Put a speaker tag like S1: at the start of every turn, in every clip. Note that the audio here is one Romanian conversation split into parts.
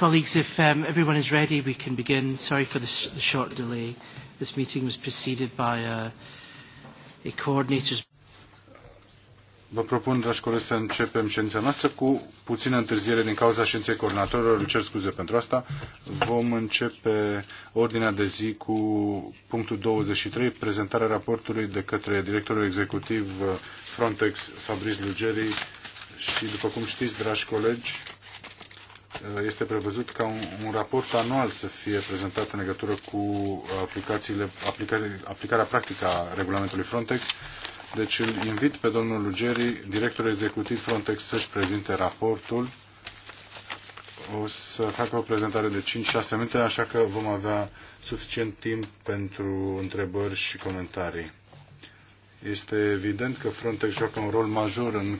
S1: Colleagues, if um, everyone is ready, we can begin. Sorry for the, sh the short delay. This meeting was preceded by a, uh, a coordinator's...
S2: Vă propun, dragi colegi, să începem ședința noastră cu puțină întârziere din cauza ședinței coordonatorilor. Îmi cer scuze pentru asta. Vom începe ordinea de zi cu punctul 23, prezentarea raportului de către directorul executiv uh, Frontex, Fabrice Lugeri. Și, după cum știți, dragi colegi, Eh, este prevăzut ca un, un raport anual să fie prezentat în legătură cu aplicațiile, aplicare, aplicarea practică a regulamentului Frontex. Deci îl invit pe domnul Lugeri, directorul executiv Frontex, să-și prezinte raportul. O să facă o prezentare de 5-6 minute, așa că vom avea suficient timp pentru întrebări și comentarii. Este evident că Frontex joacă un rol major în,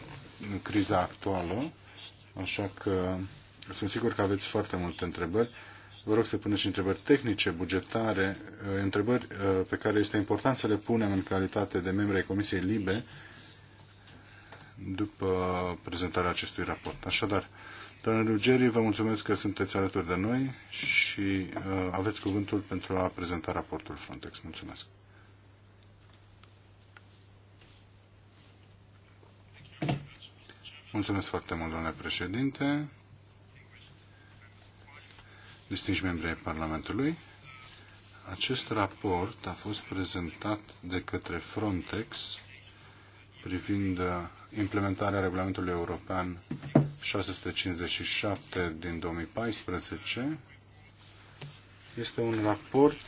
S2: în criza actuală, așa că sunt sigur că aveți foarte multe întrebări. Vă rog să puneți întrebări tehnice, bugetare, uh, întrebări uh, pe care este important să le punem în calitate de membri ai Comisiei Libe după prezentarea acestui raport. Așadar, doamne Rugeri, vă mulțumesc că sunteți alături de noi și uh, aveți cuvântul pentru a prezenta raportul Frontex. Mulțumesc. Mulțumesc foarte mult, domnule președinte distinși membri ai Parlamentului. Acest raport a fost prezentat de către Frontex privind uh, implementarea regulamentului european 657 din 2014. Este un raport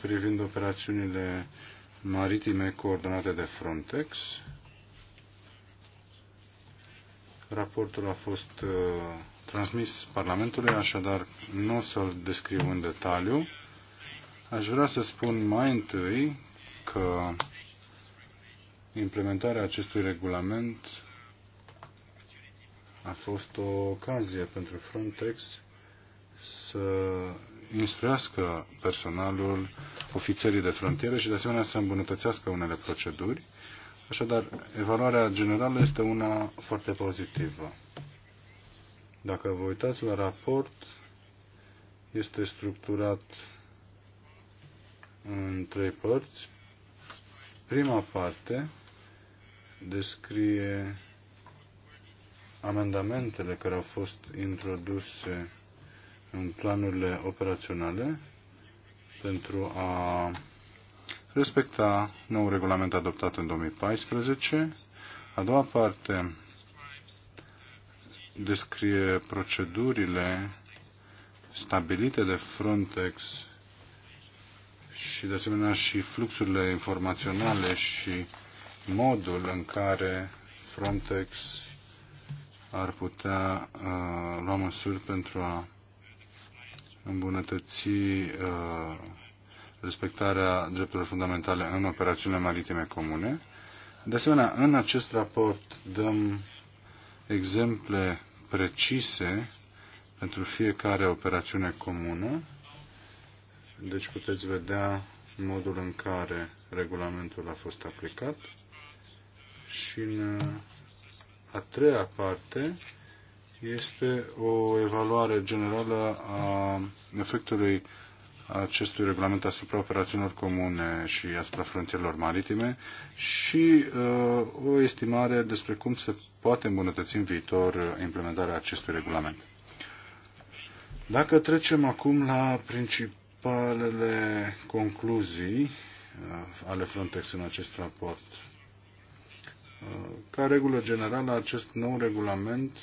S2: privind operațiunile maritime coordonate de Frontex. Raportul a fost uh, transmis Parlamentului, așadar nu o să-l descriu în detaliu. Aș vrea să spun mai întâi că implementarea acestui regulament a fost o ocazie pentru Frontex să instruiască personalul, ofițerii de frontieră și de asemenea să îmbunătățească unele proceduri. Așadar, evaluarea generală este una foarte pozitivă. Dacă vă uitați la raport, este structurat în trei părți. Prima parte descrie amendamentele care au fost introduse în planurile operaționale pentru a respecta nou regulament adoptat în 2014. A doua parte descrie procedurile stabilite de Frontex și de asemenea și fluxurile informaționale și modul în care Frontex ar putea uh, lua măsuri pentru a îmbunătăți uh, respectarea drepturilor fundamentale în operațiunile maritime comune. De asemenea, în acest raport dăm exemple precise pentru fiecare operațiune comună. Deci puteți vedea modul în care regulamentul a fost aplicat. Și în a treia parte este o evaluare generală a efectului acestui regulament asupra operațiunilor comune și asupra frontierelor maritime și uh, o estimare despre cum se poate îmbunătăți în viitor implementarea acestui regulament. Dacă trecem acum la principalele concluzii uh, ale Frontex în acest raport, uh, ca regulă generală, acest nou regulament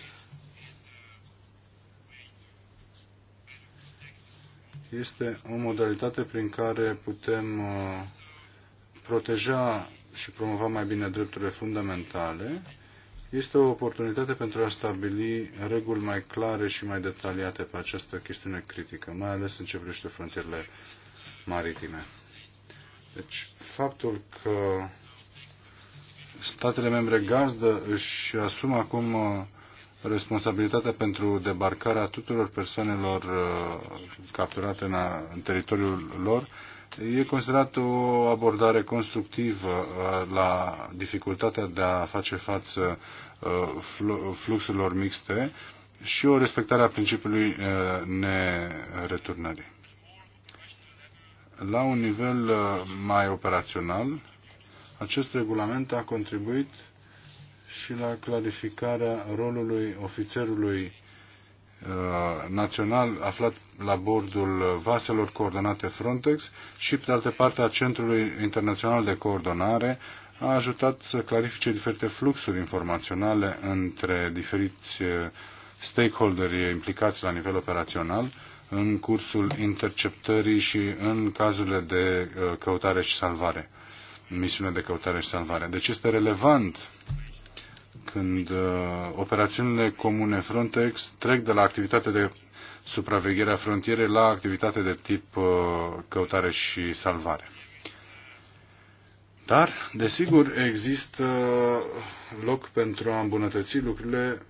S2: este o modalitate prin care putem uh, proteja și promova mai bine drepturile fundamentale este o oportunitate pentru a stabili reguli mai clare și mai detaliate pe această chestiune critică, mai ales în ce privește frontierele maritime. Deci, faptul că statele membre gazdă își asumă acum uh, responsabilitatea pentru debarcarea tuturor persoanelor uh, capturate în, teritoriul lor e considerat o abordare constructivă uh, la dificultatea de a face față uh, fluxurilor mixte și o respectare a principiului uh, nereturnării. La un nivel mai operațional, acest regulament a contribuit și la clarificarea rolului ofițerului Uh, național aflat la bordul vaselor coordonate Frontex și, pe de altă parte, a Centrului Internațional de Coordonare a ajutat să clarifice diferite fluxuri informaționale între diferiți uh, stakeholderi implicați la nivel operațional în cursul interceptării și în cazurile de uh, căutare și salvare, misiune de căutare și salvare. Deci este relevant când uh, operațiunile comune Frontex trec de la activitate de supraveghere a frontierei la activitate de tip uh, căutare și salvare. Dar, desigur, există loc pentru a îmbunătăți lucrurile,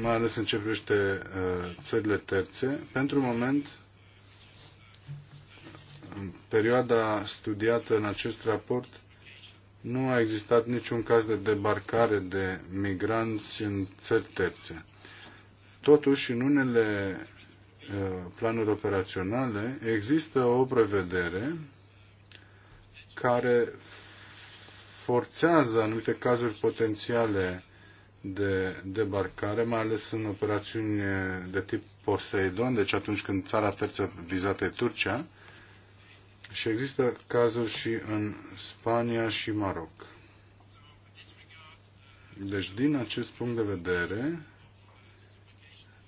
S2: mai ales în ce privește uh, țările terțe. Pentru moment, perioada studiată în acest raport nu a existat niciun caz de debarcare de migranți în țări terțe. Totuși, în unele uh, planuri operaționale există o prevedere care forțează anumite cazuri potențiale de debarcare, mai ales în operațiuni de tip Poseidon, deci atunci când țara terță vizată e Turcia, și există cazuri și în Spania și Maroc. Deci, din acest punct de vedere,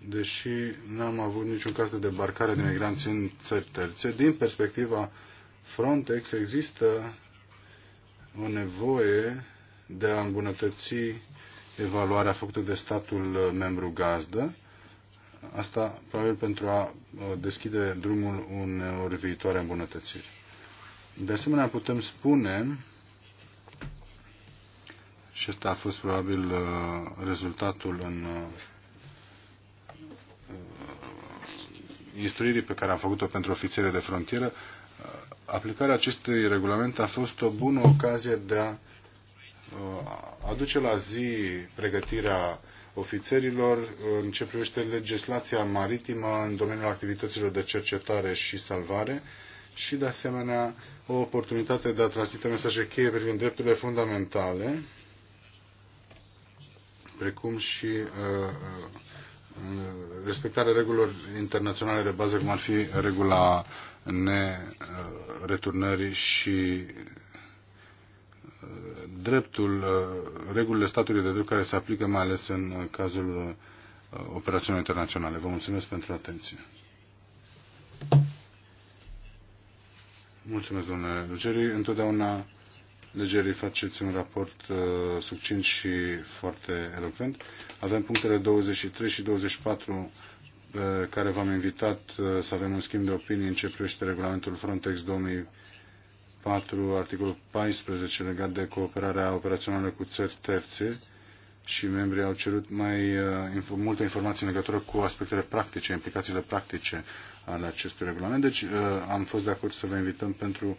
S2: deși n-am avut niciun caz de debarcare de migranți în țări terțe, din perspectiva Frontex există o nevoie de a îmbunătăți evaluarea făcută de statul membru gazdă, asta probabil pentru a uh, deschide drumul unor viitoare îmbunătățiri. De asemenea, putem spune, și ăsta a fost probabil uh, rezultatul în uh, instruirii pe care am făcut-o pentru ofițerii de frontieră, uh, aplicarea acestui regulament a fost o bună ocazie de a aduce la zi pregătirea ofițerilor în ce privește legislația maritimă în domeniul activităților de cercetare și salvare și, de asemenea, o oportunitate de a transmite mesaje cheie privind drepturile fundamentale, precum și uh, uh respectarea regulilor internaționale de bază, cum ar fi regula nereturnării și uh, dreptul, uh, regulile statului de drept care se aplică mai ales în cazul operațiunilor internaționale. Vă mulțumesc pentru atenție. Mulțumesc, domnule Lugeri. Întotdeauna Lugeri faceți un raport uh, succint și foarte elocvent. Avem punctele 23 și 24 uh, care v-am invitat uh, să avem un schimb de opinii în ce privește regulamentul Frontex 2004, articolul 14 legat de cooperarea operațională cu țări terțe și membrii au cerut mai uh, inf- multe informații în legătură cu aspectele practice, implicațiile practice ale acestui regulament. Deci uh, am fost de acord să vă invităm pentru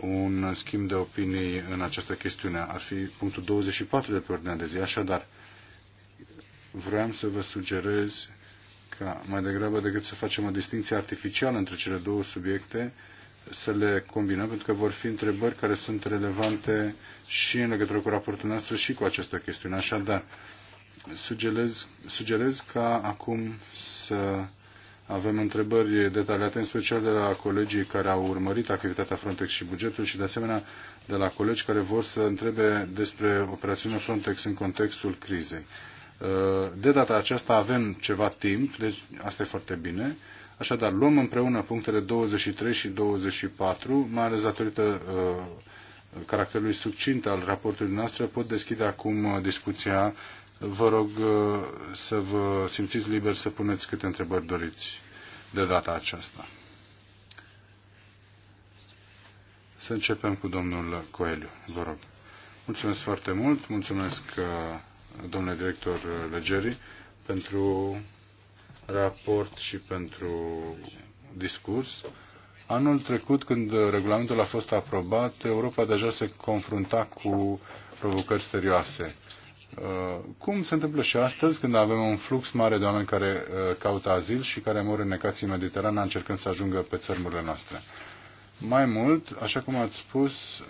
S2: un schimb de opinii în această chestiune. Ar fi punctul 24 de pe ordinea de zi. Așadar, vreau să vă sugerez ca mai degrabă decât să facem o distinție artificială între cele două subiecte, să le combinăm, pentru că vor fi întrebări care sunt relevante și în legătură cu raportul nostru și cu această chestiune. Așadar, sugerez, sugerez ca acum să avem întrebări detaliate, în special de la colegii care au urmărit activitatea Frontex și bugetul și, de asemenea, de la colegi care vor să întrebe despre operațiunea Frontex în contextul crizei. Uh, de data aceasta avem ceva timp, deci asta e foarte bine. Așadar, luăm împreună punctele 23 și 24, mai ales datorită uh, caracterului succint al raportului noastră, pot deschide acum uh, discuția Vă rog uh, să vă simțiți liber să puneți câte întrebări doriți de data aceasta. Să începem cu domnul Coeliu, vă rog. Mulțumesc foarte mult, mulțumesc uh, domnule director Legerii pentru raport și pentru discurs. Anul trecut, când regulamentul a fost aprobat, Europa deja se confrunta cu provocări serioase. Uh, cum se întâmplă și astăzi când avem un flux mare de oameni care uh, caută azil și care mor în necații mediterana încercând să ajungă pe țărmurile noastre. Mai mult, așa cum ați spus, uh,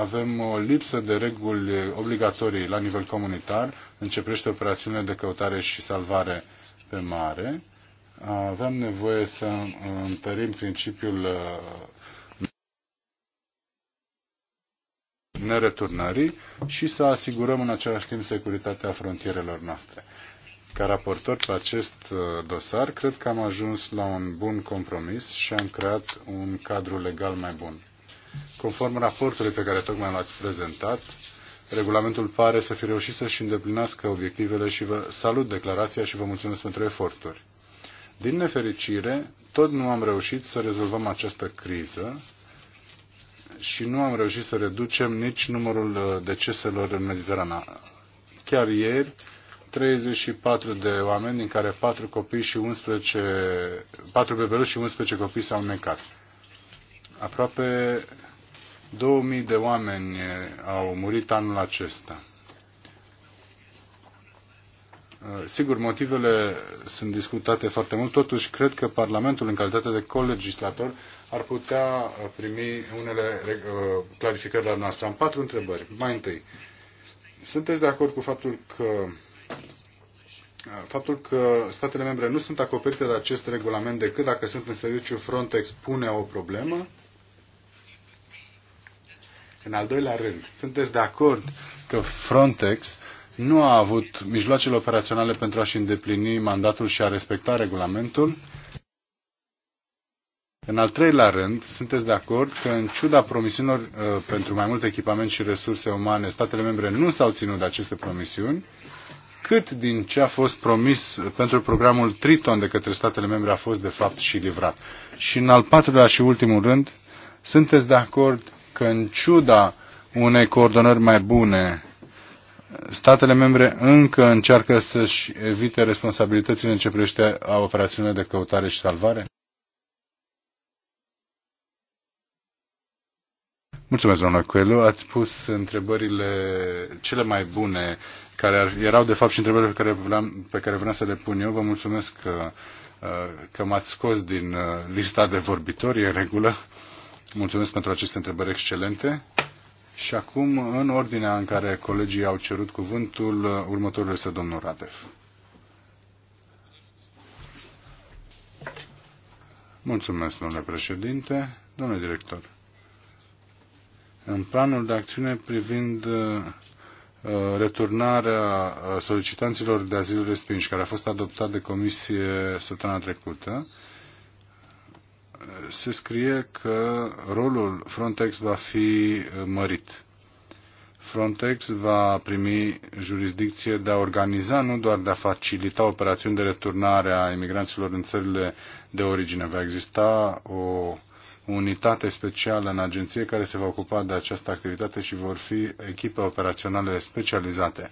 S2: avem o lipsă de reguli obligatorii la nivel comunitar, începește operațiunile de căutare și salvare pe mare. Avem nevoie să întărim principiul nereturnării și să asigurăm în același timp securitatea frontierelor noastre. Ca raportor pe acest uh, dosar, cred că am ajuns la un bun compromis și am creat un cadru legal mai bun. Conform raportului pe care tocmai l-ați prezentat, regulamentul pare să fi reușit să-și îndeplinească obiectivele și vă salut declarația și vă mulțumesc pentru eforturi. Din nefericire, tot nu am reușit să rezolvăm această criză și nu am reușit să reducem nici numărul uh, deceselor în Mediterana. Chiar ieri, 34 de oameni, din care 4 copii și 11, 4 bebeluși și 11 copii s-au necat. Aproape 2000 de oameni uh, au murit anul acesta. Uh, sigur, motivele sunt discutate foarte mult, totuși cred că Parlamentul, în calitate de colegislator, ar putea uh, primi unele uh, clarificări la noastră. Am patru întrebări. Mai întâi, sunteți de acord cu faptul că faptul că statele membre nu sunt acoperite de acest regulament decât dacă sunt în serviciu Frontex pune o problemă? În al doilea rând, sunteți de acord că Frontex nu a avut mijloacele operaționale pentru a-și îndeplini mandatul și a respecta regulamentul. În al treilea rând, sunteți de acord că, în ciuda promisiunilor uh, pentru mai mult echipament și resurse umane, statele membre nu s-au ținut de aceste promisiuni, cât din ce a fost promis pentru programul Triton de către statele membre a fost, de fapt, și livrat. Și, în al patrulea și ultimul rând, sunteți de acord că, în ciuda unei coordonări mai bune statele membre încă încearcă să-și evite responsabilitățile în ce privește operațiunile de căutare și salvare? Mulțumesc, doamna Coelho. Ați pus întrebările cele mai bune, care erau de fapt și întrebările pe care, vreau, pe care vreau să le pun eu. Vă mulțumesc că, uh, că m-ați scos din uh, lista de vorbitori, e în regulă. Mulțumesc pentru aceste întrebări excelente. Și acum, în ordinea în care colegii au cerut cuvântul, următorul este domnul Radev. Mulțumesc, domnule președinte. Domnule director, în planul de acțiune privind uh, returnarea uh, solicitanților de azil respinși, care a fost adoptat de comisie săptămâna trecută, se scrie că rolul Frontex va fi mărit. Frontex va primi jurisdicție de a organiza, nu doar de a facilita operațiuni de returnare a imigranților în țările de origine. Va exista o unitate specială în agenție care se va ocupa de această activitate și vor fi echipe operaționale specializate.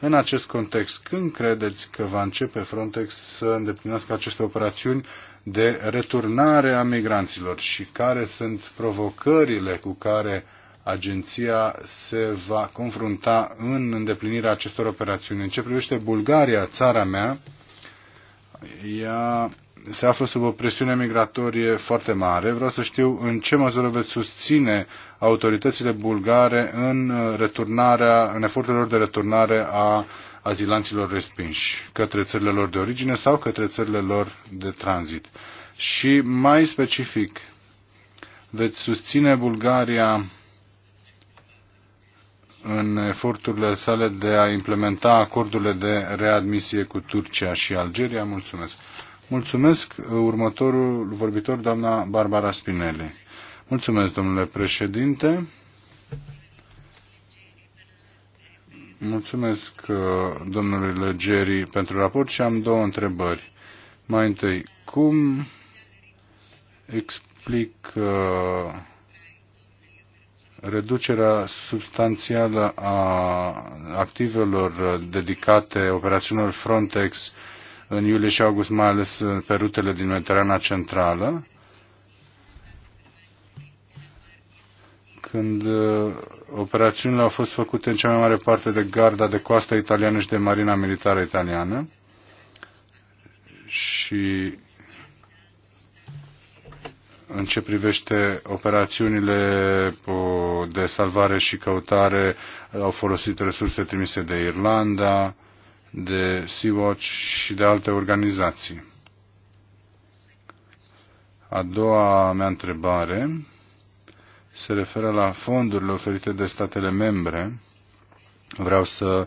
S2: În acest context, când credeți că va începe Frontex să îndeplinească aceste operațiuni de returnare a migranților și care sunt provocările cu care agenția se va confrunta în îndeplinirea acestor operațiuni. În ce privește Bulgaria, țara mea, ea se află sub o presiune migratorie foarte mare. Vreau să știu în ce măsură veți susține autoritățile bulgare în returnarea, în eforturile de returnare a azilanților respinși către țările lor de origine sau către țările lor de tranzit. Și mai specific, veți susține Bulgaria în eforturile sale de a implementa acordurile de readmisie cu Turcia și Algeria. Mulțumesc. Mulțumesc următorul vorbitor, doamna Barbara Spinelli. Mulțumesc, domnule președinte. Mulțumesc uh, domnului Legeri pentru raport și am două întrebări. Mai întâi, cum explic uh, reducerea substanțială a activelor dedicate operațiunilor Frontex în iulie și august, mai ales pe rutele din Mediterana Centrală? când uh, operațiunile au fost făcute în cea mai mare parte de garda de coastă italiană și de marina militară italiană și în ce privește operațiunile de salvare și căutare, au folosit resurse trimise de Irlanda, de Sea-Watch și de alte organizații. A doua mea întrebare se referă la fondurile oferite de statele membre. Vreau să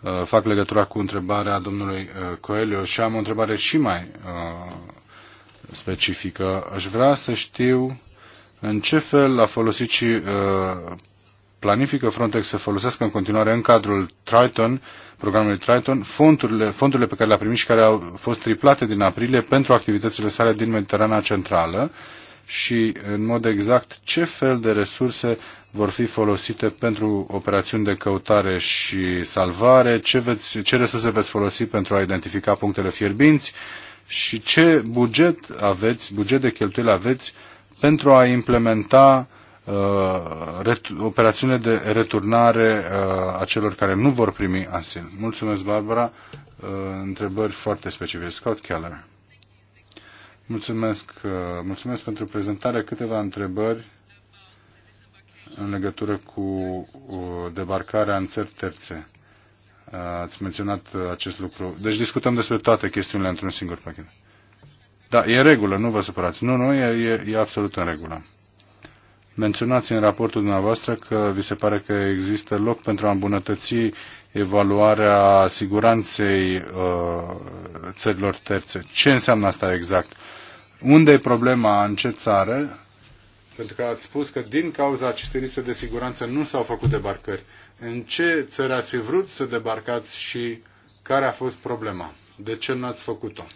S2: uh, fac legătura cu întrebarea domnului uh, Coelho și am o întrebare și mai uh, specifică. Aș vrea să știu în ce fel a folosit și planifică Frontex să folosească în continuare în cadrul Triton, programului Triton, fondurile, fondurile pe care le-a primit și care au fost triplate din aprilie pentru activitățile sale din Mediterana Centrală și în mod exact ce fel de resurse vor fi folosite pentru operațiuni de căutare și salvare, ce, veți, ce resurse veți folosi pentru a identifica punctele fierbinți și ce buget aveți, buget de cheltuieli aveți pentru a implementa uh, operațiunile de returnare uh, a celor care nu vor primi asil. Mulțumesc, Barbara. Uh, întrebări foarte specifice. Scott Keller. Mulțumesc, uh, mulțumesc pentru prezentare. Câteva întrebări în legătură cu uh, debarcarea în țări terțe. Uh, ați menționat acest lucru. Deci discutăm despre toate chestiunile într-un singur pachet. Da, e regulă, nu vă supărați. Nu, nu, e, e, e absolut în regulă. Menționați în raportul dumneavoastră că vi se pare că există loc pentru a îmbunătăți evaluarea siguranței uh, țărilor terțe. Ce înseamnă asta exact? Uh, unde e problema, în ce țară? Pentru că ați spus că din cauza acestei lipse de siguranță nu s-au făcut debarcări. În ce țări ați fi vrut să debarcați și care a fost problema? De ce nu ați făcut-o?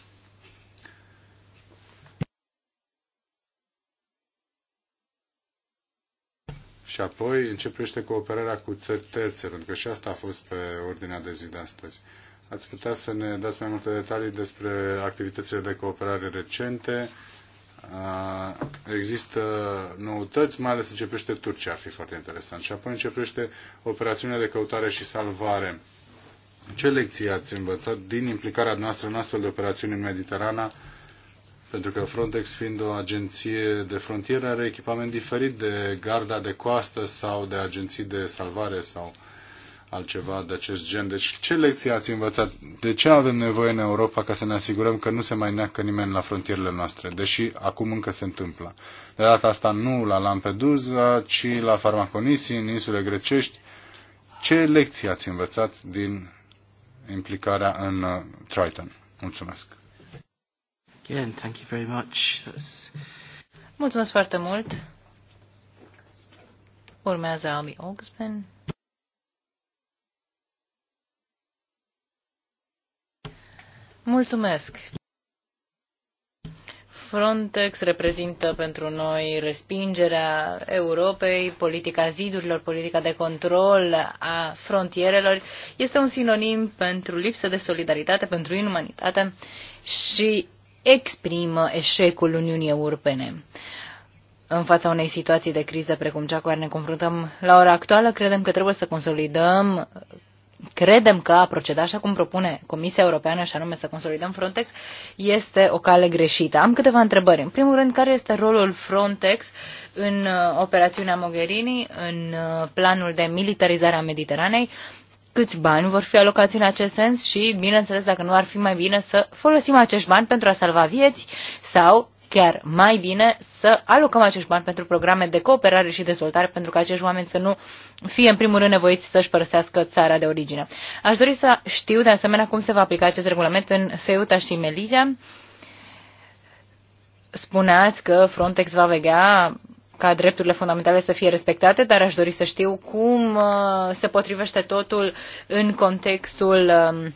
S2: Și apoi începește cooperarea cu țări terțe, pentru că și asta a fost pe ordinea de zi de astăzi. Ați putea să ne dați mai multe detalii despre activitățile de cooperare recente. Există noutăți, mai ales începește Turcia, ar fi foarte interesant. Și apoi începește operațiunea de căutare și salvare. Ce lecții ați învățat din implicarea noastră în astfel de operațiuni în Mediterana? Pentru că Frontex, fiind o agenție de frontieră, are echipament diferit de garda de coastă sau de agenții de salvare sau uh, altceva de acest gen. Deci ce lecții ați învățat? De ce avem nevoie în Europa ca să ne asigurăm că nu se mai neacă nimeni la frontierele noastre? Deși acum încă se întâmplă. De data asta nu la Lampedusa, ci la Farmaconisi, în insule grecești. Ce lecții ați învățat din implicarea în uh, Triton? Mulțumesc!
S1: Again, thank you very much. That's...
S3: Mulțumesc foarte mult! Urmează Ami Oxben. Mulțumesc! Frontex reprezintă pentru noi respingerea Europei, politica zidurilor, politica de control a frontierelor. Este un sinonim pentru lipsă de solidaritate, pentru inumanitate și exprimă eșecul Uniunii Europene. În fața unei situații de criză precum cea cu care ne confruntăm la ora actuală, credem că trebuie să consolidăm Credem că a proceda așa cum propune Comisia Europeană, și anume să consolidăm Frontex, este o cale greșită. Am câteva întrebări. În primul rând, care este rolul Frontex în uh, operațiunea Mogherini, în uh, planul de militarizare a Mediteranei? Câți bani vor fi alocați în acest sens și, bineînțeles, dacă nu ar fi mai bine să folosim acești bani pentru a salva vieți sau chiar mai bine să alocăm acești bani pentru programe de cooperare și dezvoltare, pentru că acești oameni să nu fie în primul rând nevoiți să-și părăsească țara de origine. Aș dori să știu de asemenea cum se va aplica acest regulament în Ceuta și Melizia. Spuneați că Frontex va vegea ca drepturile fundamentale să fie respectate, dar aș dori să știu cum uh, se potrivește totul în contextul um,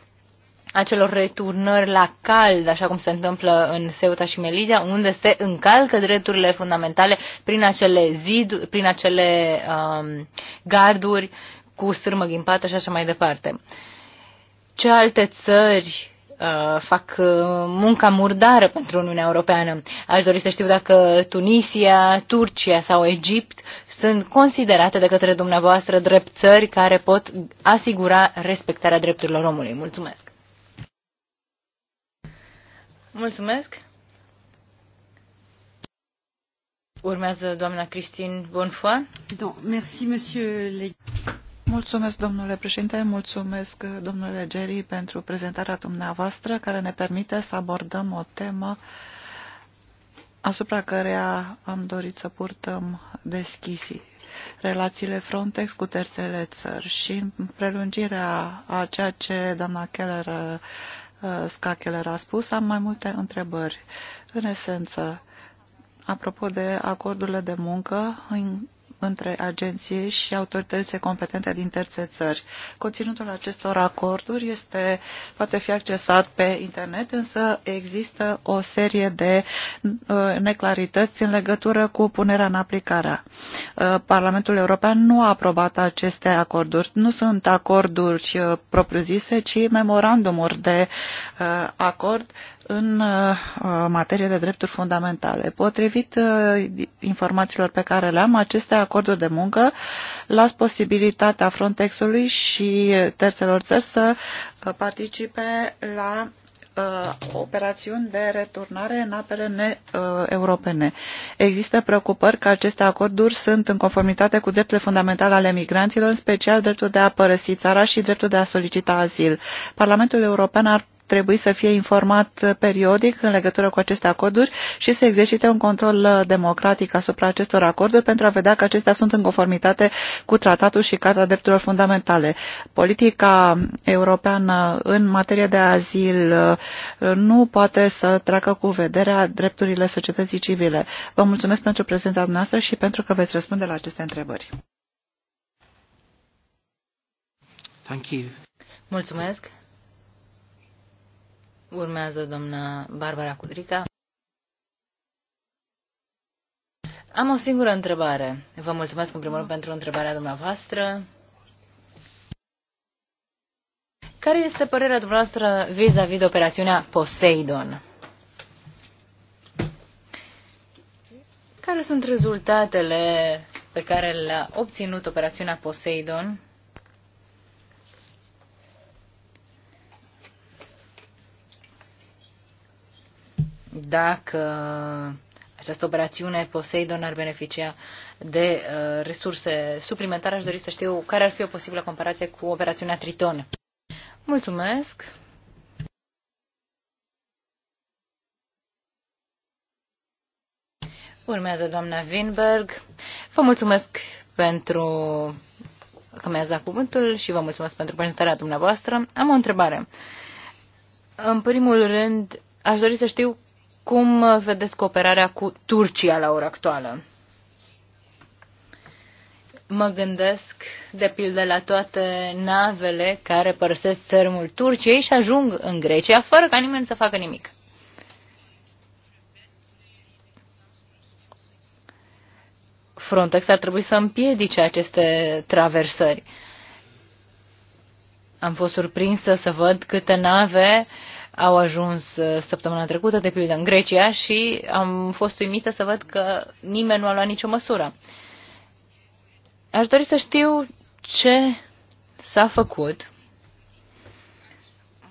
S3: acelor returnări la cald, așa cum se întâmplă în Ceuta și Melilla, unde se încalcă drepturile fundamentale prin acele ziduri, prin acele um, garduri cu sârmă ghimpată și așa mai departe. Ce alte țări uh, fac uh, munca murdară pentru Uniunea Europeană. Aș dori să știu dacă Tunisia, Turcia sau Egipt sunt considerate de către dumneavoastră drept țări care pot asigura respectarea drepturilor omului. Mulțumesc! Mulțumesc.
S4: Urmează doamna Christine Bonfoy. Da, merci, monsieur le... Mulțumesc, domnule președinte, mulțumesc, domnule Geri, pentru prezentarea dumneavoastră, care ne permite să abordăm o temă asupra căreia am dorit să purtăm deschisii relațiile Frontex cu terțele țări și în prelungirea a ceea ce doamna Keller Uh, Scacheler a spus, am mai multe întrebări. În esență, apropo de acordurile de muncă, în între agenții și autoritățile competente din terțe țări. Conținutul acestor acorduri este, poate fi accesat pe internet, însă există o serie de uh, neclarități în legătură cu punerea în aplicare. Uh, Parlamentul European nu a aprobat aceste acorduri. Nu sunt acorduri uh, propriu-zise, ci memorandumuri de acord în uh, materie de drepturi fundamentale. Potrivit uh, informațiilor pe care le am, aceste acorduri de muncă las posibilitatea Frontexului și terțelor țări să uh, participe la operațiuni de returnare în apele europene. Există preocupări că aceste acorduri sunt în conformitate cu drepturile fundamentale ale migranților, în special dreptul de a părăsi țara și dreptul de a solicita azil. Parlamentul European ar trebui să fie informat periodic în legătură cu aceste acorduri și să exercite un control uh, democratic asupra acestor acorduri pentru a vedea că acestea sunt în conformitate cu tratatul și Carta Drepturilor Fundamentale. Politica europeană în materie de azil uh, nu poate să treacă cu vederea drepturile societății civile. Vă mulțumesc pentru prezența noastră și pentru că veți răspunde la aceste întrebări.
S1: Thank you.
S3: Mulțumesc. Urmează doamna Barbara Cudrica. Am o singură întrebare. Vă mulțumesc în primul rând pentru întrebarea dumneavoastră. Care este părerea dumneavoastră vis-a-vis -vis de operațiunea Poseidon? Care sunt rezultatele pe care le-a obținut operațiunea Poseidon dacă această operațiune Poseidon ar beneficia de uh, resurse suplimentare. Aș dori să știu care ar fi o posibilă comparație cu operațiunea Triton. Mulțumesc! Urmează doamna Winberg. Vă mulțumesc pentru că mi-ați dat cuvântul și vă mulțumesc pentru prezentarea dumneavoastră. Am o întrebare. În primul rând, aș dori să știu cum vedeți cooperarea cu Turcia la ora actuală? Mă gândesc, de pildă, la toate navele care părăsesc țărmul Turciei și ajung în Grecia fără ca nimeni să facă nimic. Frontex ar trebui să împiedice aceste traversări. Am fost surprinsă să văd câte nave uh, au ajuns uh, săptămâna trecută, de pildă în Grecia, și am fost uimită să văd că nimeni nu a luat nicio măsură. Aș dori să știu ce s-a făcut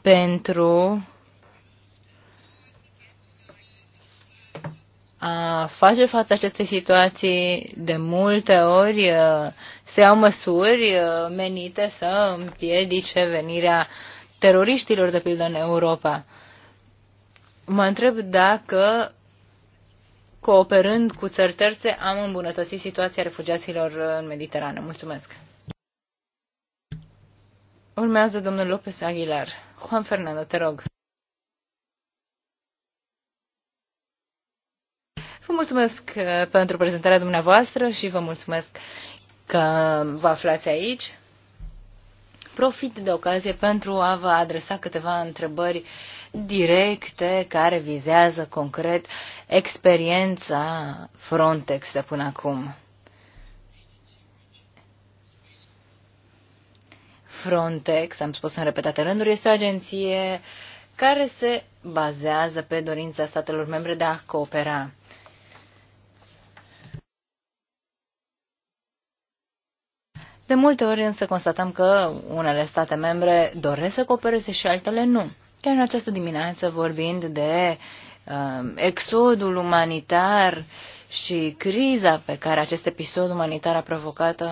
S3: pentru a face față acestei situații, de multe ori uh, se iau măsuri uh, menite să împiedice venirea uh, teroriștilor, de pildă, în Europa. Mă întreb dacă, cooperând cu țări terțe, am îmbunătățit situația refugiaților în Mediterană. Mulțumesc! Urmează domnul Lopez Aguilar. Juan Fernando, te rog. Vă mulțumesc eh, pentru prezentarea dumneavoastră și vă mulțumesc că vă aflați aici. Profit de ocazie pentru a vă adresa câteva întrebări directe care vizează concret experiența Frontex de până acum. Frontex, am spus în repetate rânduri, este o agenție care se bazează pe dorința statelor membre de a coopera. De multe ori însă constatăm că unele state membre doresc să coopereze și altele nu. Chiar în această dimineață, vorbind de uh, exodul umanitar și criza pe care acest episod umanitar a provocat-o,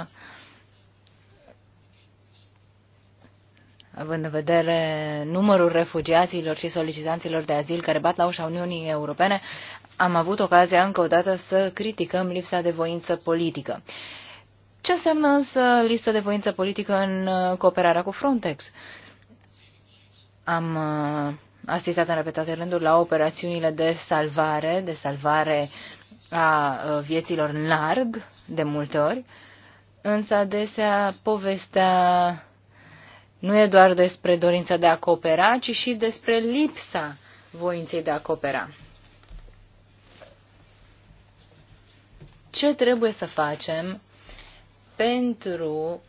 S3: având în vedere numărul refugiaților și solicitanților de azil care bat la ușa Uniunii Europene, am avut ocazia încă o dată să criticăm lipsa de voință politică. Uh, ce înseamnă însă lipsă de voință politică în uh, cooperarea cu Frontex? Am uh, asistat în repetate rânduri la operațiunile de salvare, de salvare a uh, vieților în larg, de multe ori, însă adesea povestea nu e doar despre dorința de a coopera, ci și despre lipsa voinței de a coopera. Ce trebuie să facem pentru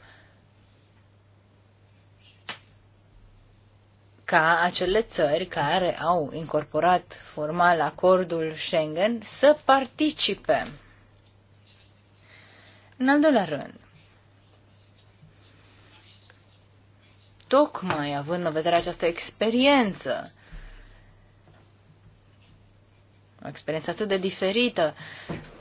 S3: ca acele țări care au incorporat formal acordul Schengen să participe. În al doilea rând, tocmai având în vedere această experiență, o experiență atât de diferită,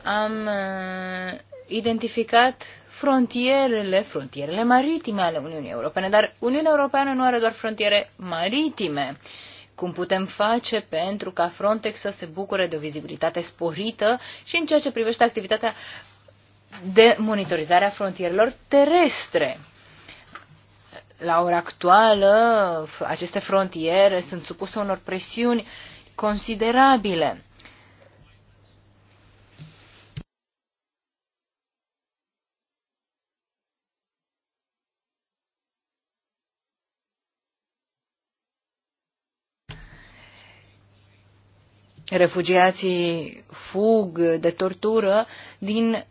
S3: am uh, identificat frontierele, frontierele maritime ale Uniunii Europene. Dar Uniunea Europeană nu are doar frontiere maritime. Cum putem face pentru ca Frontex să se bucure de o vizibilitate sporită și în ceea ce privește activitatea de monitorizare a frontierelor terestre? La ora actuală, aceste frontiere sunt supuse unor presiuni considerabile. refugiații fug de tortură din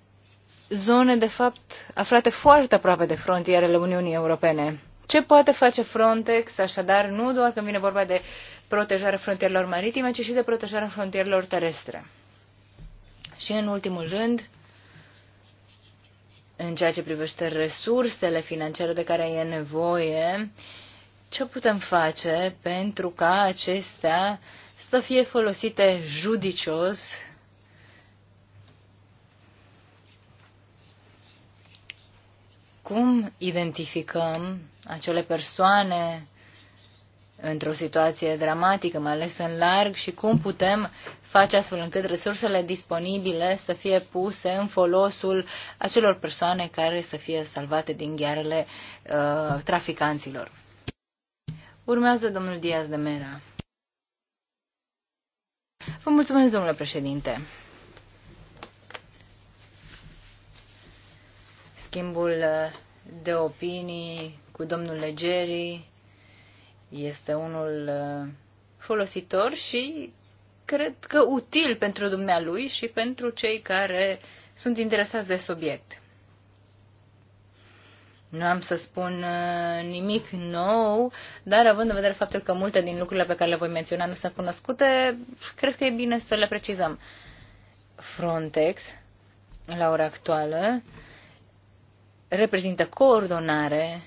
S3: zone, de fapt, aflate foarte aproape de frontierele Uniunii Europene. Ce poate face Frontex, așadar, nu doar când vine vorba de protejarea frontierelor maritime, ci și de protejarea frontierelor terestre. Și, în ultimul rând, în ceea ce privește resursele financiare de care e nevoie, ce putem face pentru ca acestea să fie folosite judicios cum identificăm acele persoane într-o situație dramatică, mai ales în larg, și cum putem face astfel încât resursele disponibile să fie puse în folosul acelor persoane care să fie salvate din ghearele uh, traficanților. Urmează domnul Diaz de Mera. Vă mulțumesc, domnule președinte. Schimbul uh, de opinii cu domnul Legeri este unul uh, folositor și cred că util pentru dumnealui și pentru cei care sunt interesați de subiect. Nu am să spun uh, nimic nou, dar având în vedere faptul că multe din lucrurile pe care le voi menționa nu sunt cunoscute, cred că e bine să le precizăm. Frontex, la ora actuală, reprezintă coordonare,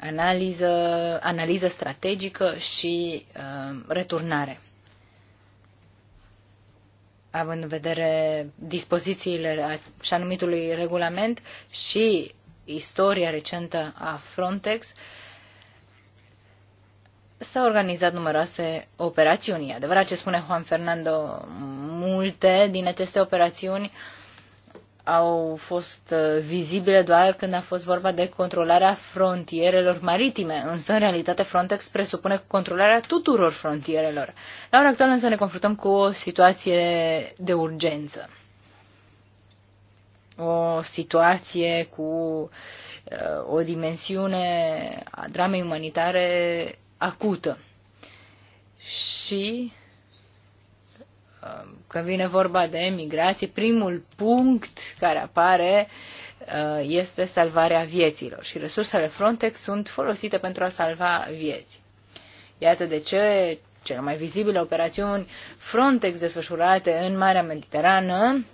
S3: analiză, analiză strategică și uh, returnare. Având în vedere dispozițiile așa numitului regulament și istoria recentă a Frontex, s-au organizat numeroase operațiuni. adevărat ce spune Juan Fernando, multe din aceste operațiuni au fost uh, vizibile doar când a fost vorba de controlarea frontierelor maritime, însă în realitate Frontex presupune controlarea tuturor frontierelor. La ora actuală însă ne confruntăm cu o situație de urgență o situație cu uh, o dimensiune a dramei umanitare acută. Și uh, când vine vorba de migrație, primul punct care apare uh, este salvarea vieților și resursele Frontex sunt folosite pentru a salva vieți. Iată de ce cele mai vizibile operațiuni Frontex desfășurate în Marea Mediterană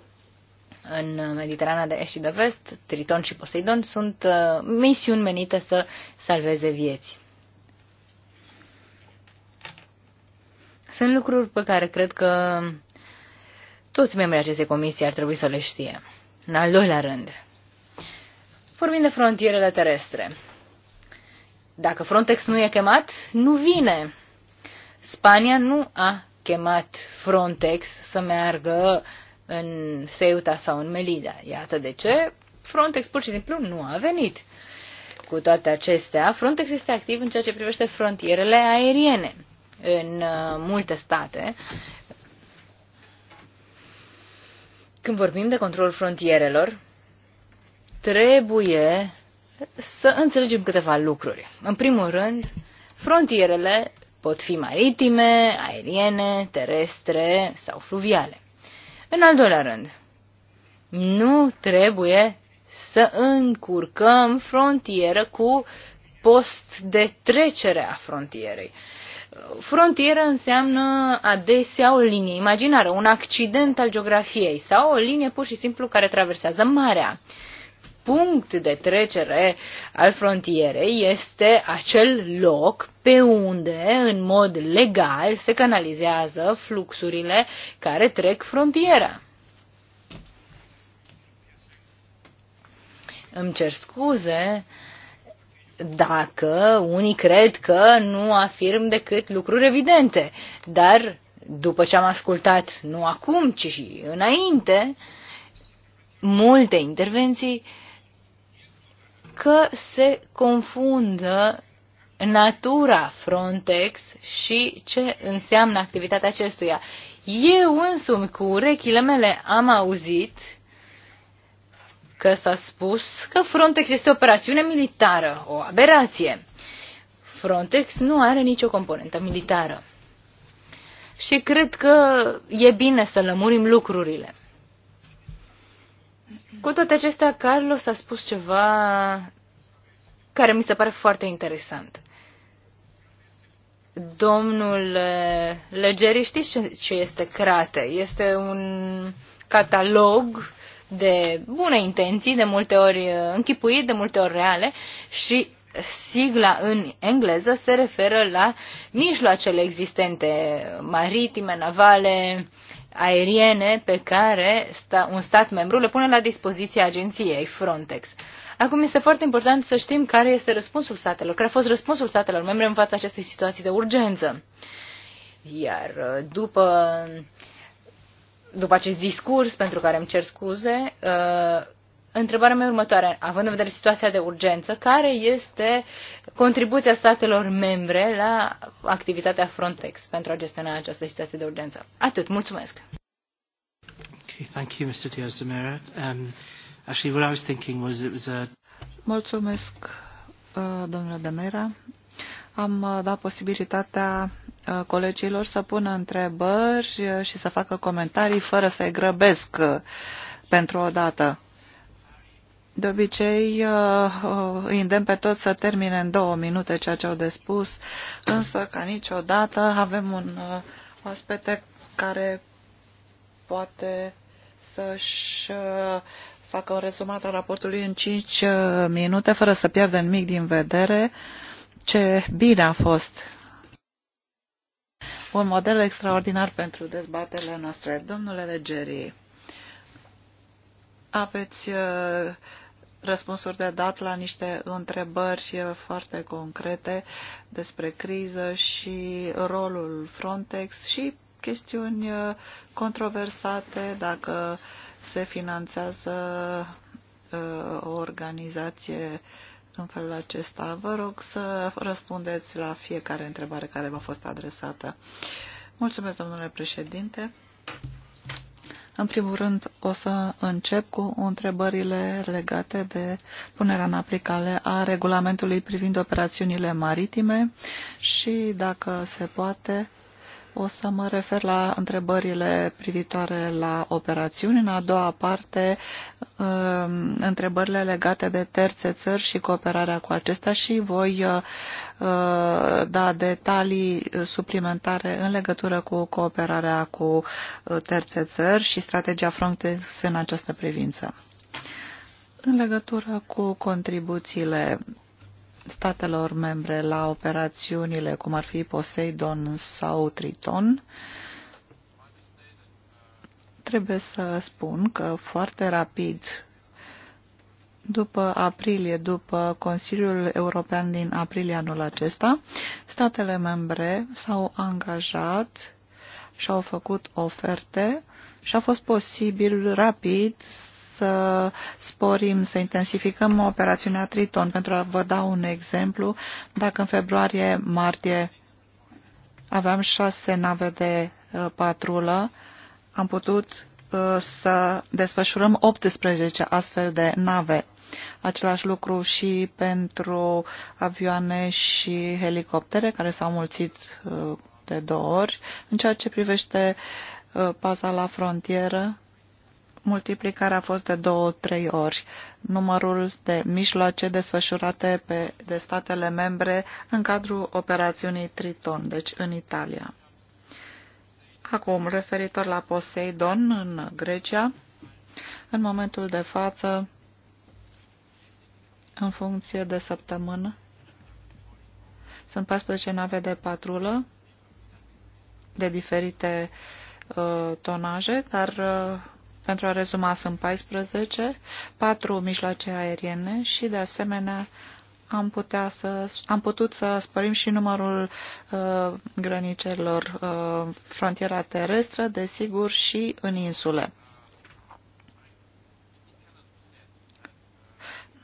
S3: în Mediterana de Est și de Vest, Triton și Poseidon, sunt uh, misiuni menite să salveze vieți. Sunt lucruri pe care cred că toți membrii acestei comisii ar trebui să le știe. În al doilea rând, vorbim de frontierele terestre. Dacă Frontex nu e chemat, nu vine. Spania nu a chemat Frontex să meargă în Ceuta sau în Melida. Iată de ce Frontex pur și simplu nu a venit. Cu toate acestea, Frontex este activ în ceea ce privește frontierele aeriene în uh, multe state. Când vorbim de controlul frontierelor, trebuie să înțelegem câteva lucruri. În primul rând, frontierele pot fi maritime, aeriene, terestre sau fluviale. În al doilea rând, nu trebuie să încurcăm frontieră cu post de trecere a frontierei. Frontieră înseamnă adesea o linie imaginară, un accident al geografiei sau o linie pur și simplu care traversează marea. Uh, punct de trecere al frontierei este acel loc pe unde, în mod legal, se canalizează fluxurile care trec frontiera. Îmi cer scuze dacă unii cred că nu afirm decât lucruri evidente, dar după ce am ascultat nu acum, ci și înainte, multe intervenții uh, că se confundă natura Frontex și ce înseamnă activitatea acestuia. Eu însumi cu urechile mele am auzit că s-a spus că Frontex este o operațiune militară, o aberație. Frontex nu are nicio componentă militară. Și cred că e bine să lămurim lucrurile. Cu toate acestea, Carlos a spus ceva care mi se pare foarte interesant. Domnul eh, Legeri, știți ce, ce este Crate? Este un catalog de bune intenții, de multe ori eh, închipuit, de multe ori reale și sigla în engleză se referă la mijloacele existente maritime, navale, uh, aeriene pe care un stat membru le pune la dispoziția agenției Frontex. Acum este foarte important să știm care este răspunsul statelor, care a fost răspunsul statelor membre în fața acestei situații de urgență. Iar uh, după, după acest discurs, pentru care îmi cer scuze, uh, Întrebarea mea următoare, având în vedere situația de urgență, care este contribuția statelor membre la activitatea Frontex pentru a gestiona această situație de urgență? Atât, mulțumesc.
S1: Okay, thank you, Mr. Diaz Um, actually, what I was thinking was it was a...
S4: Mulțumesc, uh, domnule Demera. Am uh, dat posibilitatea uh, colegilor să pună întrebări și să facă comentarii fără să-i grăbesc pentru o dată. De obicei uh, uh, îi îndemn pe toți să termine în două minute ceea ce au de spus, însă ca niciodată avem un uh, aspect care poate să-și facă un rezumat al raportului în 5 minute, fără să pierde nimic din vedere ce bine a fost. Un model extraordinar pentru dezbaterile noastre. Domnule Legerii, aveți răspunsuri de dat la niște întrebări foarte concrete despre criză și rolul Frontex și chestiuni controversate dacă se finanțează uh, o organizație în felul acesta. Vă rog să răspundeți la fiecare întrebare care v-a fost adresată. Mulțumesc, domnule președinte. În primul rând, o să încep cu întrebările legate de punerea în aplicare a regulamentului privind operațiunile maritime și, dacă se poate, o să mă refer la întrebările privitoare la operațiuni. În a doua parte, um, întrebările legate de terțe țări și cooperarea cu acestea și voi uh, da detalii suplimentare în legătură cu cooperarea cu uh, terțe țări și strategia Frontex în această privință. În legătură cu contribuțiile statelor membre la operațiunile cum ar fi Poseidon sau Triton, trebuie să spun că foarte rapid, după aprilie, după Consiliul European din aprilie anul acesta, statele membre s-au angajat și-au făcut oferte și a fost posibil rapid să sporim, să intensificăm operațiunea Triton. Pentru a vă da un exemplu, dacă în februarie-martie aveam șase nave de uh, patrulă, am putut uh, să desfășurăm 18 astfel de nave. Același lucru și pentru avioane și helicoptere care s-au mulțit uh, de două ori. În ceea ce privește paza la frontieră, multiplicarea a fost de două-trei ori. Numărul de mijloace desfășurate pe, de statele membre în cadrul operațiunii Triton, deci în Italia. Acum, referitor la Poseidon în Grecia, în momentul de față, în funcție de săptămână, sunt 14 nave de patrulă de diferite uh, tonaje, dar uh, pentru a rezuma, sunt 14, 4 mijloace aeriene și, de asemenea, am, putea să, am putut să spărim și numărul uh, grănicelor, uh, frontiera terestră, desigur, și în insule.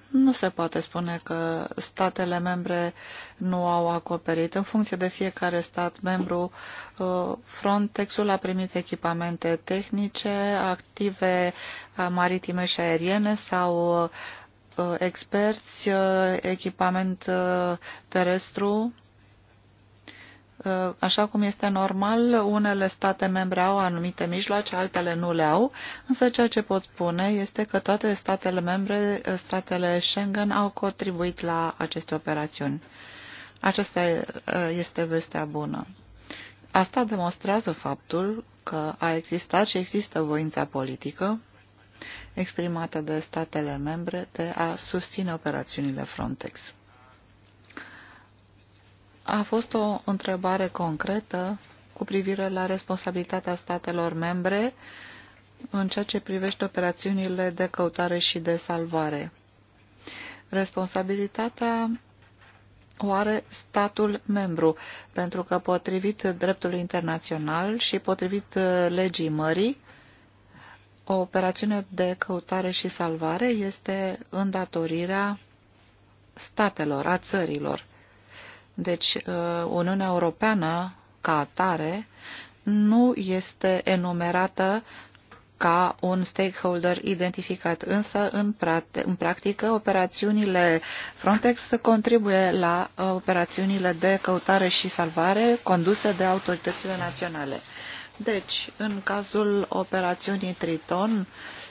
S4: Nu se poate spune că statele membre nu au acoperit. În funcție de fiecare stat membru, uh, Frontexul a primit echipamente tehnice, active uh, maritime și aeriene sau uh, experți, echipament terestru Uh, așa cum este normal, unele state membre au anumite mijloace, altele nu le au, însă ceea ce pot spune este că toate statele membre, uh, statele Schengen, au contribuit la aceste operațiuni. Aceasta uh, este vestea bună. Asta demonstrează faptul că a existat și există voința politică exprimată de statele membre de a susține operațiunile Frontex. A fost o întrebare concretă cu privire la responsabilitatea statelor membre în ceea ce privește operațiunile de căutare și de salvare. Responsabilitatea o are statul membru, pentru că potrivit dreptului internațional și potrivit legii mării, o operațiune de căutare și salvare este îndatorirea statelor, a țărilor. Deci, uh, Uniunea Europeană, ca atare, nu este enumerată ca un stakeholder identificat, însă în, prat- în practică operațiunile Frontex contribuie la uh, operațiunile de căutare și salvare conduse de autoritățile naționale. Deci, în cazul operațiunii Triton,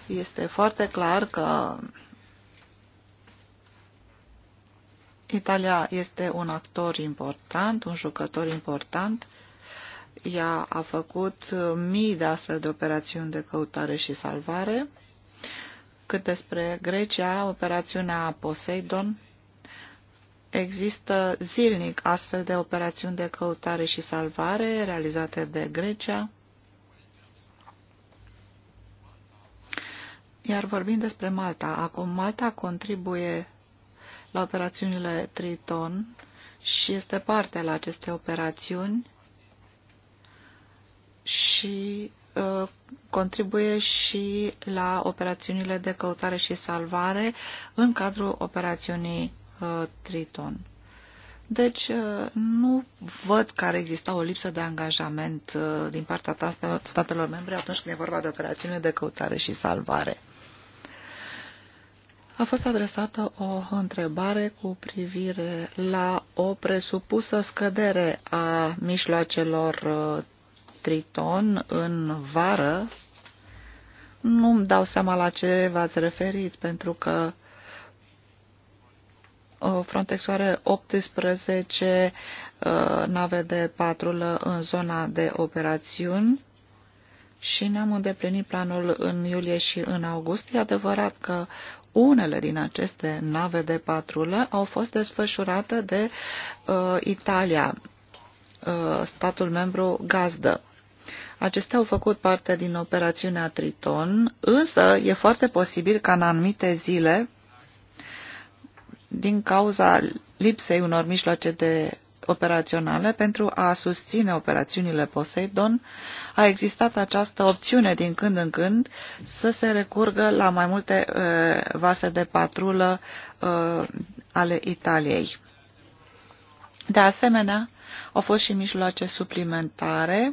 S4: este foarte clar că Italia este un actor important, un jucător important. Ea a făcut mii de astfel de operațiuni de căutare și salvare. Cât despre Grecia, operațiunea Poseidon, există zilnic astfel de operațiuni de căutare și salvare realizate de Grecia. Iar vorbind despre Malta, acum Malta contribuie la operațiunile Triton și este parte la aceste operațiuni și ă, contribuie și la operațiunile de căutare și salvare în cadrul operațiunii ă, Triton. Deci ă, nu văd că ar exista o lipsă de angajament din partea statelor membre atunci când e vorba de operațiune de căutare și salvare a fost adresată o întrebare cu privire la o presupusă scădere a mijloacelor uh, Triton în vară. Nu-mi dau seama la ce v-ați referit, pentru că Frontex are 18 nave de patrulă în zona de operațiuni și ne-am îndeplinit planul în iulie și în august. E adevărat că unele din aceste nave de patrulă au fost desfășurate de uh, Italia, uh, statul membru gazdă. Acestea au făcut parte din operațiunea Triton, însă e foarte posibil ca în anumite zile, din cauza lipsei unor mijloace de operaționale pentru a susține operațiunile Poseidon, a existat această opțiune din când în când să se recurgă la mai multe uh, vase de patrulă uh, ale Italiei. De asemenea, au fost și mijloace suplimentare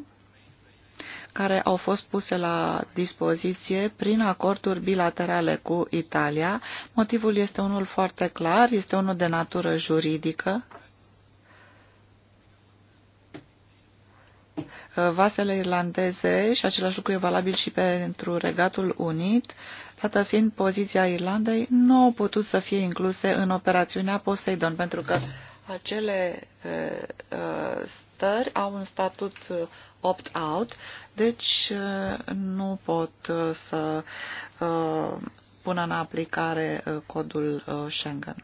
S4: care au fost puse la dispoziție prin acorduri bilaterale cu Italia. Motivul este unul foarte clar, este unul de natură juridică vasele irlandeze și același lucru e valabil și pentru Regatul Unit, dată fiind poziția Irlandei, nu au putut să fie incluse în operațiunea Poseidon, pentru că acele stări au un statut opt-out, deci nu pot să pună în aplicare codul Schengen.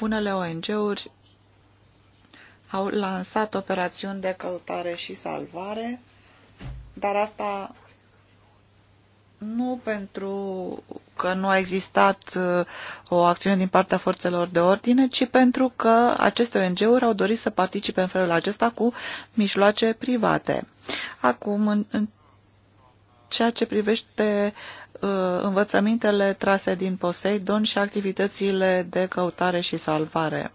S4: Unele ONG-uri au lansat operațiuni de căutare și salvare, dar asta nu pentru că nu a existat uh, o acțiune din partea forțelor de ordine, ci pentru că aceste ONG-uri au dorit să participe în felul acesta cu mijloace private. Acum, în, în ceea ce privește uh, învățămintele trase din Poseidon și activitățile de căutare și salvare.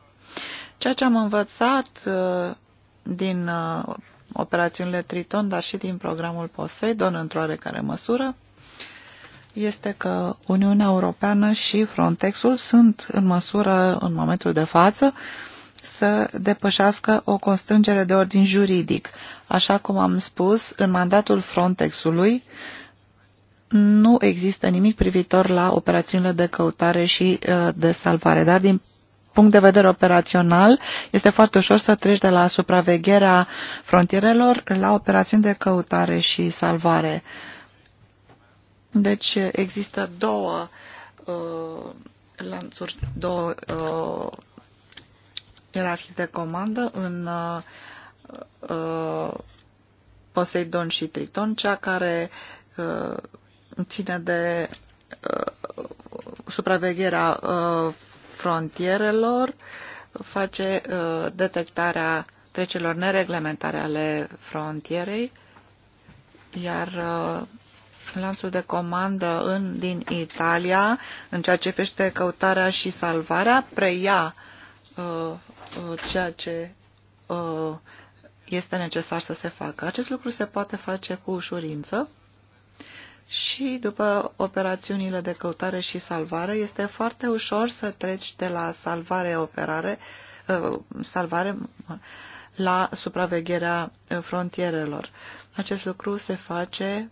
S4: Ceea ce am învățat uh, din uh, operațiunile Triton, dar și din programul Poseidon, într-o oarecare măsură, este că Uniunea Europeană și Frontexul sunt în măsură, în momentul de față, să depășească o constrângere de ordin juridic. Așa cum am spus, în mandatul Frontexului nu există nimic privitor la operațiunile de căutare și uh, de salvare, dar din punct de vedere operațional, este foarte ușor să treci de la supravegherea frontierelor la operațiuni de căutare și salvare. Deci există două uh, lanțuri, două uh, ierarhii de comandă în uh, uh Poseidon și Triton, cea care uh, ține de uh, supravegherea uh, frontierelor, face uh, detectarea trecerilor nereglementare ale frontierei, iar uh, lanțul de comandă în, din Italia, în ceea ce pește căutarea și salvarea, preia uh, uh, ceea ce uh, este necesar să se facă. Acest lucru se poate face cu ușurință și după operațiunile de căutare și salvare este foarte ușor să treci de la salvare operare uh, salvare la supravegherea uh, frontierelor. Acest lucru se face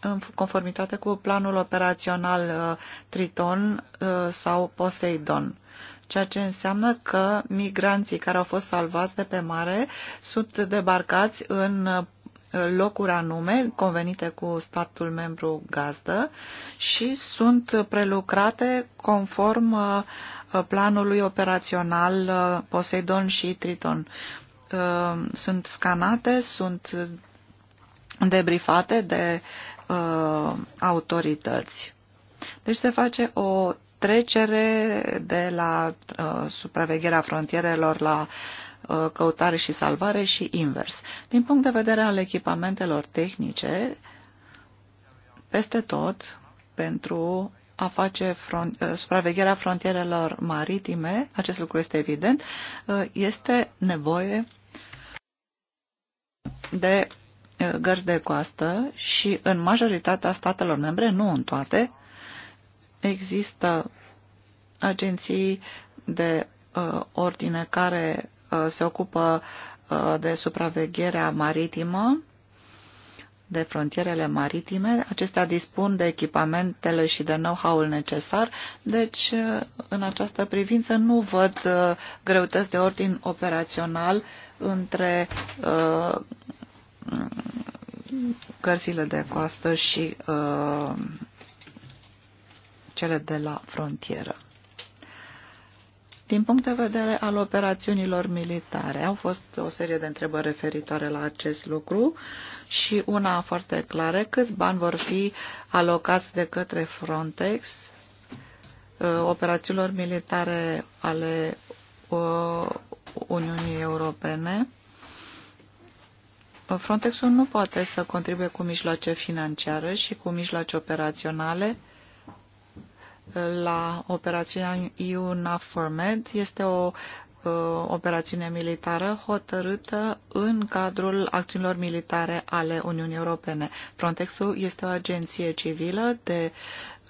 S4: în conformitate cu planul operațional uh, Triton sau Poseidon, ceea ce înseamnă că migranții care au fost salvați de pe mare sunt debarcați în locuri anume convenite cu statul membru gazdă și sunt prelucrate conform uh, planului operațional uh, Poseidon și Triton. Uh, sunt scanate, sunt debrifate de autorități. Deci se face o trecere de la supravegherea frontierelor la Uh, căutare și salvare și invers. Din punct de vedere al echipamentelor tehnice, peste tot, pentru a face front, uh, supravegherea frontierelor maritime, acest lucru este evident, uh, este nevoie de gărzi de coastă și în majoritatea statelor membre, nu în toate, există agenții de ordine care Uh, se ocupă uh, de supravegherea maritimă, de frontierele maritime. Acestea dispun de echipamentele și de know-how-ul necesar, deci uh, în această privință nu văd greutăți de ordin operațional între cărțile de coastă și cele de la frontieră. Din punct de vedere al operațiunilor militare, au fost o serie de întrebări referitoare la acest lucru și una foarte clară, câți bani vor fi alocați de către Frontex uh, operațiunilor militare ale uh, Uniunii Europene. Frontexul nu poate să contribuie cu mijloace financiare și cu mijloace operaționale la operațiunea EU NAFOR Med. Este o uh, operațiune militară hotărâtă în cadrul acțiunilor militare ale Uniunii Europene. Frontexul este o agenție civilă de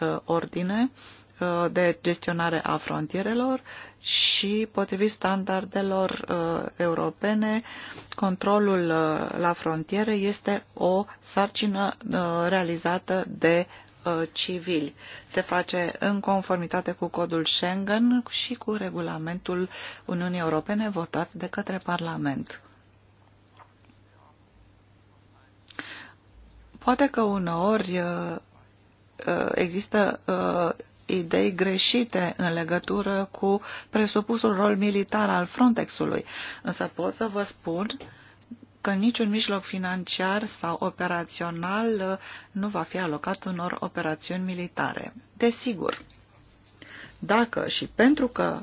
S4: uh, ordine uh, de gestionare a frontierelor și, potrivit standardelor europene, controlul la frontiere este o sarcină realizată de Uh, civili. Se face în conformitate cu codul Schengen și cu regulamentul Uniunii Europene votat de către Parlament. Poate că uneori uh, uh, există idei greșite în legătură cu presupusul rol militar al Frontexului, însă pot să vă spun că niciun mijloc financiar sau operațional uh, nu va fi alocat unor operațiuni militare. Desigur, dacă și pentru că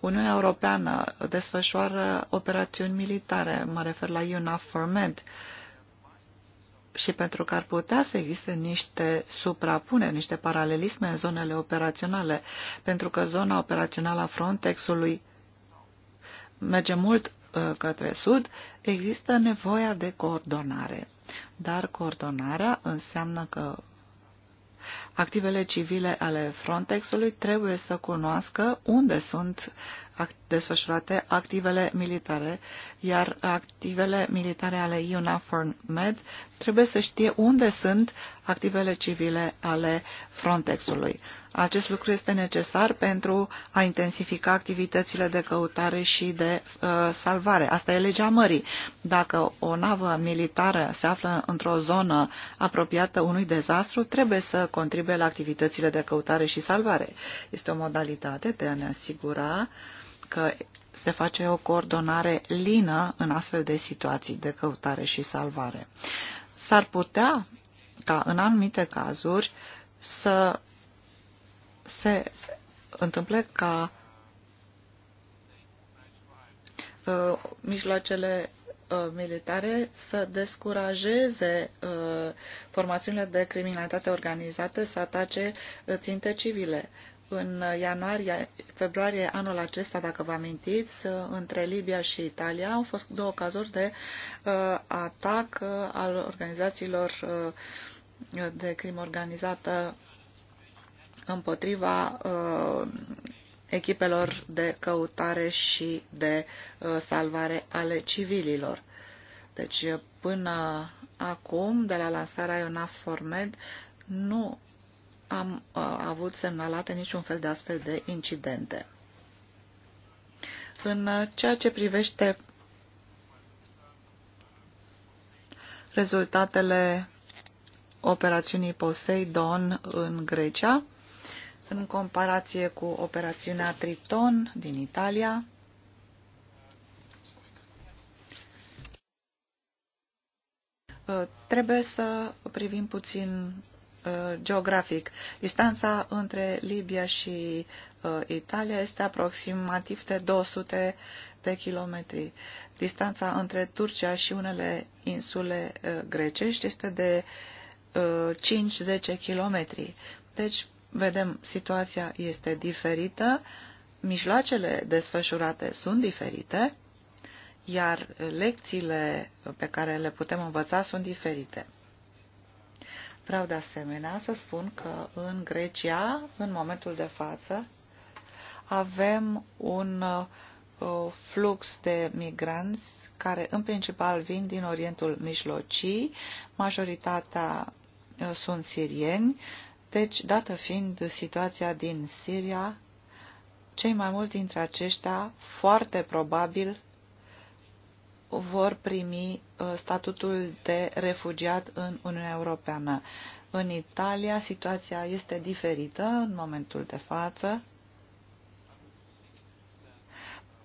S4: Uniunea Europeană desfășoară operațiuni militare, mă refer la UNAFOR Med, și pentru că ar putea să existe niște suprapuneri, niște paralelisme în zonele operaționale, pentru că zona operațională a Frontexului merge mult Uh, către sud, există nevoia de coordonare. Dar coordonarea înseamnă că activele civile ale Frontexului trebuie să cunoască unde sunt desfășurate activele militare, iar activele militare ale UNAFOR Med trebuie să știe unde sunt activele civile ale Frontexului. Acest lucru este necesar pentru a intensifica activitățile de căutare și de uh, salvare. Asta e legea mării. Dacă o navă militară se află într-o zonă apropiată unui dezastru, trebuie să contribuie contribuie la activitățile de căutare și salvare. Este o modalitate de a ne asigura că se face o coordonare lină în astfel de situații de căutare și salvare. S-ar putea ca în anumite cazuri să se întâmple ca uh, mijloacele Uh, militare să descurajeze uh, formațiunile de criminalitate organizată să atace uh, ținte civile. În ianuarie, februarie anul acesta, dacă vă amintiți, între Libia și Italia au fost două cazuri de atac al organizațiilor de crimă organizată împotriva echipelor de căutare și de uh, salvare ale civililor. Deci, uh, până acum, de la lansarea IONAF Formed, nu am uh, avut semnalate niciun fel de astfel de incidente. În ceea ce privește rezultatele operațiunii Poseidon în Grecia, în comparație cu operațiunea Triton din Italia. Uh, trebuie să privim puțin uh, geografic. Distanța între Libia și uh, Italia este aproximativ de 200 de kilometri. Distanța între Turcia și unele insule grecești este de 5-10 kilometri. Deci vedem, situația este diferită, mijloacele desfășurate sunt diferite, iar lecțiile pe care le putem învăța sunt diferite. Vreau de asemenea să spun că în Grecia, în momentul de față, avem un uh, flux de migranți care în principal vin din Orientul Mijlocii, majoritatea uh, sunt sirieni, deci, dată fiind situația din Siria, cei mai mulți dintre aceștia, foarte probabil, vor primi uh, statutul de refugiat în Uniunea Europeană. În Italia, situația este diferită în momentul de față.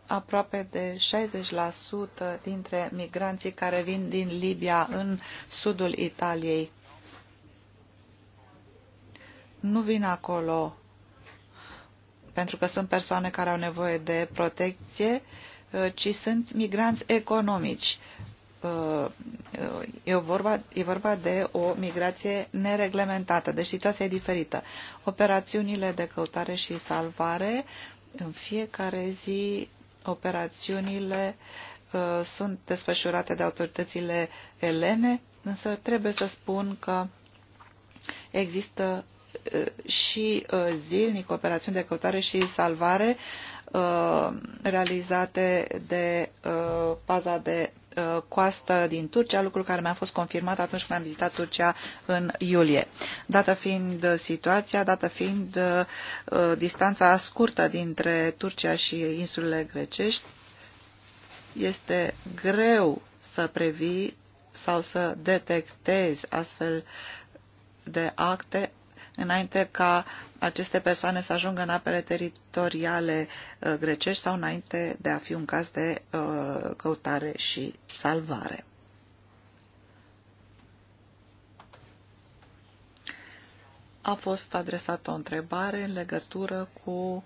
S4: Aproape de 60% dintre migranții care vin din Libia în sudul Italiei nu vin acolo pentru că sunt persoane care au nevoie de protecție, uh, ci sunt migranți economici. Uh, uh, e vorba, e vorba de o migrație nereglementată, deci situația e diferită. Operațiunile de căutare și salvare, în fiecare zi, operațiunile sunt desfășurate de autoritățile elene, însă trebuie să spun că există Uh, și uh, zilnic operațiuni de căutare și salvare uh, realizate de paza de coastă din Turcia, lucru care mi-a fost confirmat atunci când am vizitat Turcia în iulie. Dată fiind situația, dată fiind distanța scurtă dintre Turcia și insulele grecești, este greu să previi sau să detectezi astfel de acte înainte ca aceste persoane să ajungă în apele teritoriale uh, grecești sau înainte de a fi un caz de uh, căutare și salvare. A fost adresată o întrebare în legătură cu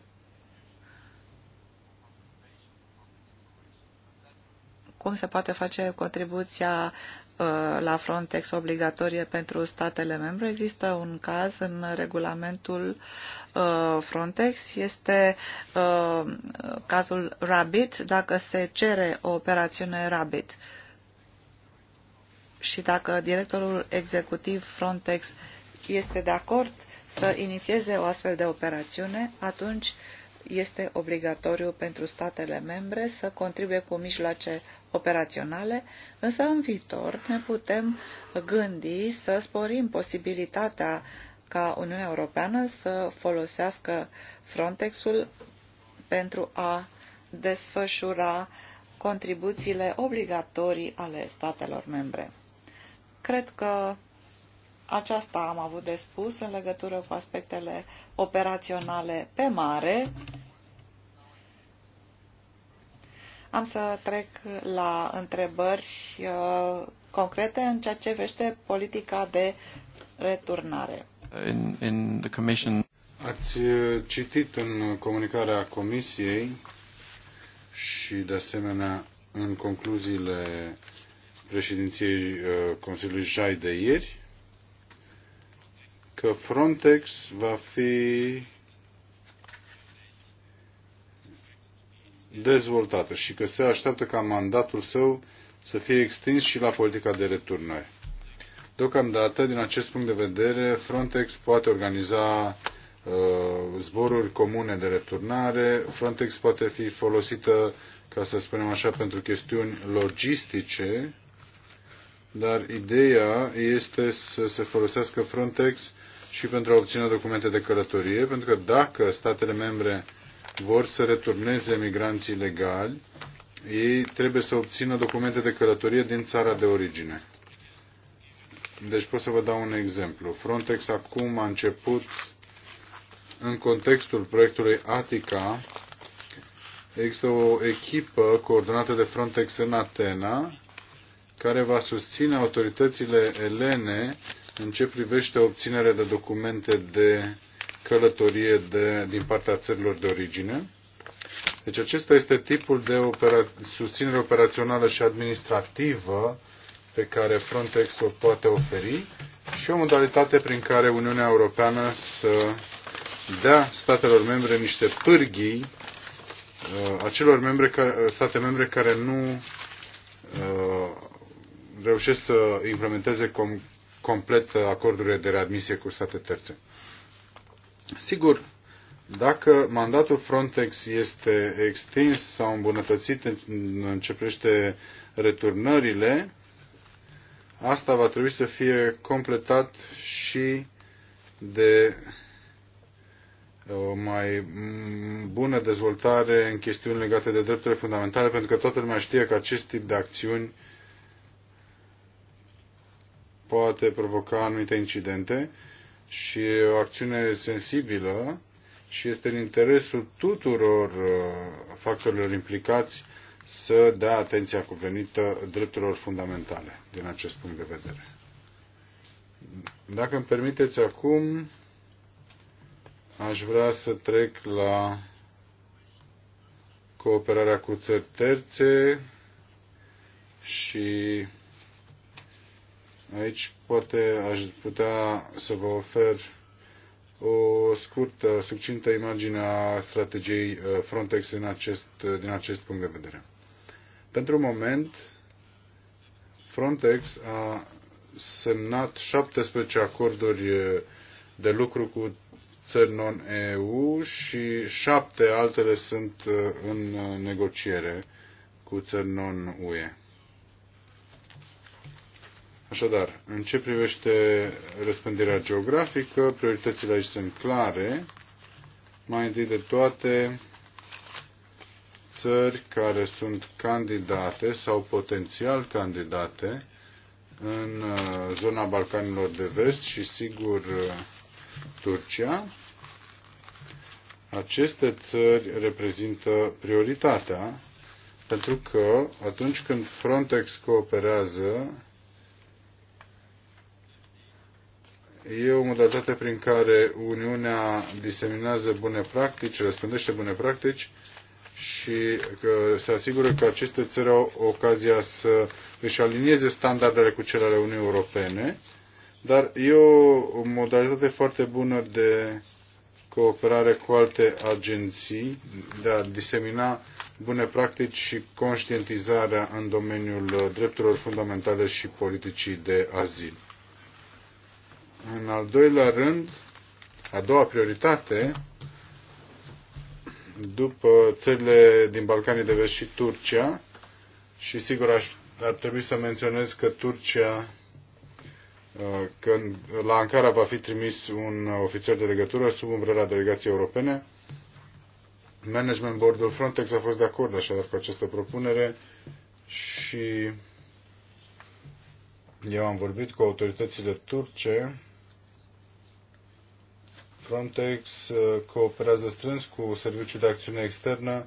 S4: cum se poate face contribuția Uh, la Frontex obligatorie pentru statele membre. Există un caz în regulamentul uh, Frontex, este uh, cazul Rabbit, dacă se cere o operațiune Rabbit și dacă directorul executiv Frontex este de acord să inițieze o astfel de operațiune, atunci uh, este obligatoriu pentru statele membre să contribuie cu mijloace operaționale, însă în viitor ne putem gândi să sporim posibilitatea ca Uniunea Europeană să folosească Frontexul pentru a desfășura contribuțiile obligatorii ale statelor membre. Cred că aceasta am avut de spus în legătură cu aspectele operaționale pe mare Am să trec la întrebări uh, concrete în ceea ce vește politica de
S2: returnare.
S1: In, in the commission...
S2: Ați uh, citit în comunicarea Comisiei și, de asemenea, în concluziile președinției uh, Consiliului Jai de ieri, că Frontex va fi dezvoltată și că se așteaptă ca mandatul său să fie extins și la politica de returnare. Deocamdată, din acest punct de vedere, Frontex poate organiza uh, zboruri comune de returnare, Frontex poate fi folosită, ca să spunem așa, pentru chestiuni logistice, dar ideea este să se folosească Frontex și pentru a obține documente de călătorie, pentru că dacă statele membre vor să returneze migranții legali, ei trebuie să obțină documente de călătorie din țara de origine. Deci pot să vă dau un exemplu. Frontex acum a început în contextul proiectului Atica. Există o echipă coordonată de Frontex în Atena care va susține autoritățile elene în ce privește obținerea de documente de călătorie de, din partea țărilor de origine. Deci acesta este tipul de opera, susținere operațională și administrativă pe care Frontex o poate oferi și o modalitate prin care Uniunea Europeană să dea statelor membre niște pârghii uh, acelor membre care, uh, state membre care nu uh, reușesc să implementeze com, complet acordurile de readmisie cu state terțe. Sigur, dacă mandatul Frontex este extins sau îmbunătățit în ce returnările, asta va trebui să fie completat și de o uh, mai bună dezvoltare în chestiuni legate de drepturile fundamentale, pentru că toată lumea știe că acest tip de acțiuni poate provoca anumite incidente și e o acțiune sensibilă și este în interesul tuturor uh, factorilor implicați să dea atenția cuvenită drepturilor fundamentale din acest punct de vedere. Dacă îmi permiteți acum, aș vrea să trec la cooperarea cu țări terțe și Aici poate aș putea să vă ofer o scurtă, succintă imagine a strategiei uh, Frontex din acest, uh, din acest punct de vedere. Pentru moment, Frontex a semnat 17 acorduri uh, de lucru cu țări non-EU și șapte altele sunt în negociere cu țări non-UE. Așadar, în ce privește răspândirea geografică, prioritățile aici sunt clare. Mai întâi de toate, țări care sunt candidate sau potențial candidate în uh, zona Balcanilor de Vest și, sigur, uh, Turcia. Aceste țări reprezintă prioritatea pentru că atunci când Frontex cooperează E o modalitate prin care Uniunea diseminează bune practici, răspândește bune practici și că se asigură că aceste țări au ocazia să își alinieze standardele cu cele ale Uniunii Europene, dar e o modalitate foarte bună de cooperare cu alte agenții, de a disemina bune practici și conștientizarea în domeniul drepturilor fundamentale și politicii de azil. În al doilea rând, a doua prioritate, după țările din Balcanii de Vest și Turcia, și sigur aș, ar trebui să menționez că Turcia, uh, când la Ankara va fi trimis un ofițer de legătură sub umbrela delegației europene, Management Boardul Frontex a fost de acord așadar cu această propunere și eu am vorbit cu autoritățile turce Frontex uh, cooperează strâns cu Serviciul de Acțiune Externă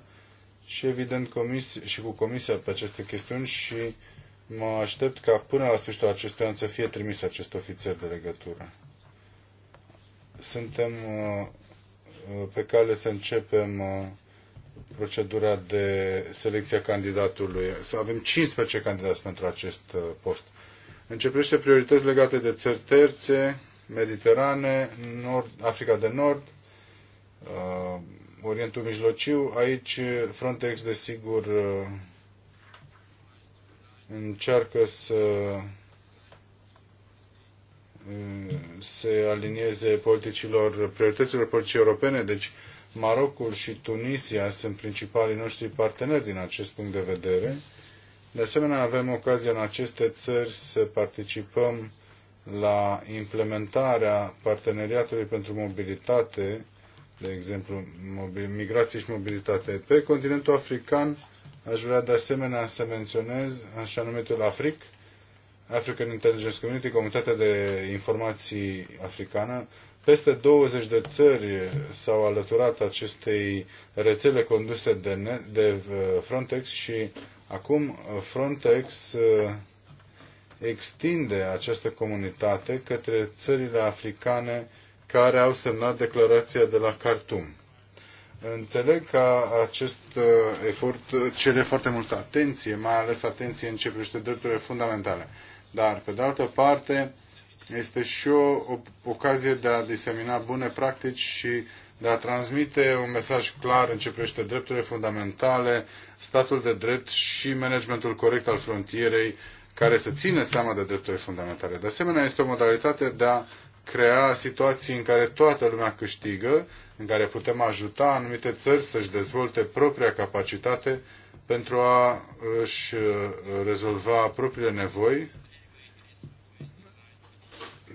S2: și, evident, comis- și cu Comisia pe aceste chestiuni și mă aștept ca până la sfârșitul acestui an să fie trimis acest ofițer de legătură. Suntem uh, uh, pe cale să începem procedura de selecție a candidatului. Să avem 15 candidați pentru acest post. Începește priorități legate de țări terțe, Mediterane, Nord, Africa de Nord, uh, Orientul Mijlociu. Aici Frontex, desigur, uh, încearcă să uh, se alinieze politicilor, priorităților politicii europene, deci Marocul și Tunisia sunt principalii noștri parteneri din acest punct de vedere. De asemenea, avem ocazia în aceste țări să participăm la implementarea parteneriatului pentru mobilitate, de exemplu, migrație și mobilitate. Pe continentul african aș vrea de asemenea să menționez așa numitul AFRIC, African Intelligence Community, Comunitatea de Informații Africană. Peste 20 de țări s-au alăturat acestei rețele conduse de, de uh, Frontex și acum uh, Frontex uh, extinde această comunitate către țările africane care au semnat declarația de la Khartoum. Înțeleg că acest uh, efort cere foarte multă atenție, mai ales atenție în ce privește drepturile fundamentale. Dar, pe de altă parte, este și o ocazie de a disemina bune practici și de a transmite un mesaj clar în ce privește drepturile fundamentale, statul de drept și managementul corect al frontierei care să țină seama de drepturile fundamentale. De asemenea, este o modalitate de a crea situații în care toată lumea câștigă, în care putem ajuta anumite țări să-și dezvolte propria capacitate pentru a își uh, rezolva propriile nevoi,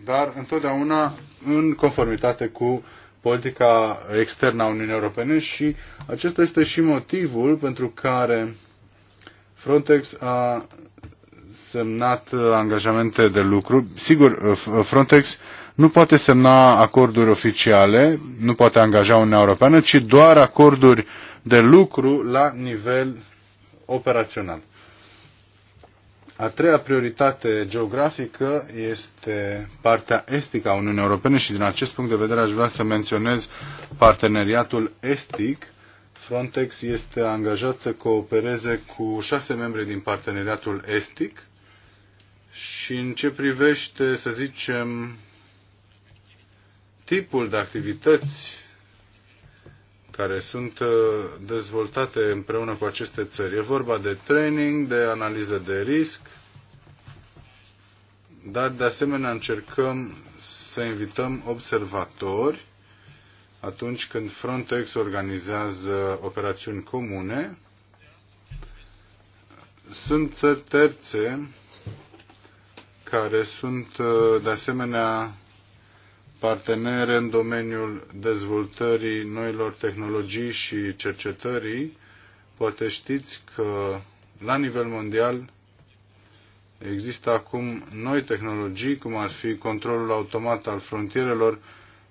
S2: dar întotdeauna în conformitate cu politica externă a Uniunii Europene și acesta este și motivul pentru care Frontex a semnat uh, angajamente de lucru. Sigur, uh, uh, Frontex nu poate semna acorduri oficiale, nu poate angaja Uniunea Europeană, ci doar acorduri de lucru la nivel operațional. A treia prioritate geografică este partea estică a Uniunii Europene și din acest punct de vedere aș vrea să menționez parteneriatul estic Frontex este angajat să coopereze cu șase membri din parteneriatul estic și în ce privește, să zicem, tipul de activități care sunt uh, dezvoltate împreună cu aceste țări. E vorba de training, de analiză de risc, dar de asemenea încercăm să invităm observatori atunci când Frontex organizează operațiuni comune. Sunt țări terțe care sunt uh, de asemenea partenere în domeniul dezvoltării noilor tehnologii și cercetării. Poate știți că la nivel mondial există acum noi tehnologii, cum ar fi controlul automat al frontierelor,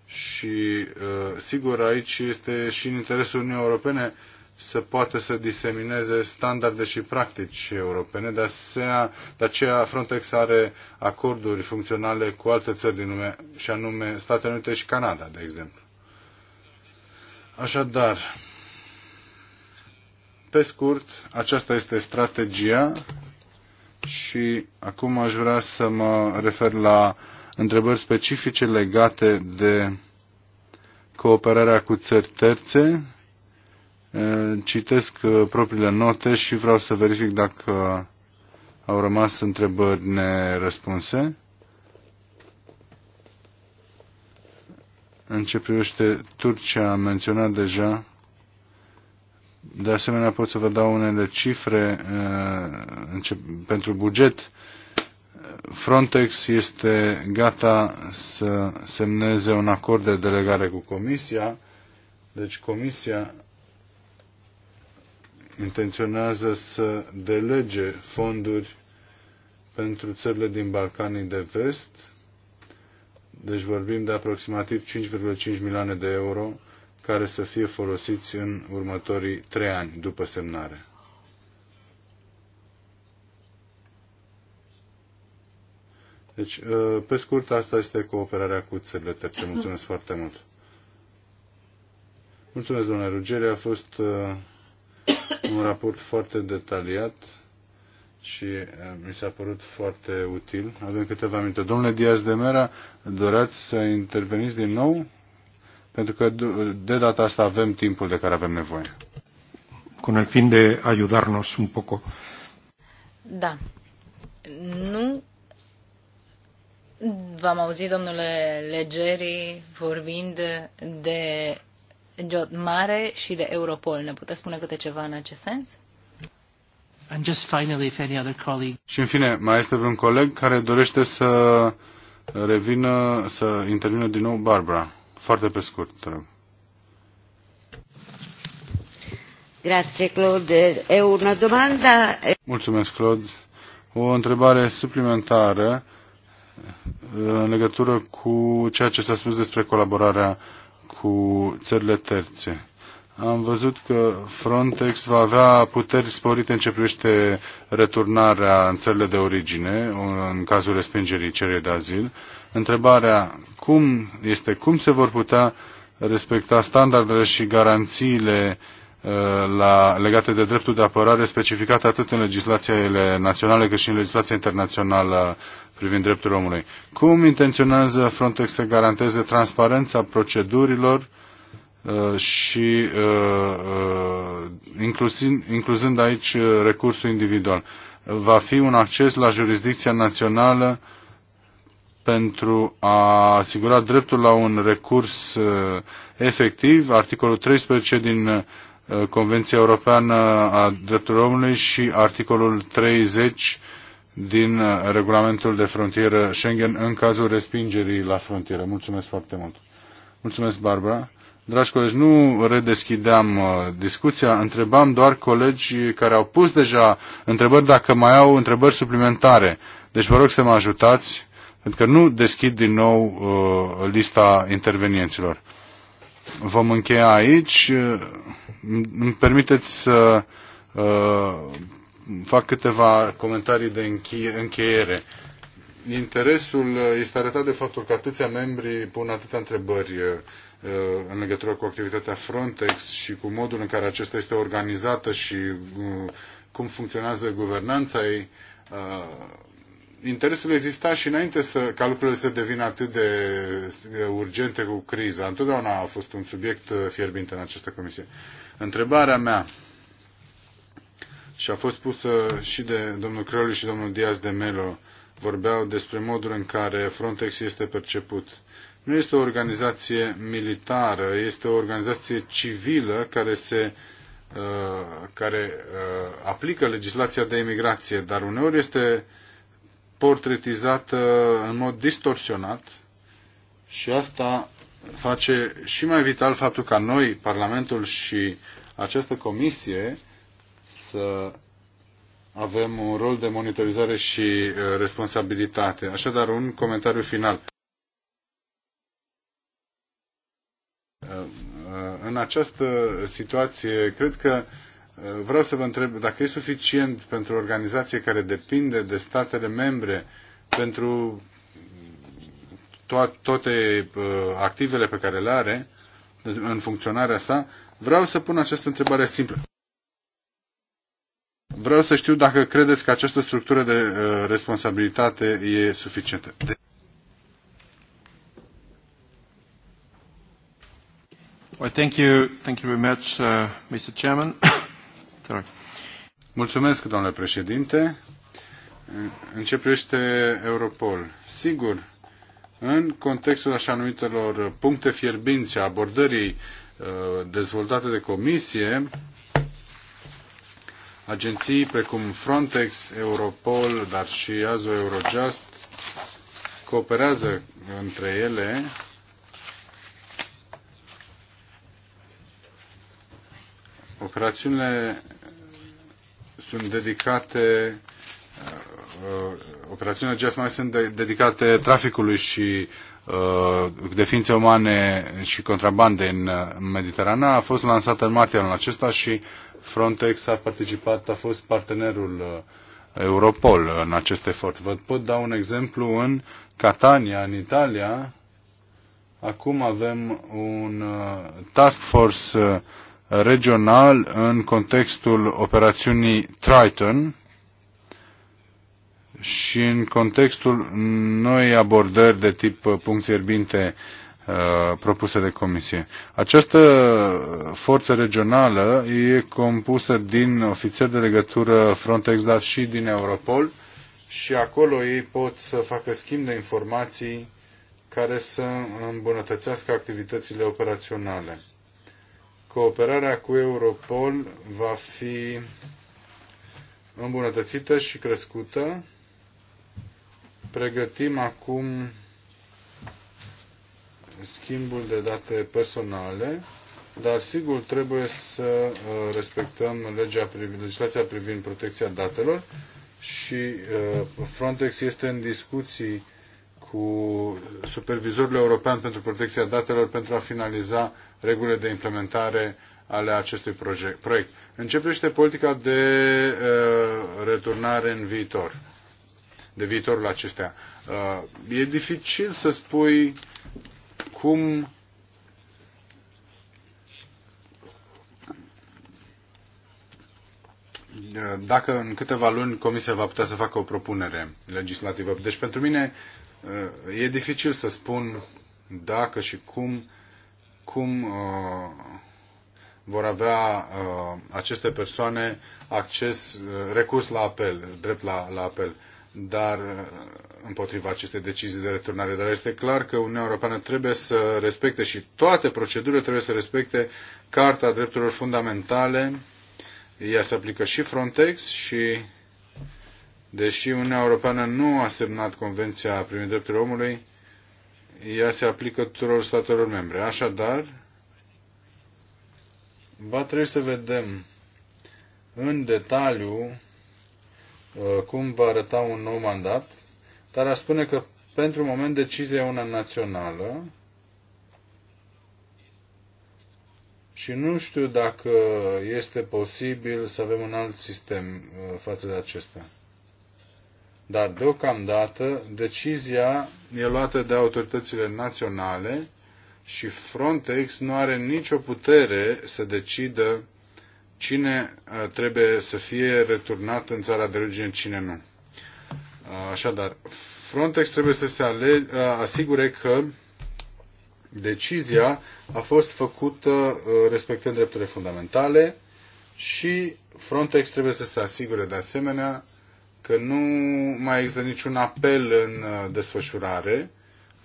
S2: și uh, sigur aici este și în interesul Uniunii Europene să poată să disemineze standarde și practici europene. De aceea, de aceea Frontex are acorduri funcționale cu alte țări din lume, și anume Statele Unite și Canada, de exemplu. Așadar, pe scurt, aceasta este strategia și acum aș vrea să mă refer la uh, întrebări specifice legate de cooperarea cu țări terțe. Eh, citesc eh, propriile note și vreau să verific dacă au rămas întrebări nerăspunse. În ce privește Turcia, am menționat deja. De asemenea, pot să vă dau unele cifre uh, pentru buget Frontex este gata să semneze un acord de delegare cu Comisia. Deci Comisia intenționează să delege fonduri pentru țările din Balcanii de Vest. Deci vorbim de aproximativ 5,5 milioane de euro care să fie folosiți în următorii trei ani după semnare. Deci, uh, pe scurt, asta este cooperarea cu țările terțe. Mulțumesc foarte mult. Mulțumesc, domnule Rugeri. A fost uh, un raport foarte detaliat și uh, mi s-a părut foarte util. Avem câteva minute. Domnule Diaz de Mera, doreați să interveniți din nou? Pentru că de data asta avem timpul de care avem nevoie.
S1: Cu el fin de ajutarnos un poco.
S3: Da. Nu V-am auzit, domnule Legeri, vorbind de Jot Mare și de Europol. Ne puteți spune câte ceva în acest sens?
S1: And just finally, if any other colleague...
S2: Și în fine, mai este vreun coleg care dorește să revină, să intervină din nou Barbara. Foarte pe scurt, te rog.
S4: Grazie, Claude. E una domanda...
S2: Mulțumesc, Claude. O întrebare suplimentară în legătură cu ceea ce s-a spus despre colaborarea cu țările terțe. Am văzut că Frontex va avea puteri sporite în ce privește returnarea în țările de origine, în cazul respingerii cererii de azil. Întrebarea cum este cum se vor putea respecta standardele și garanțiile uh, la, legate de dreptul de apărare specificate atât în legislațiile naționale cât și în legislația internațională privind drepturile omului. Cum intenționează Frontex să garanteze transparența procedurilor uh, și uh, uh, incluzând aici recursul individual? Va fi un acces la jurisdicția națională pentru a asigura dreptul la un recurs efectiv, articolul 13 din Convenția Europeană a Drepturilor Omului și articolul 30 din uh, regulamentul de frontieră Schengen în cazul respingerii la frontieră. Mulțumesc foarte mult. Mulțumesc, Barbara. Dragi colegi, nu redeschideam uh, discuția, întrebam doar colegi care au pus deja întrebări dacă mai au întrebări suplimentare. Deci vă rog să mă ajutați, pentru că nu deschid din nou uh, lista intervenienților. Vom încheia aici. Uh, îmi permiteți să uh, fac câteva comentarii de încheiere. Interesul uh, este arătat de faptul că atâția membri pun atâtea întrebări uh, uh, în legătură cu activitatea Frontex și cu modul în care acesta este organizată și cum funcționează guvernanța ei. Interesul exista și înainte să, ca lucrurile să devină atât de urgente cu criza. Întotdeauna a fost un subiect fierbinte în această comisie. Întrebarea mea și a fost pusă și de domnul Crăliu și domnul Diaz de Melo. Vorbeau despre modul în care Frontex este perceput. Nu este o organizație militară, este o organizație civilă care se uh, care uh, aplică legislația de imigrație, dar uneori este portretizată în mod distorsionat și asta face și mai vital faptul ca noi, Parlamentul și această comisie, să avem un rol de monitorizare și uh, responsabilitate. Așadar, un comentariu final. Uh, în această situație, cred că uh, vreau să vă întreb dacă e suficient pentru o organizație care depinde de statele membre pentru to- toate activele pe care le are în funcționarea sa, vreau să pun această întrebare simplă. Vreau să știu dacă credeți că această structură de uh, responsabilitate e suficientă. Well, thank you, thank you very much, uh, Mr. Chairman. Sorry. Mulțumesc, domnule președinte. Începește Europol, sigur, în contextul așa numitelor puncte fierbinți a abordării uh, dezvoltate de comisie, Agenții precum Frontex, Europol, dar și AZO Eurojust cooperează între ele Operațiunile sunt dedicate uh, uh, operațiunile GES mai sunt dedicate traficului și Uh, de ființe umane și contrabande uh, în Mediterana a fost lansată în martie anul acesta și Frontex a participat, a fost partenerul uh, Europol în acest efort. Vă pot da un exemplu în Catania, în Italia. Acum avem un task force regional în contextul operațiunii Triton, și în contextul noi abordări de tip uh, punct fierbinte uh, propuse de comisie. Această forță regională e compusă din ofițeri de legătură Frontex, dar și din Europol și acolo ei pot să facă schimb de informații care să îmbunătățească activitățile operaționale. Cooperarea cu Europol va fi îmbunătățită și crescută Pregătim acum schimbul de date personale, dar sigur trebuie să uh, respectăm legea, legislația privind protecția datelor și uh, Frontex este în discuții cu supervizorul european pentru protecția datelor pentru a finaliza regulile de implementare ale acestui proiect. Începește politica de uh, returnare în viitor de viitorul acestea. Uh, e dificil să spui cum uh, dacă în câteva luni Comisia va putea să facă o propunere legislativă. Deci pentru mine uh, e dificil să spun dacă și cum, cum vor avea aceste persoane acces, recurs la apel, drept la, la apel dar uh, împotriva acestei decizii de returnare. Dar este clar că Uniunea Europeană trebuie să respecte și toate procedurile trebuie să respecte Carta Drepturilor Fundamentale. Ea se aplică și Frontex și deși Uniunea Europeană nu a semnat Convenția privind drepturile omului, ea se aplică tuturor statelor membre. Așadar, va trebui să vedem în detaliu Uh, cum va arăta un nou mandat, dar a spune că pentru moment decizia e una națională și nu știu dacă este posibil să avem un alt sistem uh, față de acesta. Dar deocamdată decizia e luată de autoritățile naționale și Frontex nu are nicio putere să decidă cine uh, trebuie să fie returnat în țara de origine, cine nu. Uh, așadar, Frontex trebuie să se ale, uh, asigure că decizia a fost făcută respectând drepturile fundamentale și Frontex trebuie să se asigure de asemenea că nu mai există niciun apel în desfășurare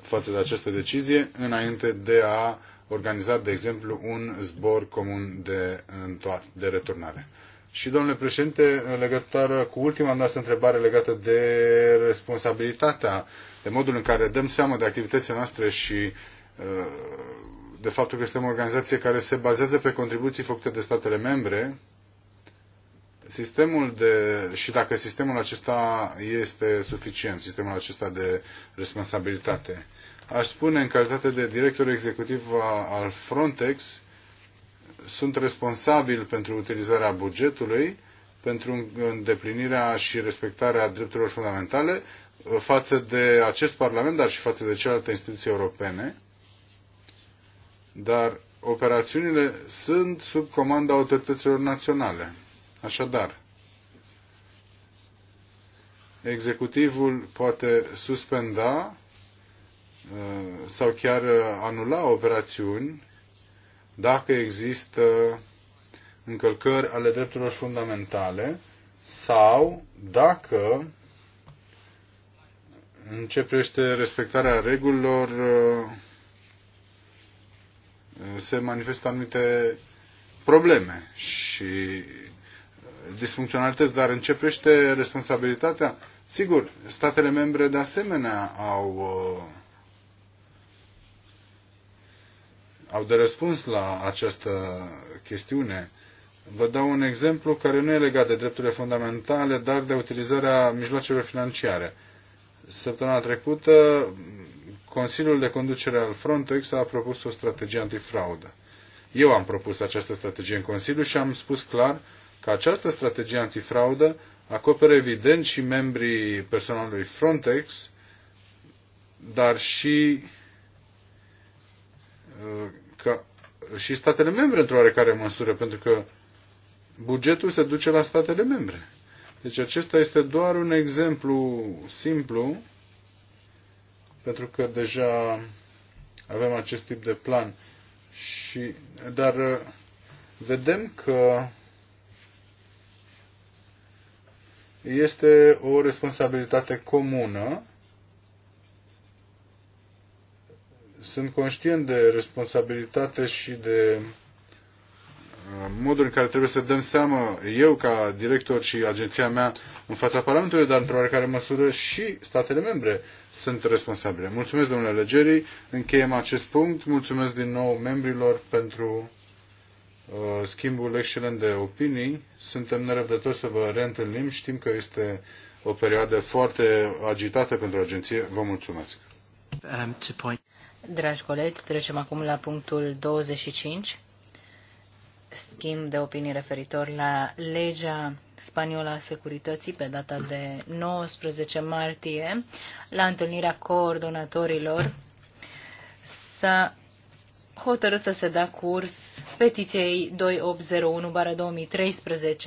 S2: față de această decizie înainte de a organiza, de exemplu, un zbor comun de, de returnare. Și, domnule președinte, în cu ultima noastră întrebare legată de responsabilitatea, de modul în care dăm seama de activitățile noastre și uh, de faptul că suntem o organizație care se bazează pe contribuții făcute de statele membre, Sistemul de, și dacă sistemul acesta este suficient, sistemul acesta de responsabilitate. Aș spune, în calitate de director executiv al Frontex, sunt responsabil pentru utilizarea bugetului, pentru îndeplinirea și respectarea drepturilor fundamentale față de acest Parlament, dar și față de celelalte instituții europene. Dar operațiunile sunt sub comanda autorităților naționale. Așadar, executivul poate suspenda uh, sau chiar uh, anula operațiuni dacă există încălcări ale drepturilor fundamentale sau dacă începește respectarea regulilor uh, se manifestă anumite probleme și disfuncționalități, dar începește responsabilitatea. Sigur, statele membre de asemenea au, uh, au de răspuns la această chestiune. Vă dau un exemplu care nu e legat de drepturile fundamentale, dar de utilizarea mijloacelor financiare. Săptămâna trecută, Consiliul de Conducere al Frontex a propus o strategie antifraudă. Eu am propus această strategie în Consiliu și am spus clar uh, că această strategie antifraudă acoperă evident și membrii personalului Frontex, dar și uh, că și statele membre într-o oarecare măsură, pentru că bugetul se duce la statele membre. Deci acesta este doar un exemplu simplu, pentru că deja avem acest tip de plan. Și, dar uh, vedem că este o responsabilitate comună. Sunt conștient de responsabilitate și de uh, modul în care trebuie să dăm seama eu ca director și agenția mea în fața Parlamentului, dar într-o oarecare măsură și statele membre sunt responsabile. Mulțumesc, domnule legerii, încheiem acest punct, mulțumesc din nou membrilor pentru Uh, schimbul excelent de opinii. Suntem nerăbdători să vă reîntâlnim. Știm că este o perioadă foarte agitată pentru agenție. Vă mulțumesc.
S1: Um, Dragi
S3: colegi, trecem acum la punctul 25. Schimb de opinii referitor la legea spaniolă a securității pe data de 19 martie, la întâlnirea coordonatorilor s-a hotărât să se dea curs petiției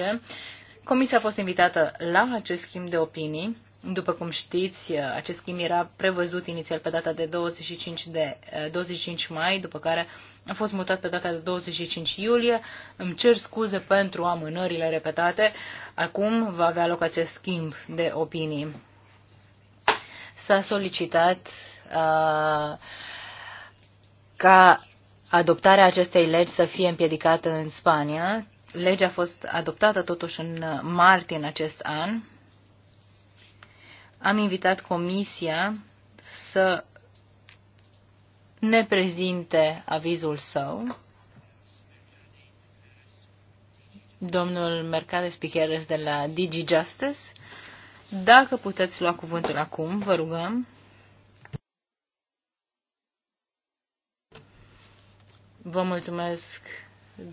S3: 2801-2013. Comisia a fost invitată la acest schimb de opinii. După cum știți, acest schimb era prevăzut inițial pe data de 25, de 25 eh, mai, după care a fost mutat pe data de 25 iulie. Îmi cer scuze pentru amânările repetate. Acum va avea loc acest schimb de opinii. S-a solicitat uh, ca adoptarea acestei legi să fie împiedicată în Spania. Legea a fost adoptată totuși în martie în acest an. Am invitat Comisia să ne prezinte avizul său. Domnul Mercades Picheres de la Digi Justice, dacă puteți lua cuvântul acum, vă rugăm. Vă mulțumesc,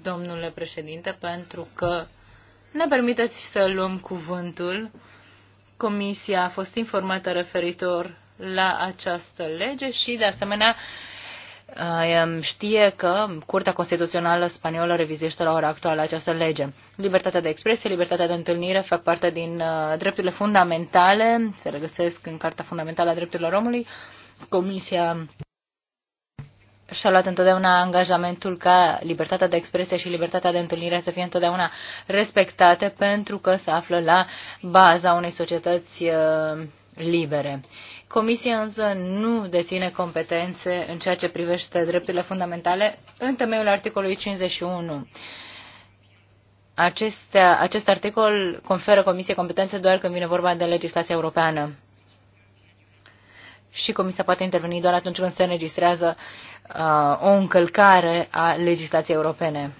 S3: domnule președinte, pentru că ne permiteți să luăm cuvântul. Comisia a fost informată referitor la această lege și, de asemenea, uh, știe că Curtea Constituțională Spaniolă revizuiește la ora actuală această lege. Libertatea de expresie, libertatea de întâlnire fac parte din uh, drepturile fundamentale, se regăsesc în Carta Fundamentală a Drepturilor Omului. Comisia și-a luat întotdeauna angajamentul ca libertatea de expresie și libertatea de întâlnire să fie întotdeauna respectate pentru că se află la baza unei societăți uh, libere. Comisia însă nu deține competențe în ceea ce privește drepturile fundamentale în temeiul articolului 51. Acestea, acest articol conferă Comisiei competențe doar când vine vorba de legislația europeană. Și Comisia poate interveni doar atunci când se înregistrează uh, uh, o încălcare a legislației europene.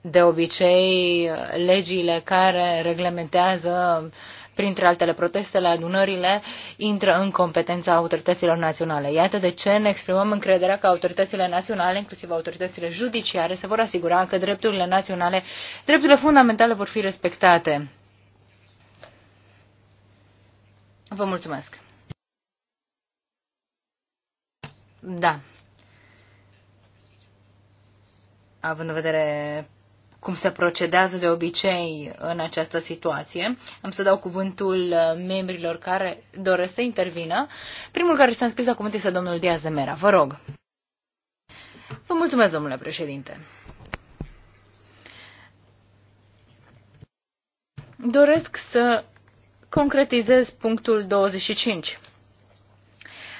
S3: De obicei, legile care reglementează, printre altele, protestele, adunările, intră în competența autorităților naționale. Iată de ce ne exprimăm încrederea că autoritățile naționale, inclusiv autoritățile judiciare, se vor asigura că drepturile naționale, drepturile fundamentale vor fi respectate. Vă mulțumesc! Da. Având în vedere cum se procedează de obicei în această situație. Am să dau cuvântul uh, membrilor care doresc să intervină. Primul care s-a înscris la cuvânt este domnul Diaz de Mera. Vă rog. Vă mulțumesc, domnule președinte. Doresc să concretizez punctul 25.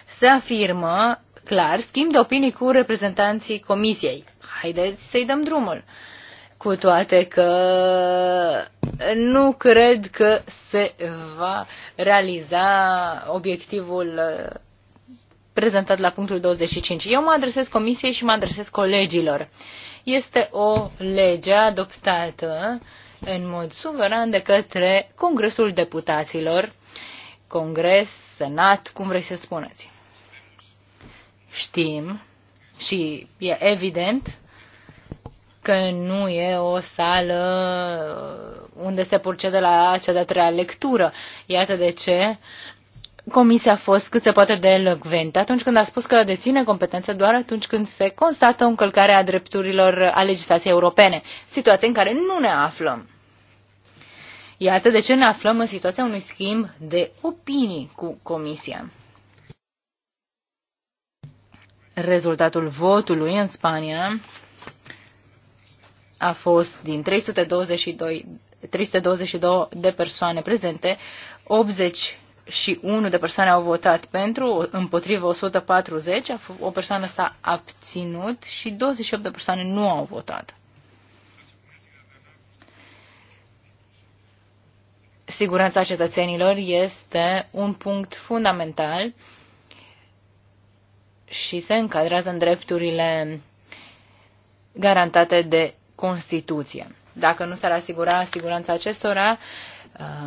S3: Se afirmă clar schimb de opinii cu reprezentanții comisiei. Haideți să-i dăm drumul. Cu toate că nu cred că se va realiza obiectivul uh, prezentat la punctul 25. Eu mă adresez comisiei și mă adresez colegilor. Este o lege adoptată în mod suveran de către Congresul Deputaților, Congres, Senat, cum vrei să spuneți. Știm și e evident că nu e o sală uh, unde se procede la cea de-a treia lectură. Iată de ce Comisia a fost cât se poate de elogventă atunci când a spus că deține competență doar atunci când se constată o încălcare a drepturilor a legislației europene, situație în care nu ne aflăm. Iată de ce ne aflăm în situația unui schimb de opinii cu Comisia. Rezultatul votului în Spania a fost din 322, 322 de persoane prezente, 81 de persoane au votat pentru, împotrivă 140, o persoană s-a abținut și 28 de persoane nu au votat. Siguranța cetățenilor este un punct fundamental și se încadrează în drepturile garantate de Constituție. Dacă nu s-ar asigura siguranța acestora,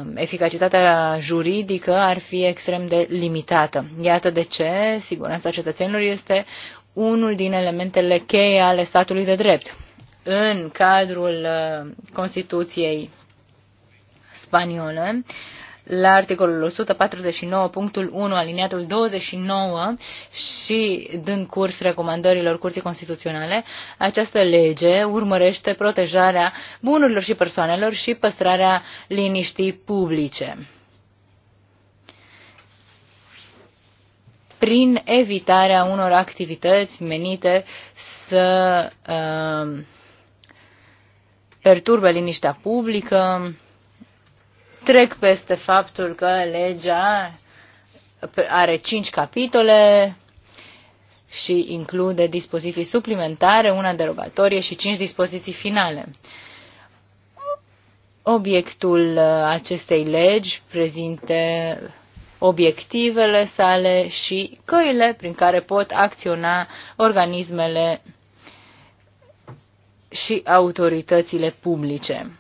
S3: um, eficacitatea juridică ar fi extrem de limitată. Iată de ce siguranța cetățenilor este unul din elementele cheie ale statului de drept. În cadrul uh, Constituției spaniole, la articolul 149, punctul 1, aliniatul 29 și dând curs recomandărilor Curții Constituționale, această lege urmărește protejarea bunurilor și persoanelor și păstrarea liniștii publice. prin evitarea unor activități menite să uh, perturbe liniștea publică, trec peste faptul că legea are cinci capitole și include dispoziții suplimentare, una derogatorie și cinci dispoziții finale. Obiectul acestei legi prezinte obiectivele sale și căile prin care pot acționa organismele și autoritățile publice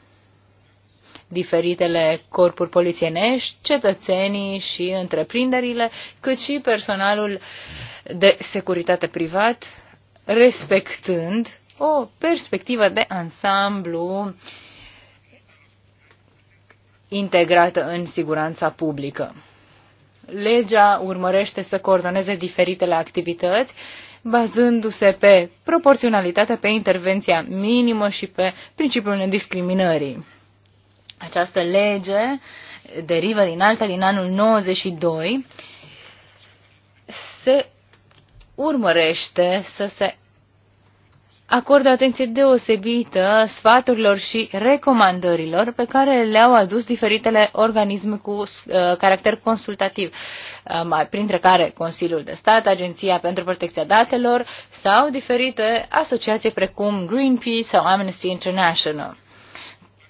S3: diferitele corpuri polițienești, cetățenii și întreprinderile, cât și personalul de securitate privat, respectând o perspectivă de ansamblu integrată în siguranța publică. Legea urmărește să coordoneze diferitele activități, bazându-se pe proporționalitate, pe intervenția minimă și pe principiul nediscriminării. Această lege derivă din alta din anul 92. Se urmărește să se acordă atenție deosebită sfaturilor și recomandărilor pe care le-au adus diferitele organisme cu uh, caracter consultativ, um, printre care Consiliul de Stat, Agenția pentru Protecția Datelor sau diferite asociații precum Greenpeace sau Amnesty International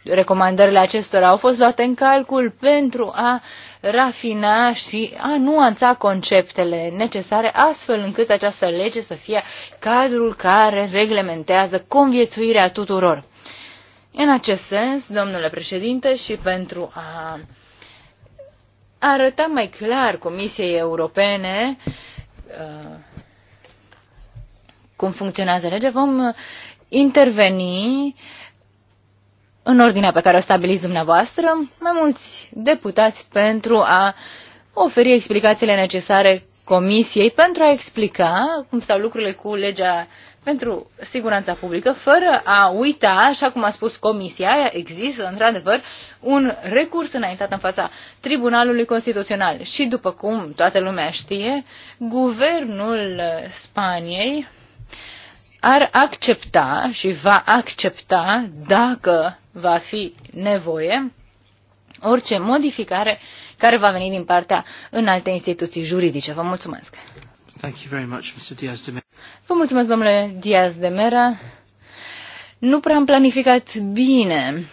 S3: recomandările acestora au fost luate în calcul pentru a rafina și a nuanța conceptele necesare, astfel încât această lege să fie cadrul care reglementează conviețuirea tuturor. În acest sens, domnule președinte, și pentru a arăta mai clar Comisiei Europene uh, cum funcționează legea, vom uh, interveni în ordinea pe care o stabiliți dumneavoastră, mai mulți deputați pentru a oferi explicațiile necesare Comisiei pentru a explica cum stau lucrurile cu legea pentru siguranța publică, fără a uita, așa cum a spus Comisia, există într-adevăr un recurs înaintat în fața Tribunalului Constituțional. Și după cum toată lumea știe, guvernul Spaniei ar accepta și va accepta dacă va fi nevoie, orice modificare care va veni din partea în alte instituții juridice. Vă mulțumesc!
S1: Thank you very much, Mr. Diaz de Mera.
S3: Vă mulțumesc, domnule Diaz de Mera. Nu prea am planificat bine.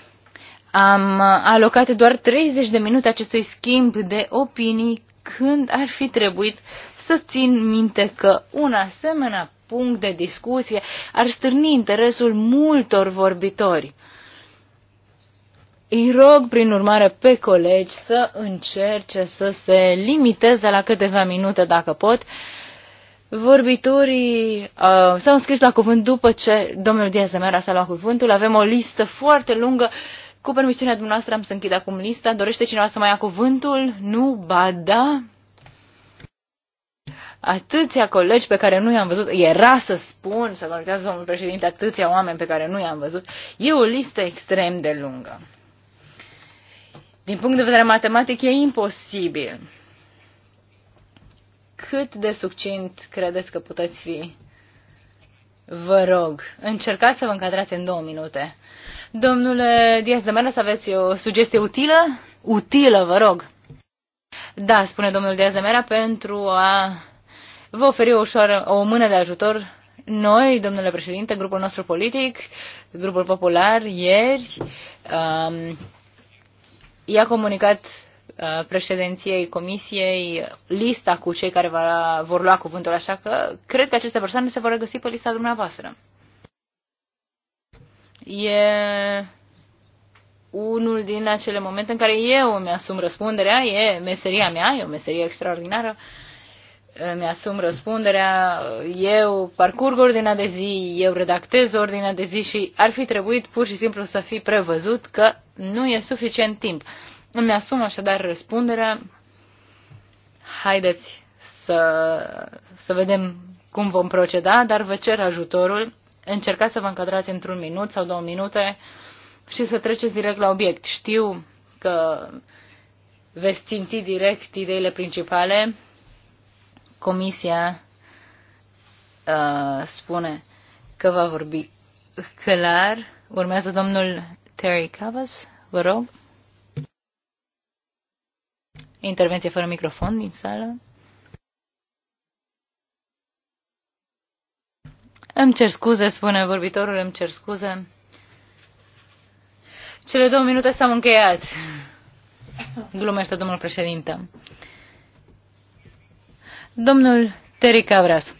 S3: Am alocat doar 30 de minute acestui schimb de opinii când ar fi trebuit să țin minte că un asemenea punct de discuție ar stârni interesul multor vorbitori. Îi rog, prin urmare, pe colegi să încerce să se limiteze la câteva minute, dacă pot. Vorbitorii uh, s-au înscris la cuvânt după ce domnul Diaz de Mera s-a luat cuvântul. Avem o listă foarte lungă. Cu permisiunea dumneavoastră am să închid acum lista. Dorește cineva să mai ia cuvântul? Nu? Ba da? Atâția colegi pe care nu i-am văzut, era să spun, să vorbească domnul președinte, atâția oameni pe care nu i-am văzut, e o listă extrem de lungă. Din punct de vedere matematic e imposibil. Cât de succint credeți că puteți fi? Vă rog, încercați să vă încadrați în două minute. Domnule Diaz de Mera, să aveți o sugestie utilă? Utilă, vă rog. Da, spune domnul Diaz de Mera, pentru a vă oferi o, ușoară, o mână de ajutor. Noi, domnule președinte, grupul nostru politic, grupul popular, ieri, um, i-a comunicat uh, președinției comisiei lista cu cei care va, vor lua cuvântul, așa că cred că aceste persoane se vor regăsi pe lista dumneavoastră. E unul din acele momente în care eu îmi asum răspunderea, e meseria mea, e o meserie extraordinară, uh, îmi asum răspunderea, eu parcurg ordinea de zi, eu redactez ordinea de zi și ar fi trebuit pur și simplu să fi prevăzut că nu e suficient timp. Îmi asum așadar răspunderea. Haideți să, să vedem cum vom proceda, dar vă cer ajutorul. Încercați să vă încadrați într-un minut sau două minute și să treceți direct la obiect. Știu că veți ținti direct ideile principale, Comisia uh, spune că va vorbi clar. Urmează domnul Terry Cavas, vă rog. Intervenție fără microfon din sală. Îmi cer scuze, spune vorbitorul, îmi cer scuze. Cele două minute s-au încheiat, glumește domnul președinte. Domnul Terry Cabras.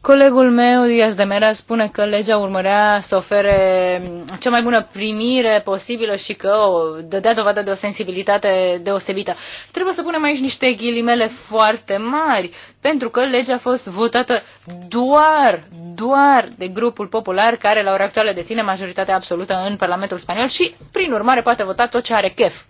S3: Colegul meu, Diaz de Mera, spune că legea urmărea să ofere cea mai bună primire posibilă și că o dădea dovadă de o sensibilitate deosebită. Trebuie să punem aici niște ghilimele foarte mari, pentru că legea a fost votată doar, doar de grupul popular care la ora actuală deține majoritatea absolută în Parlamentul Spaniol și, prin urmare, poate vota tot ce are chef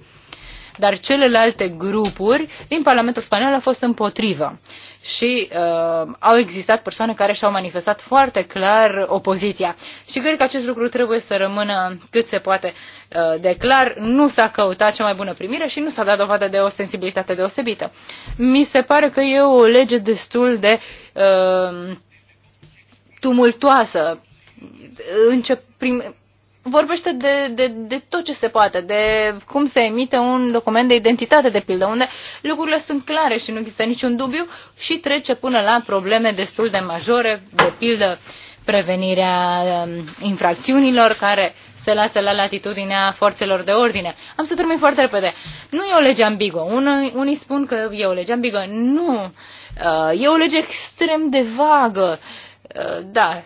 S3: dar celelalte grupuri din Parlamentul Spaniol au fost împotrivă. Și uh, au existat persoane care și-au manifestat foarte clar opoziția. Și cred că acest lucru trebuie să rămână cât se poate uh, de clar. Nu s-a căutat cea mai bună primire și nu s-a dat dovadă de o sensibilitate deosebită. Mi se pare că e o lege destul de uh, tumultoasă. Încep, prim, vorbește de, de, de tot ce se poate, de cum se emite un document de identitate, de pildă, unde lucrurile sunt clare și nu există niciun dubiu și trece până la probleme destul de majore, de pildă prevenirea um, infracțiunilor care se lasă la latitudinea forțelor de ordine. Am să termin foarte repede. Nu e o lege ambiguă. Unii, unii spun că e o lege ambiguă. Nu. Uh, e o lege extrem de vagă. Uh, da,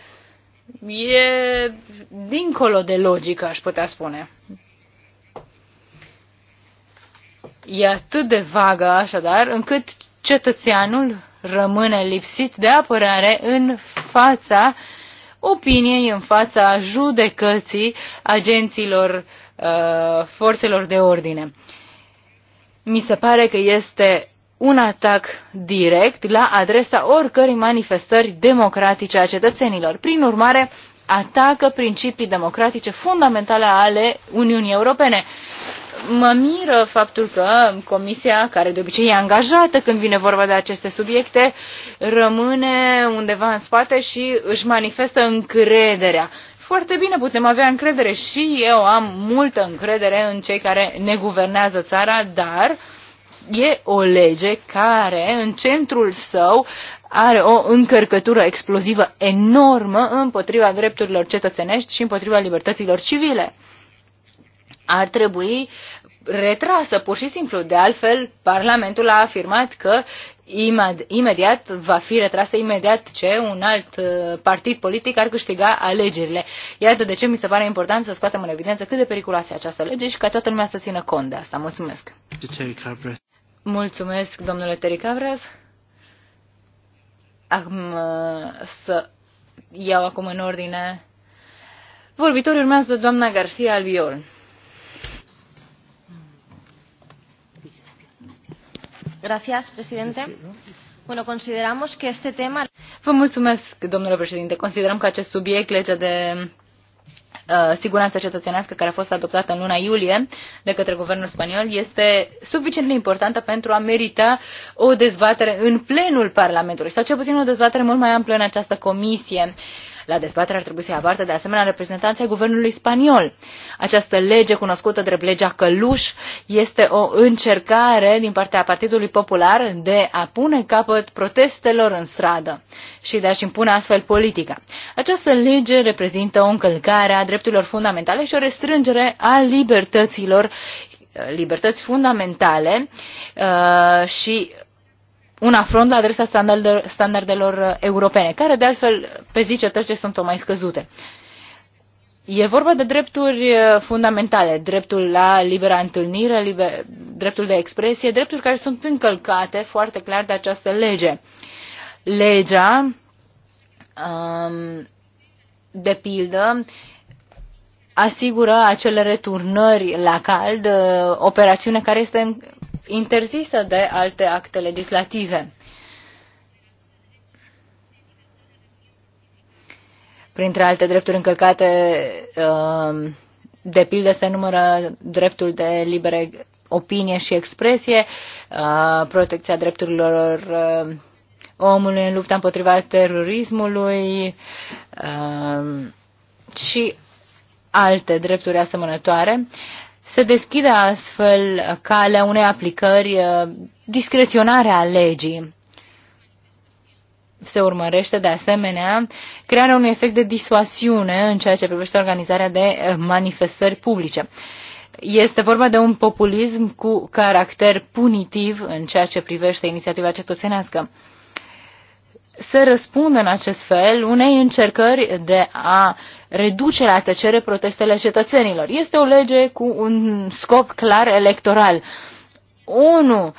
S3: e dincolo de logică, aș putea spune. E atât de vagă, așadar, încât cetățeanul rămâne lipsit de apărare în fața opiniei, în fața judecății agenților uh, forțelor de ordine. Mi se pare că este un atac direct la adresa oricărei manifestări democratice a cetățenilor. Prin urmare, atacă principii democratice fundamentale ale Uniunii Europene. Mă miră faptul că Comisia, care de obicei e angajată când vine vorba de aceste subiecte, rămâne undeva în spate și își manifestă încrederea. Foarte bine, putem avea încredere și eu am multă încredere în cei care ne guvernează țara, dar uh, e o lege care în centrul său are o încărcătură explozivă enormă împotriva drepturilor cetățenești și împotriva libertăților civile. Ar trebui retrasă pur și simplu. De altfel, Parlamentul a afirmat că imediat va fi retrasă imediat ce un alt uh, partid politic ar câștiga alegerile. Iată de ce mi se pare important să scoatem în evidență cât de periculoasă e această lege și ca toată lumea să țină cont de asta. Mulțumesc! Mulțumesc, domnule Tericavras. Acum uh, să iau acum în ordine. Vorbitorii urmează doamna Garcia Albiol. Gracias, presidente. Bueno, consideramos que este tema... Vă mulțumesc, domnule președinte. Considerăm că acest subiect, legea de Uh, siguranță cetățenească care a fost adoptată în luna iulie de către guvernul spaniol este suficient de importantă pentru a merita o dezbatere în plenul Parlamentului sau cel puțin o dezbatere mult mai amplă în această comisie. Uh, la dezbatere ar trebui să ia parte de asemenea reprezentanții guvernului spaniol. Această lege cunoscută drept legea Căluș este o încercare din partea Partidului Popular de a pune capăt protestelor în stradă și de a-și impune astfel politica. Această lege reprezintă o încălcare a drepturilor fundamentale și o restrângere a libertăților libertăți fundamentale uh, și un afront la adresa standardelor uh, europene, care de altfel pe zi ce trece sunt o mai scăzute. E vorba de drepturi uh, fundamentale, dreptul la libera întâlnire, liber, dreptul de expresie, drepturi care sunt încălcate foarte clar de această lege. Legea, um, de pildă, asigură acele returnări la cald, uh, operațiune care este interzisă de alte acte legislative. Printre alte drepturi încălcate, um, de pildă se numără dreptul de libere opinie și expresie, uh, protecția drepturilor uh, omului în lupta împotriva terorismului um, și alte drepturi asemănătoare se deschide astfel calea unei aplicări uh, discreționare a legii. Se urmărește, de asemenea, crearea unui efect de disuasiune în ceea ce privește organizarea de uh, manifestări publice. Este vorba de un populism cu caracter punitiv în ceea ce privește inițiativa cetățenească să răspundă în acest fel unei încercări de a reduce la tăcere protestele cetățenilor. Este o lege cu un scop clar electoral. ONU um,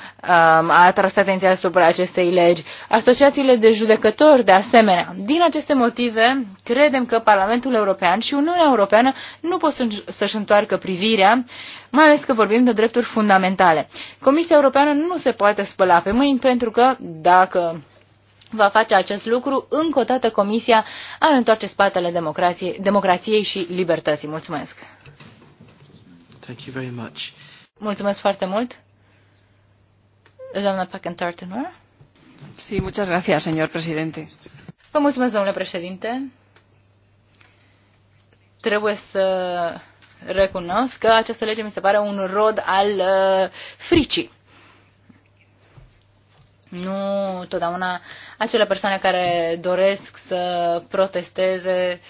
S3: a atras atenția asupra acestei legi, asociațiile de judecători de asemenea. Din aceste motive, credem că Parlamentul European și Uniunea Europeană nu pot să-și întoarcă privirea, mai ales că vorbim de drepturi fundamentale. Comisia Europeană nu se poate spăla pe mâini pentru că dacă va face acest lucru, încă o dată Comisia ar întoarce spatele democrației, democrației și libertății. Mulțumesc!
S1: Thank you very much.
S3: Mulțumesc foarte mult! Doamna Packentartenor?
S4: Sí, muchas gracias, señor presidente.
S3: Vă mulțumesc, domnule președinte. Trebuie să recunosc că această lege mi se pare un rod al uh, fricii nu totdeauna acele persoane care doresc să protesteze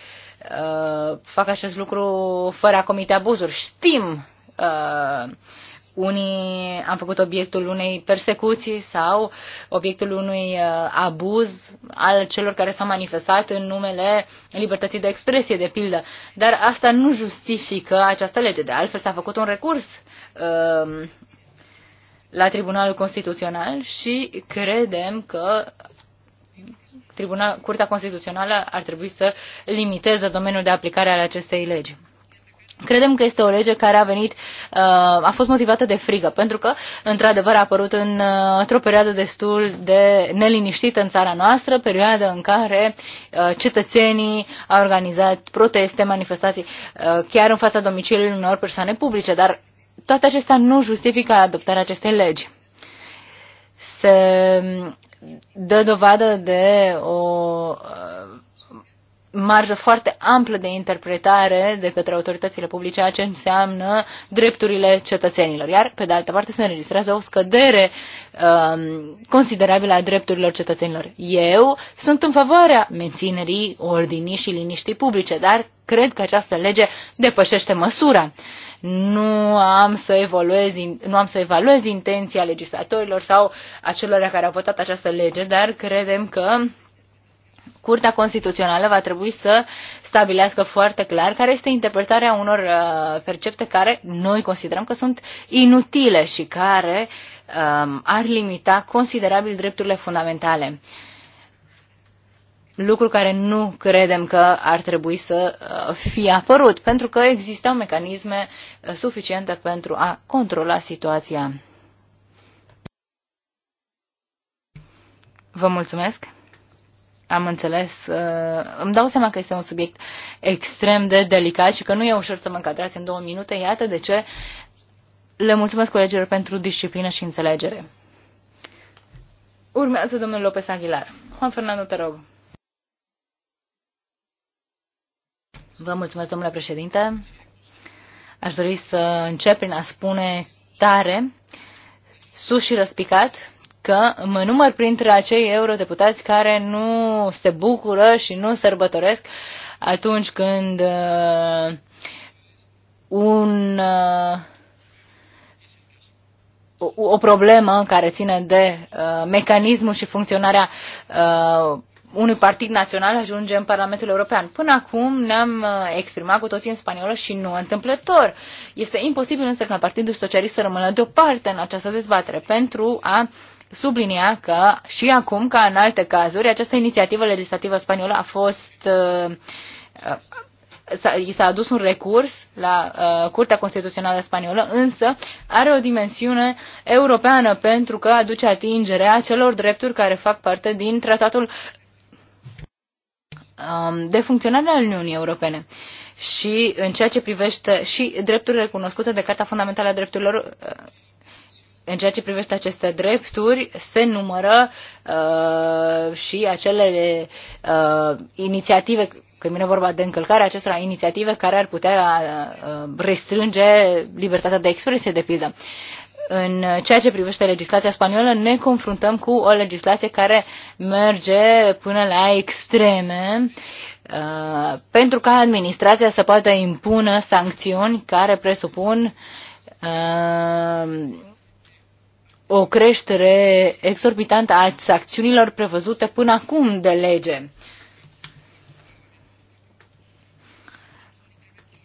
S3: uh, fac acest lucru fără a comite abuzuri. Știm uh, unii am făcut obiectul unei persecuții sau obiectul unui uh, abuz al celor care s-au manifestat în numele libertății de expresie, de pildă. Dar asta nu justifică această lege. De altfel s-a făcut un recurs uh, la Tribunalul Constituțional și credem că Tribunal, Curtea Constituțională ar trebui să limiteze domeniul de aplicare al acestei legi. Credem că este o lege care a venit, uh, a fost motivată de frigă, pentru că, într-adevăr, a apărut în, uh, într-o perioadă destul de neliniștită în țara noastră, perioadă în care uh, cetățenii au organizat proteste, manifestații, chiar în fața domiciliului unor persoane publice, dar toate acestea nu justifică adoptarea acestei legi. Se dă dovadă de o uh, marjă foarte amplă de interpretare de către autoritățile publice a ce înseamnă drepturile cetățenilor. Iar, pe de altă parte, se înregistrează o scădere um, considerabilă a drepturilor cetățenilor. Eu sunt în favoarea menținerii ordinii și liniștii publice, dar cred că această lege depășește măsura. Uh, nu am să evaluez, nu am să evaluez intenția legislatorilor sau celor care au votat această lege, dar credem că Curtea Constituțională va trebui să stabilească foarte clar care este interpretarea unor uh, percepte care noi considerăm că sunt inutile și care um, ar limita considerabil drepturile fundamentale lucru care nu credem că ar trebui să uh, fie apărut, pentru că existau mecanisme uh, suficiente pentru a controla situația. Vă mulțumesc! Am înțeles. Uh, îmi dau seama că este un subiect extrem de delicat și că nu e ușor să mă încadrați în două minute. Iată de ce le mulțumesc colegilor pentru disciplină și înțelegere. Urmează domnul Lopez Aguilar. Juan Fernando, te rog. Vă mulțumesc, domnule președinte. Aș dori să încep prin a spune tare, sus și răspicat, că mă număr printre acei eurodeputați care nu se bucură și nu sărbătoresc atunci când uh, un, uh, o, problemă care ține de uh, mecanismul și funcționarea uh, unui partid național ajunge în Parlamentul European. Până acum ne-am uh, exprimat cu toții în spaniolă și nu întâmplător. Este imposibil însă ca Partidul Socialist să rămână deoparte în această dezbatere pentru a sublinia că și acum, ca în alte cazuri, această inițiativă legislativă spaniolă a fost uh, uh i s-a adus un recurs la uh, Curtea Constituțională Spaniolă, însă are o dimensiune europeană pentru că aduce atingerea celor drepturi care fac parte din tratatul Um, de funcționare al Uniunii Europene și în ceea ce privește și drepturile recunoscute de Carta Fundamentală a Drepturilor uh, în ceea ce privește aceste drepturi, se numără uh, și acele uh, inițiative, când vine vorba de încălcarea acestor inițiative, care ar putea uh, restrânge libertatea de expresie, de pildă în ceea ce privește legislația spaniolă, ne confruntăm cu o legislație care merge până la extreme uh, pentru ca administrația să poată impună sancțiuni care presupun uh, o creștere exorbitantă a sancțiunilor prevăzute până acum de lege. Uh,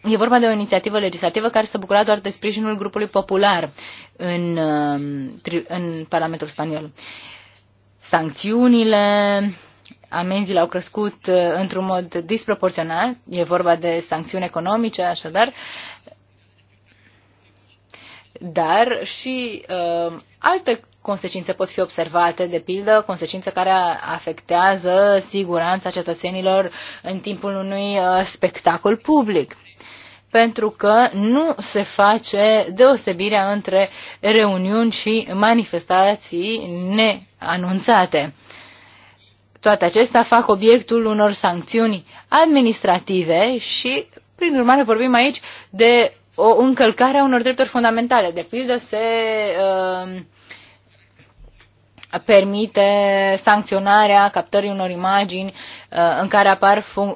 S3: E vorba de o inițiativă legislativă care s-a bucurat doar de sprijinul grupului popular în, um, în Parlamentul spaniol. Sancțiunile, amenziile au crescut uh, într-un mod disproporțional. E vorba de sancțiuni economice, așadar, dar și uh, alte consecințe pot fi observate, de pildă, consecințe care afectează siguranța cetățenilor în timpul unui uh, spectacol public pentru că nu se face deosebirea între reuniuni și manifestații neanunțate. Toate acestea fac obiectul unor sancțiuni administrative și, prin urmare, vorbim aici de o încălcare a unor drepturi fundamentale. De pildă, se uh, permite sancționarea captării unor imagini uh, în care apar uh,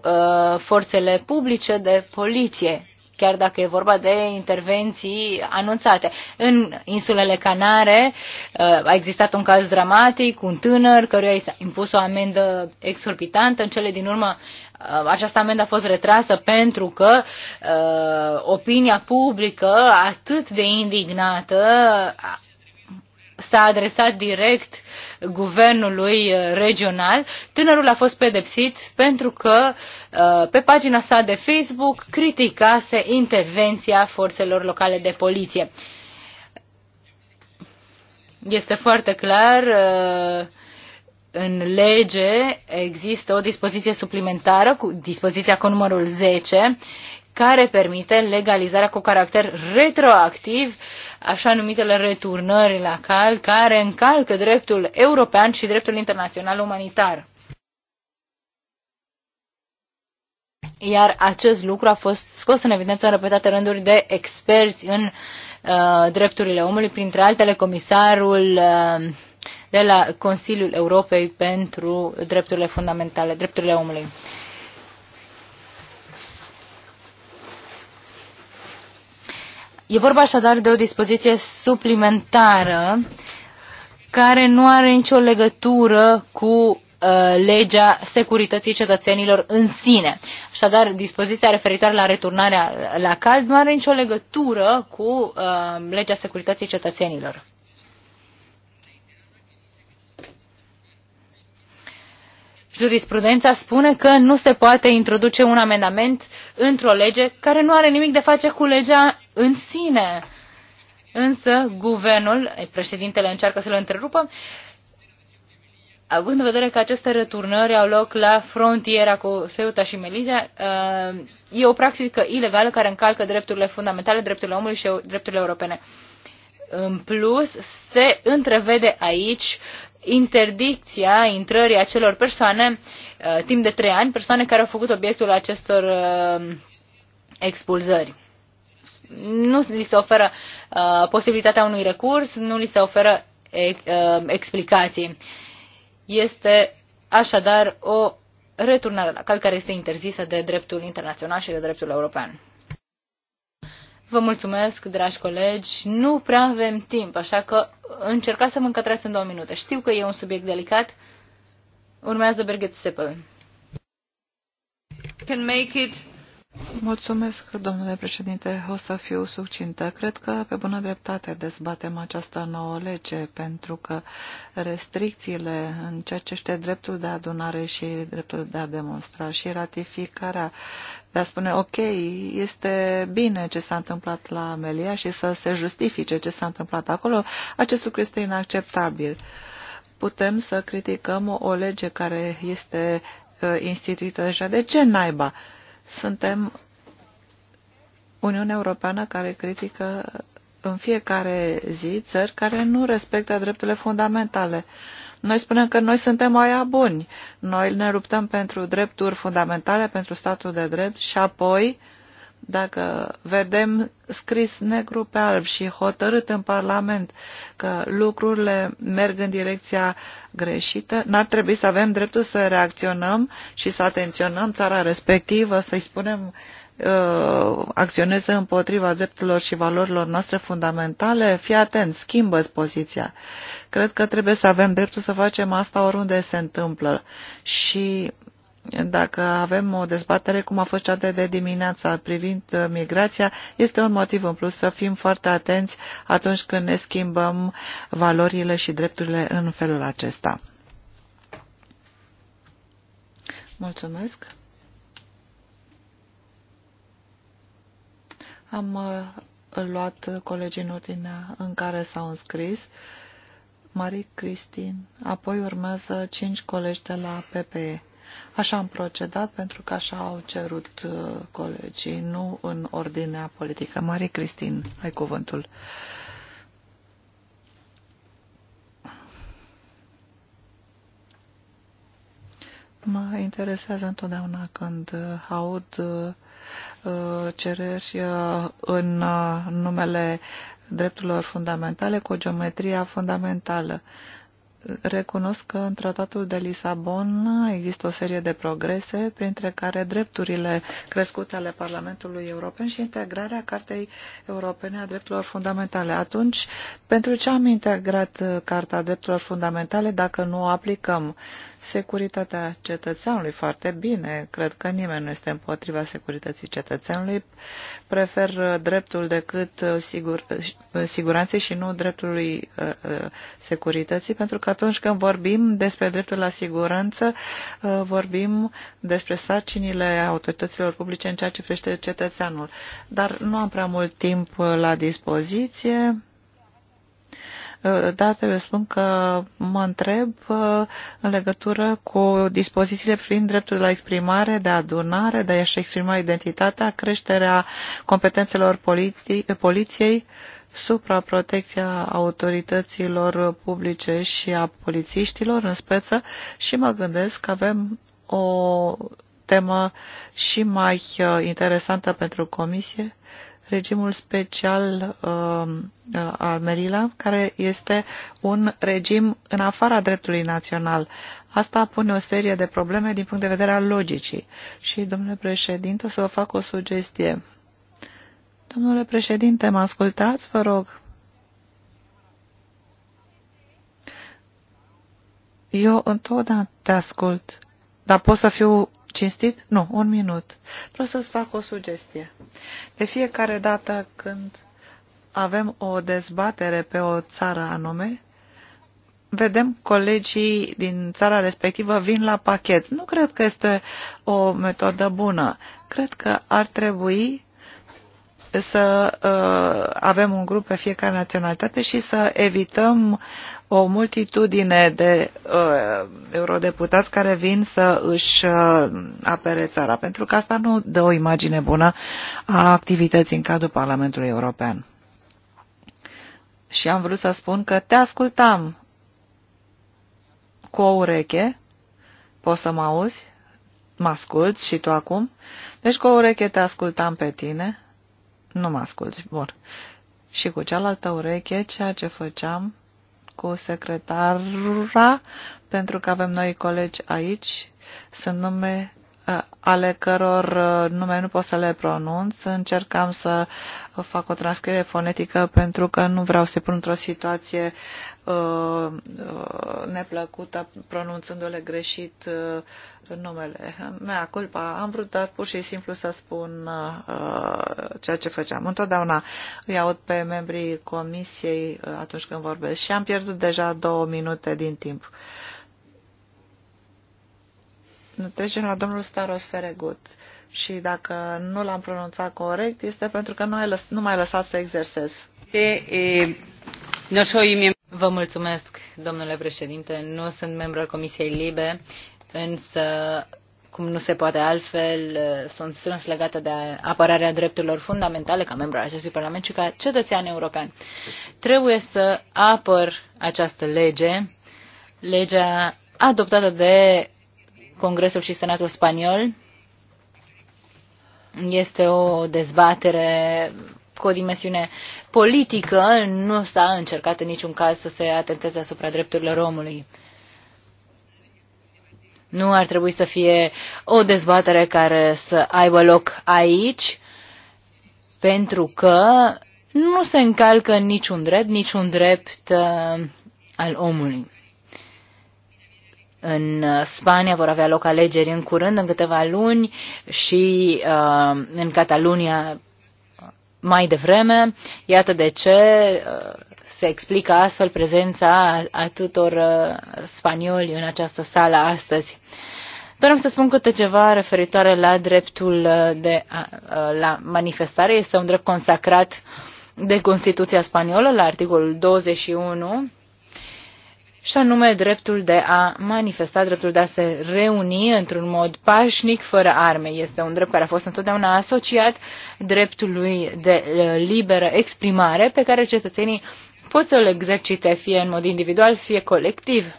S3: forțele publice de poliție chiar dacă e vorba de intervenții anunțate. În insulele Canare uh, a existat un caz dramatic, un tânăr căruia i s-a impus o amendă exorbitantă. În cele din urmă uh, această amendă a fost retrasă pentru că uh, opinia publică atât de indignată s-a adresat direct guvernului uh, regional. Tânărul a fost pedepsit pentru că uh, pe pagina sa de Facebook criticase intervenția forțelor locale de poliție. Este foarte clar, uh, în lege există o dispoziție suplimentară, cu dispoziția cu numărul 10, care permite legalizarea cu caracter retroactiv uh, așa numitele returnări la cal, care încalcă dreptul european și dreptul internațional umanitar. Iar acest lucru a fost scos în evidență în repetate rânduri de experți în uh, drepturile omului, printre altele comisarul uh, de la Consiliul Europei pentru Drepturile Fundamentale, Drepturile Omului. E vorba așadar de o dispoziție suplimentară care nu are nicio legătură cu uh, legea securității cetățenilor în sine. Așadar, dispoziția referitoare la returnarea la cald nu are nicio legătură cu uh, legea securității cetățenilor. jurisprudența spune că nu se poate introduce un amendament într-o lege care nu are nimic de face cu legea în sine. Însă, guvernul, președintele încearcă să-l întrerupă, având în vedere că aceste returnări au loc la frontiera cu Seuta și Melizia, uh, e o practică ilegală care încalcă drepturile fundamentale, drepturile omului și drepturile europene. În plus, se întrevede aici interdicția intrării acelor persoane uh, timp de trei ani, persoane care au făcut obiectul acestor uh, expulzări. Nu li se oferă uh, posibilitatea unui recurs, nu li se oferă explicații. Este așadar o returnare la cal care este interzisă de dreptul internațional și de dreptul european. Vă mulțumesc, dragi colegi. Nu prea avem timp, așa că încercați să mă încătrați în două minute. Știu că e un subiect delicat. Urmează Birgit Seppel. Can make
S4: it Mulțumesc, domnule președinte. O să fiu succintă. Cred că pe bună dreptate dezbatem această nouă lege, pentru că restricțiile în ceea ce este dreptul de adunare și dreptul de a demonstra și ratificarea de a spune, ok, este bine ce s-a întâmplat la Amelia și să se justifice ce s-a întâmplat acolo, acest lucru este inacceptabil. Putem să criticăm o lege care este uh, instituită deja. De ce naiba? Suntem Uniunea Europeană care critică în fiecare zi țări care nu respectă drepturile fundamentale. Noi spunem că noi suntem aia buni. Noi ne luptăm pentru drepturi fundamentale, pentru statul de drept și apoi uh, dacă vedem scris negru pe alb și hotărât în Parlament că lucrurile merg în direcția greșită, n-ar trebui să avem dreptul să reacționăm și să atenționăm țara respectivă, să-i spunem uh, acționeze împotriva drepturilor și valorilor noastre fundamentale, fii atent, schimbă poziția. Cred că trebuie să avem dreptul să facem asta oriunde se întâmplă. Și dacă avem o dezbatere cum a fost cea de, dimineața privind uh, migrația, este un motiv în plus să fim foarte atenți atunci când ne schimbăm valorile și drepturile în felul acesta. Mulțumesc. Am uh, luat colegii în ordinea în care s-au înscris. Marie Cristin, apoi urmează cinci colegi de la PPE. Așa am procedat pentru că așa au cerut uh, colegii, nu în ordinea politică. Marie Cristin, ai cuvântul. Mă interesează întotdeauna când uh, aud uh, cereri în numele drepturilor fundamentale cu o geometria fundamentală recunosc că în tratatul de Lisabon există o serie de progrese, printre care drepturile crescute ale Parlamentului European și integrarea Cartei Europene a Drepturilor Fundamentale. Atunci, pentru ce am integrat Carta Drepturilor Fundamentale dacă nu o aplicăm? Securitatea cetățeanului foarte bine, cred că nimeni nu este împotriva securității cetățeanului. Prefer dreptul decât sigur, siguranței și nu dreptului uh, uh, securității, pentru că atunci când vorbim despre dreptul la siguranță, uh, vorbim despre sarcinile autorităților publice în ceea ce privește cetățeanul. Dar nu am prea mult timp uh, la dispoziție. Uh, da, trebuie să spun că mă întreb în legătură cu dispozițiile privind dreptul la exprimare, de adunare, de a-și exprima identitatea, creșterea competențelor poliției, supraprotecția autorităților publice și a polițiștilor în speță și mă gândesc că avem o temă și mai uh, interesantă pentru comisie, regimul special uh, uh al Merila, care este un regim în afara dreptului național. Asta pune o serie de probleme din punct de vedere al logicii. Și, domnule președinte, să vă fac o sugestie. Domnule președinte, mă ascultați, vă rog. Eu întotdeauna te ascult, dar pot să fiu cinstit? Nu, un minut. Vreau să-ți fac o sugestie. De fiecare dată când avem o dezbatere pe o țară anume, vedem colegii din țara respectivă vin la pachet. Nu cred că este o metodă bună. Cred că ar trebui să uh, avem un grup pe fiecare naționalitate și să evităm o multitudine de uh, eurodeputați care vin să își uh, apere țara, pentru că asta nu dă o imagine bună a activității în cadrul Parlamentului European. Și am vrut să spun că te ascultam cu o ureche, poți să mă auzi? Mă asculți și tu acum? Deci cu o ureche te ascultam pe tine nu mă ascult. Bun. Și cu cealaltă ureche, ceea ce făceam cu secretara, pentru că avem noi colegi aici, sunt nume ale căror uh, nume nu pot să le pronunț. Încercam să fac o transcriere fonetică pentru că nu vreau să pun într-o situație uh, uh, neplăcută pronunțându-le greșit uh, numele. Mea culpa, am vrut dar pur și simplu să spun uh, ceea ce făceam. Întotdeauna îi aud pe membrii comisiei uh, atunci când vorbesc și am pierdut deja două minute din timp. Uh, Trecem la domnul Staros Feregut și dacă nu l-am pronunțat corect, este pentru că nu, ai lăs- nu mai lăsat să exersez. De, e,
S3: no soy Vă mulțumesc, domnule președinte. Nu sunt membru al Comisiei Libe, însă, cum nu se poate altfel, sunt strâns legată de apărarea drepturilor fundamentale ca membru al acestui Parlament și ca cetățean european. Trebuie să apăr această lege, legea adoptată de Congresul și Senatul spaniol. Este o dezbatere cu o dimensiune politică. Nu s-a încercat în niciun caz să se atenteze asupra drepturilor omului. Nu ar trebui să fie o dezbatere care să aibă loc aici, pentru că nu se încalcă niciun drept, niciun drept uh, al omului. În uh, Spania vor avea loc alegeri în curând, în câteva luni, și uh, în Catalunia mai devreme. Iată de ce uh, se explică astfel prezența atâtor uh, spanioli în această sală astăzi. am să spun câte ceva referitoare la dreptul uh, de, uh, la manifestare. Este un drept consacrat de Constituția spaniolă la articolul 21 și anume dreptul de a manifesta, dreptul de a se reuni într-un mod pașnic, fără arme. Este un drept care a fost întotdeauna asociat dreptului de uh, liberă exprimare pe care cetățenii pot să-l exercite fie în mod individual, fie colectiv.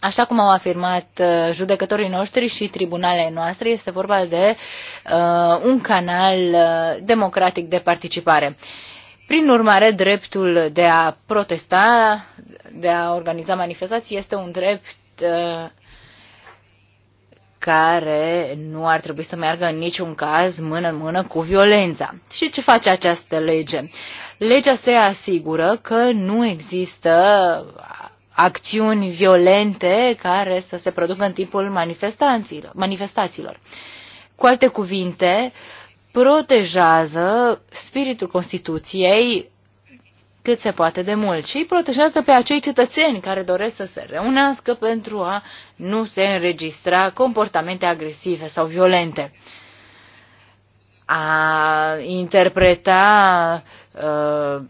S3: Așa cum au afirmat uh, judecătorii noștri și tribunalele noastre, este vorba de uh, un canal uh, democratic de participare. Prin urmare, dreptul de a protesta, de a organiza manifestații este un drept uh, care nu ar trebui să meargă în niciun caz mână în mână cu violența. Și ce face această lege? Legea se asigură că nu există acțiuni violente care să se producă în timpul manifestațiilor. Cu alte cuvinte, protejează spiritul Constituției cât se poate de mult și îi protejează pe acei cetățeni care doresc să se reunească pentru a nu se înregistra comportamente agresive sau violente. A interpreta uh,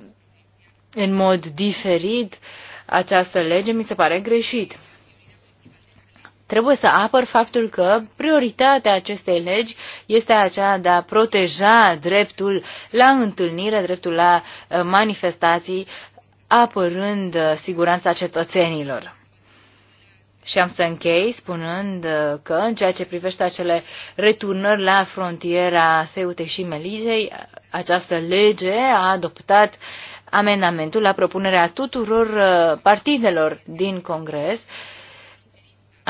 S3: în mod diferit această lege mi se pare greșit trebuie să apăr faptul că prioritatea acestei legi este aceea de a proteja dreptul la întâlnire, dreptul la uh, manifestații, apărând uh, siguranța cetățenilor. Și am să închei spunând uh, că, în ceea ce privește acele returnări la frontiera Seute și Melizei, această lege a adoptat amendamentul la propunerea tuturor partidelor din Congres uh,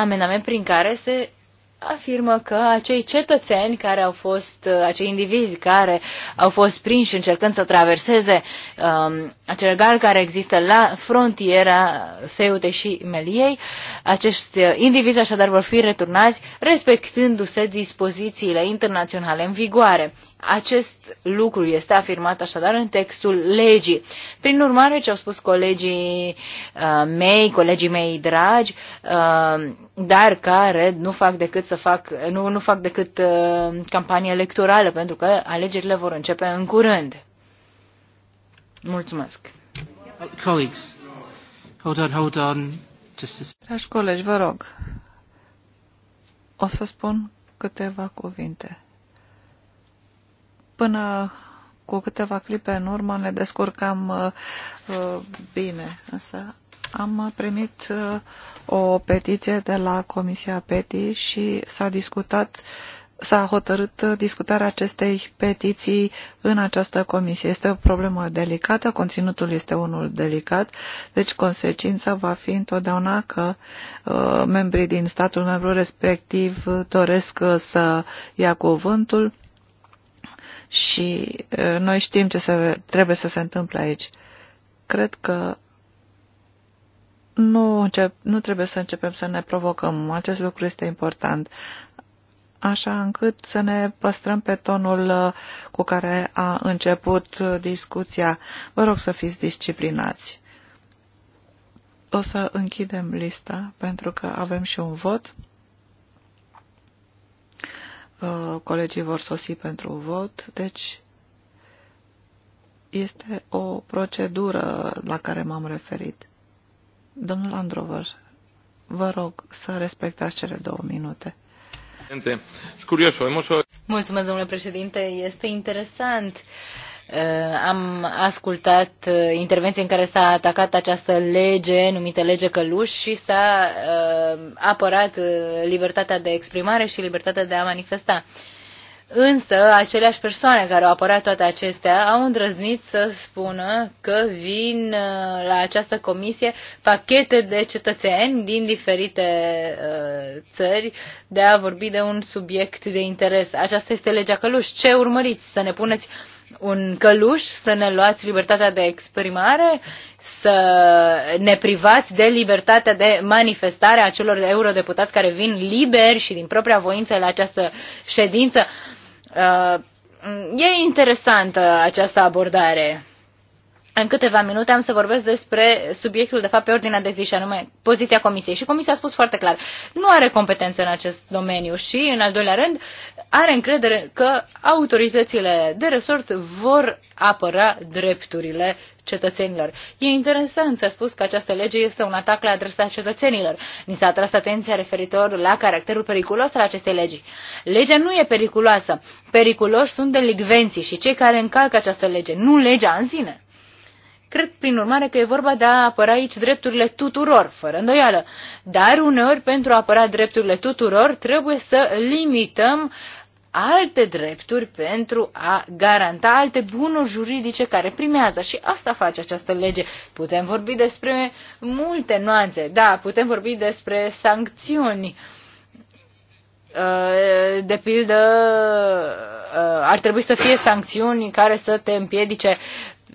S3: amenament prin care se afirmă că acei cetățeni care au fost, uh, acei indivizi care au fost prinși încercând să traverseze um, acel gal care există la frontiera Seute și Meliei, acești uh, indivizi așadar vor fi returnați respectându-se dispozițiile internaționale în vigoare. Acest lucru este afirmat așadar în textul legii. Prin urmare, ce au spus colegii uh, mei, colegii mei dragi, uh, dar care nu fac decât să fac, nu, nu fac decât uh, campanie electorală, pentru că alegerile vor începe în curând. Mulțumesc.
S1: Colegi, hold on, hold on. Just a... Dragi colegi, vă rog,
S4: o să spun câteva cuvinte. Până cu câteva clipe în urmă ne descurcam uh, uh bine, însă am primit uh, o petiție de la Comisia PETI și s-a discutat s-a hotărât discutarea acestei petiții în această comisie. Este o problemă delicată, conținutul este unul delicat, deci consecința va fi întotdeauna că uh, membrii din statul membru respectiv doresc să ia cuvântul și noi știm ce se, trebuie să se întâmple aici. Cred că nu, încep, nu trebuie să începem să ne provocăm. Acest lucru este important. Așa încât să ne păstrăm pe tonul cu care a început discuția. Vă rog să fiți disciplinați. O să închidem lista pentru că avem și un vot. Uh, colegii vor sosi pentru vot, deci este o procedură la care m-am referit. Domnul Androvăr, vă rog să respectați cele două minute. Mulțumesc, domnule
S3: președinte. Este interesant. Uh, am ascultat uh, intervenții în care s-a atacat această lege, numită lege Căluș, și s-a uh, apărat libertatea de exprimare și libertatea de a manifesta. Însă, aceleași persoane care au apărat toate acestea au îndrăznit să spună că vin la această comisie pachete de cetățeni din diferite uh, țări de a vorbi de un subiect de interes. Aceasta este legea Căluș. Ce urmăriți? Să ne puneți un căluș, să ne luați libertatea de exprimare, să ne privați de libertatea de manifestare a celor eurodeputați care vin liberi și din propria voință la această ședință. Uh, e interesantă această abordare. În câteva minute am să vorbesc despre subiectul, de fapt, pe ordinea de zi, și anume poziția Comisiei. Și Comisia a spus foarte clar, nu are competențe în acest domeniu și, în al doilea rând, are încredere că autoritățile de resort vor apăra drepturile cetățenilor. E interesant, s-a spus că această lege este un atac la adresa cetățenilor. Ni s-a atras atenția referitor la caracterul periculos al acestei legi. Legea nu e periculoasă. Periculoși sunt delicvenții și cei care încalcă această lege, nu legea în sine. Cred, prin urmare, că e vorba de a apăra aici drepturile tuturor, fără îndoială. Dar uneori, pentru a apăra drepturile tuturor, trebuie să limităm alte drepturi pentru a garanta alte bunuri juridice care primează și asta face această lege. Putem vorbi despre multe nuanțe, da, putem vorbi despre sancțiuni, uh, de pildă uh, ar trebui să fie sancțiuni care să te împiedice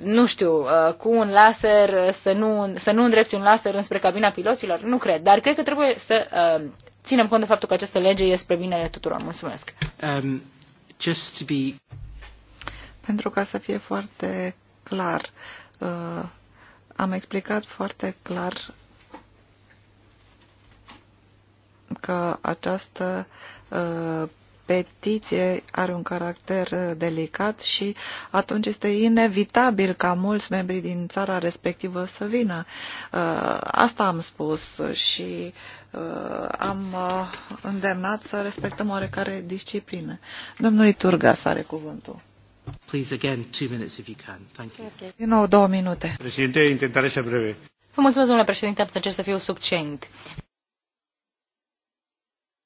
S3: nu știu, uh, cu un laser, uh, să nu, să nu îndrepti un laser înspre cabina piloților? Nu cred, dar cred că trebuie să uh, ținem cont de faptul că această lege e spre binele tuturor. Mulțumesc.
S1: Um, just to be...
S4: Pentru ca să fie foarte clar, uh, am explicat foarte clar că această uh, petiție are un caracter uh, delicat și atunci este inevitabil ca mulți membri din țara respectivă să vină. Uh, asta am spus și uh, am îndemnat să respectăm oarecare disciplină. Domnul să are cuvântul.
S1: Please, again, two minutes if you can. Thank you.
S4: Din nou două minute.
S1: Președinte, intentare să breve.
S3: Vă mulțumesc, domnule președinte, am să încerc să fiu succint.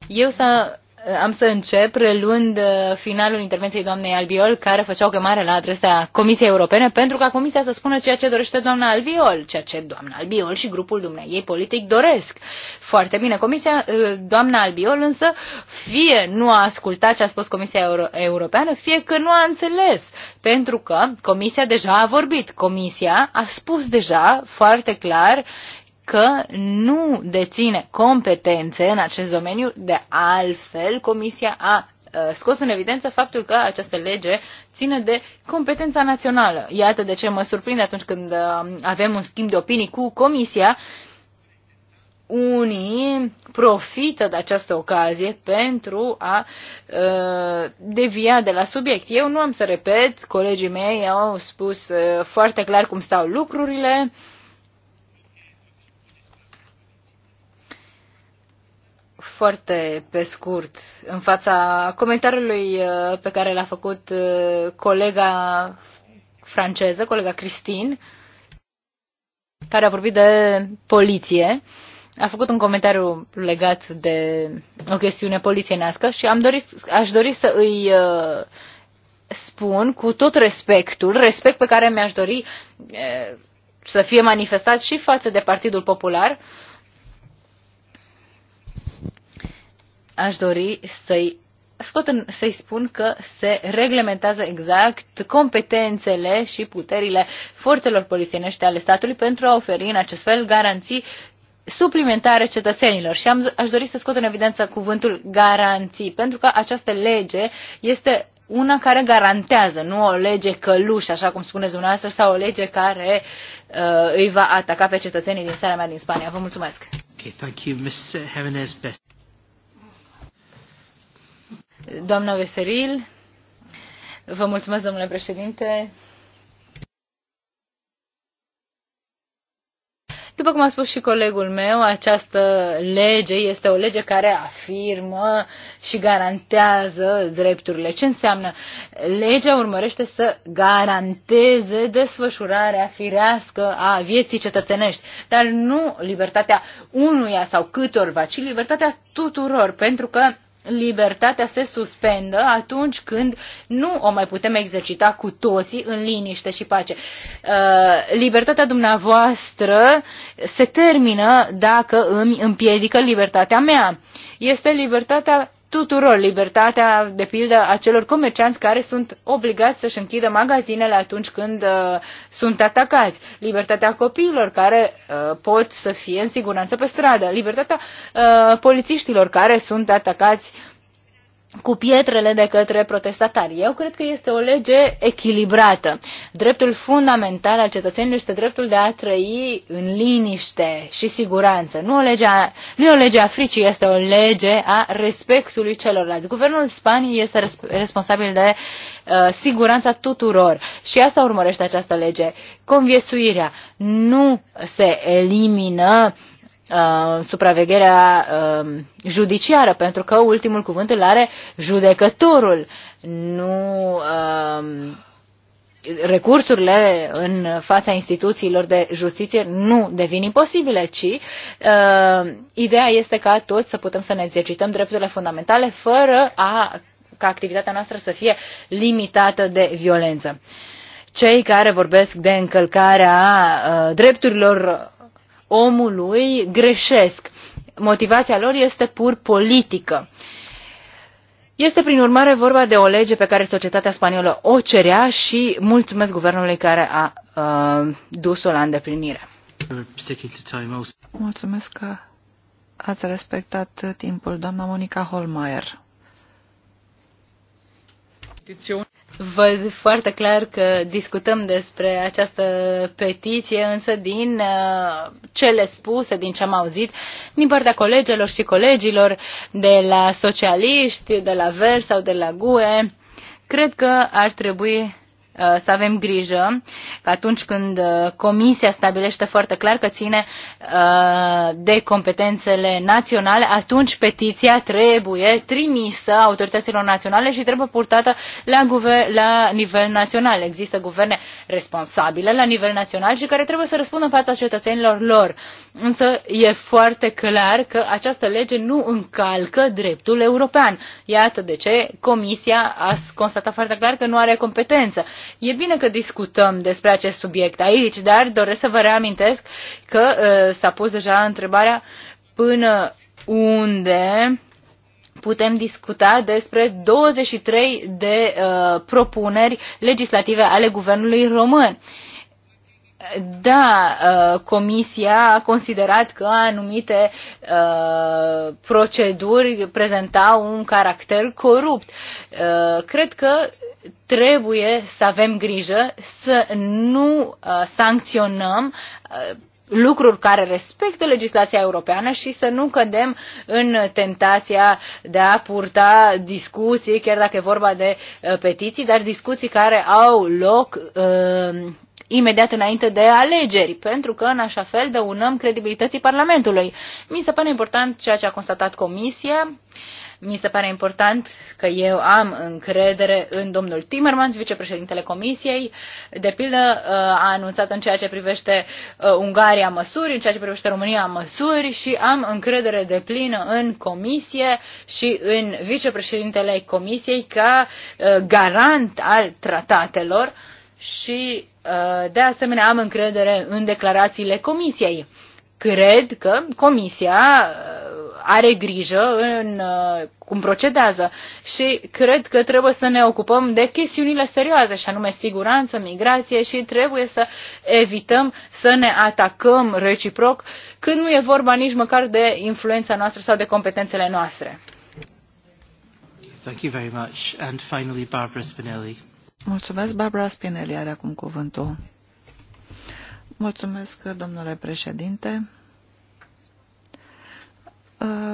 S3: Eu să am să încep reluând uh, finalul intervenției doamnei Albiol, care făcea o chemare la adresa Comisiei Europene pentru ca Comisia să spună ceea ce dorește doamna Albiol, ceea ce doamna Albiol și grupul dumneai politic doresc. Foarte bine, Comisia, uh, doamna Albiol însă fie nu a ascultat ce a spus Comisia Euro- Europeană, fie că nu a înțeles, pentru că Comisia deja a vorbit. Comisia a spus deja foarte clar că nu deține competențe în acest domeniu. De altfel, Comisia a uh, scos în evidență faptul că această lege ține de competența națională. Iată de ce mă surprinde atunci când uh, avem un schimb de opinii cu Comisia. Unii profită de această ocazie pentru a uh, devia de la subiect. Eu nu am să repet, colegii mei au spus uh, foarte clar cum stau lucrurile. foarte pe scurt în fața comentariului uh, pe care l-a făcut uh, colega franceză, colega Christine, care a vorbit de poliție. A făcut un comentariu legat de o chestiune polițienească și am dorit, aș dori să îi uh, spun cu tot respectul, respect pe care mi-aș dori să fie manifestat și față de Partidul Popular, uh, aș dori să-i scot în, să-i spun că se reglementează exact competențele și puterile forțelor polițienești ale statului pentru a oferi în acest fel garanții suplimentare cetățenilor. Și am, aș dori să scot în evidență cuvântul garanții, pentru că această lege este una care garantează, nu o lege căluș, așa cum spuneți dumneavoastră, sau o lege care uh, îi va ataca pe cetățenii din țara mea, din Spania. Vă mulțumesc!
S1: Okay, thank you, Ms.
S3: Doamna Veseril, vă mulțumesc, domnule președinte. După cum a spus și colegul meu, această lege este o lege care afirmă și garantează drepturile. Ce înseamnă? Legea urmărește să garanteze desfășurarea firească a vieții cetățenești, dar nu libertatea unuia sau câtorva, ci libertatea tuturor, pentru că libertatea se suspendă atunci când nu o mai putem exercita cu toții în liniște și pace. Uh, libertatea dumneavoastră se termină dacă îmi împiedică libertatea mea. Este libertatea tuturor libertatea, de pildă, a celor comercianți care sunt obligați să-și închidă magazinele atunci când uh, sunt atacați, libertatea copiilor care uh, pot să fie în siguranță pe stradă, libertatea uh, polițiștilor care sunt atacați cu pietrele de către protestatari. Eu cred că este o lege echilibrată. Dreptul fundamental al cetățenilor este dreptul de a trăi în liniște și siguranță. Nu, o lege a, nu e o lege a fricii, este o lege a respectului celorlalți. Guvernul Spaniei este resp- responsabil de uh, siguranța tuturor și asta urmărește această lege. Conviețuirea nu se elimină uh, Uh, supravegherea uh, judiciară, pentru că ultimul cuvânt îl are judecătorul, nu uh, recursurile în fața instituțiilor de justiție nu devin imposibile, ci uh, ideea este ca toți să putem să ne exercităm drepturile fundamentale fără a, ca activitatea noastră să fie limitată de violență. Cei care vorbesc de încălcarea uh, drepturilor omului greșesc. Motivația lor este pur politică. Este prin urmare vorba de o lege pe care societatea spaniolă o cerea și mulțumesc guvernului care a uh, dus-o la îndeplinire.
S4: Mulțumesc că ați respectat timpul, doamna Monica Holmeier.
S3: Văd foarte clar că discutăm despre această petiție, însă din uh, cele spuse, din ce am auzit, din partea colegelor și colegilor de la socialiști, de la Ver sau de la GUE, cred că ar trebui Uh, să avem grijă că atunci când uh, Comisia stabilește foarte clar că ține uh, de competențele naționale, atunci petiția trebuie trimisă autorităților naționale și trebuie purtată la, guver- la nivel național. Există guverne responsabile la nivel național și care trebuie să răspundă în fața cetățenilor lor. Însă e foarte clar că această lege nu încalcă dreptul european. Iată de ce Comisia a constatat foarte clar că nu are competență. E bine că discutăm despre acest subiect aici, dar doresc să vă reamintesc că uh, s-a pus deja întrebarea până unde putem discuta despre 23 de uh, propuneri legislative ale guvernului român. Da, uh, comisia a considerat că anumite uh, proceduri prezentau un caracter corupt. Uh, cred că trebuie să avem grijă să nu uh, sancționăm uh, lucruri care respectă legislația europeană și să nu cădem în tentația de a purta discuții, chiar dacă e vorba de uh, petiții, dar discuții care au loc uh, imediat înainte de alegeri, pentru că în așa fel dăunăm credibilității Parlamentului. Mi se pare important ceea ce a constatat Comisia. Uh, mi se pare important că eu am încredere în domnul Timmermans, vicepreședintele Comisiei. De pildă, uh, a anunțat în ceea ce privește uh, Ungaria măsuri, în ceea ce privește România măsuri și am încredere de plină în Comisie și în vicepreședintele Comisiei ca uh, garant al tratatelor și de asemenea am încredere în declarațiile Comisiei cred că Comisia uh, are grijă în uh, cum procedează și cred că trebuie să ne ocupăm de chestiunile serioase, și anume siguranță, migrație și trebuie să evităm să ne atacăm reciproc când nu e vorba nici măcar de influența noastră sau de competențele noastre.
S1: Thank you very much. And finally, Barbara Spinelli.
S4: Mulțumesc, Barbara Spinelli are acum cuvântul. Mulțumesc, domnule președinte.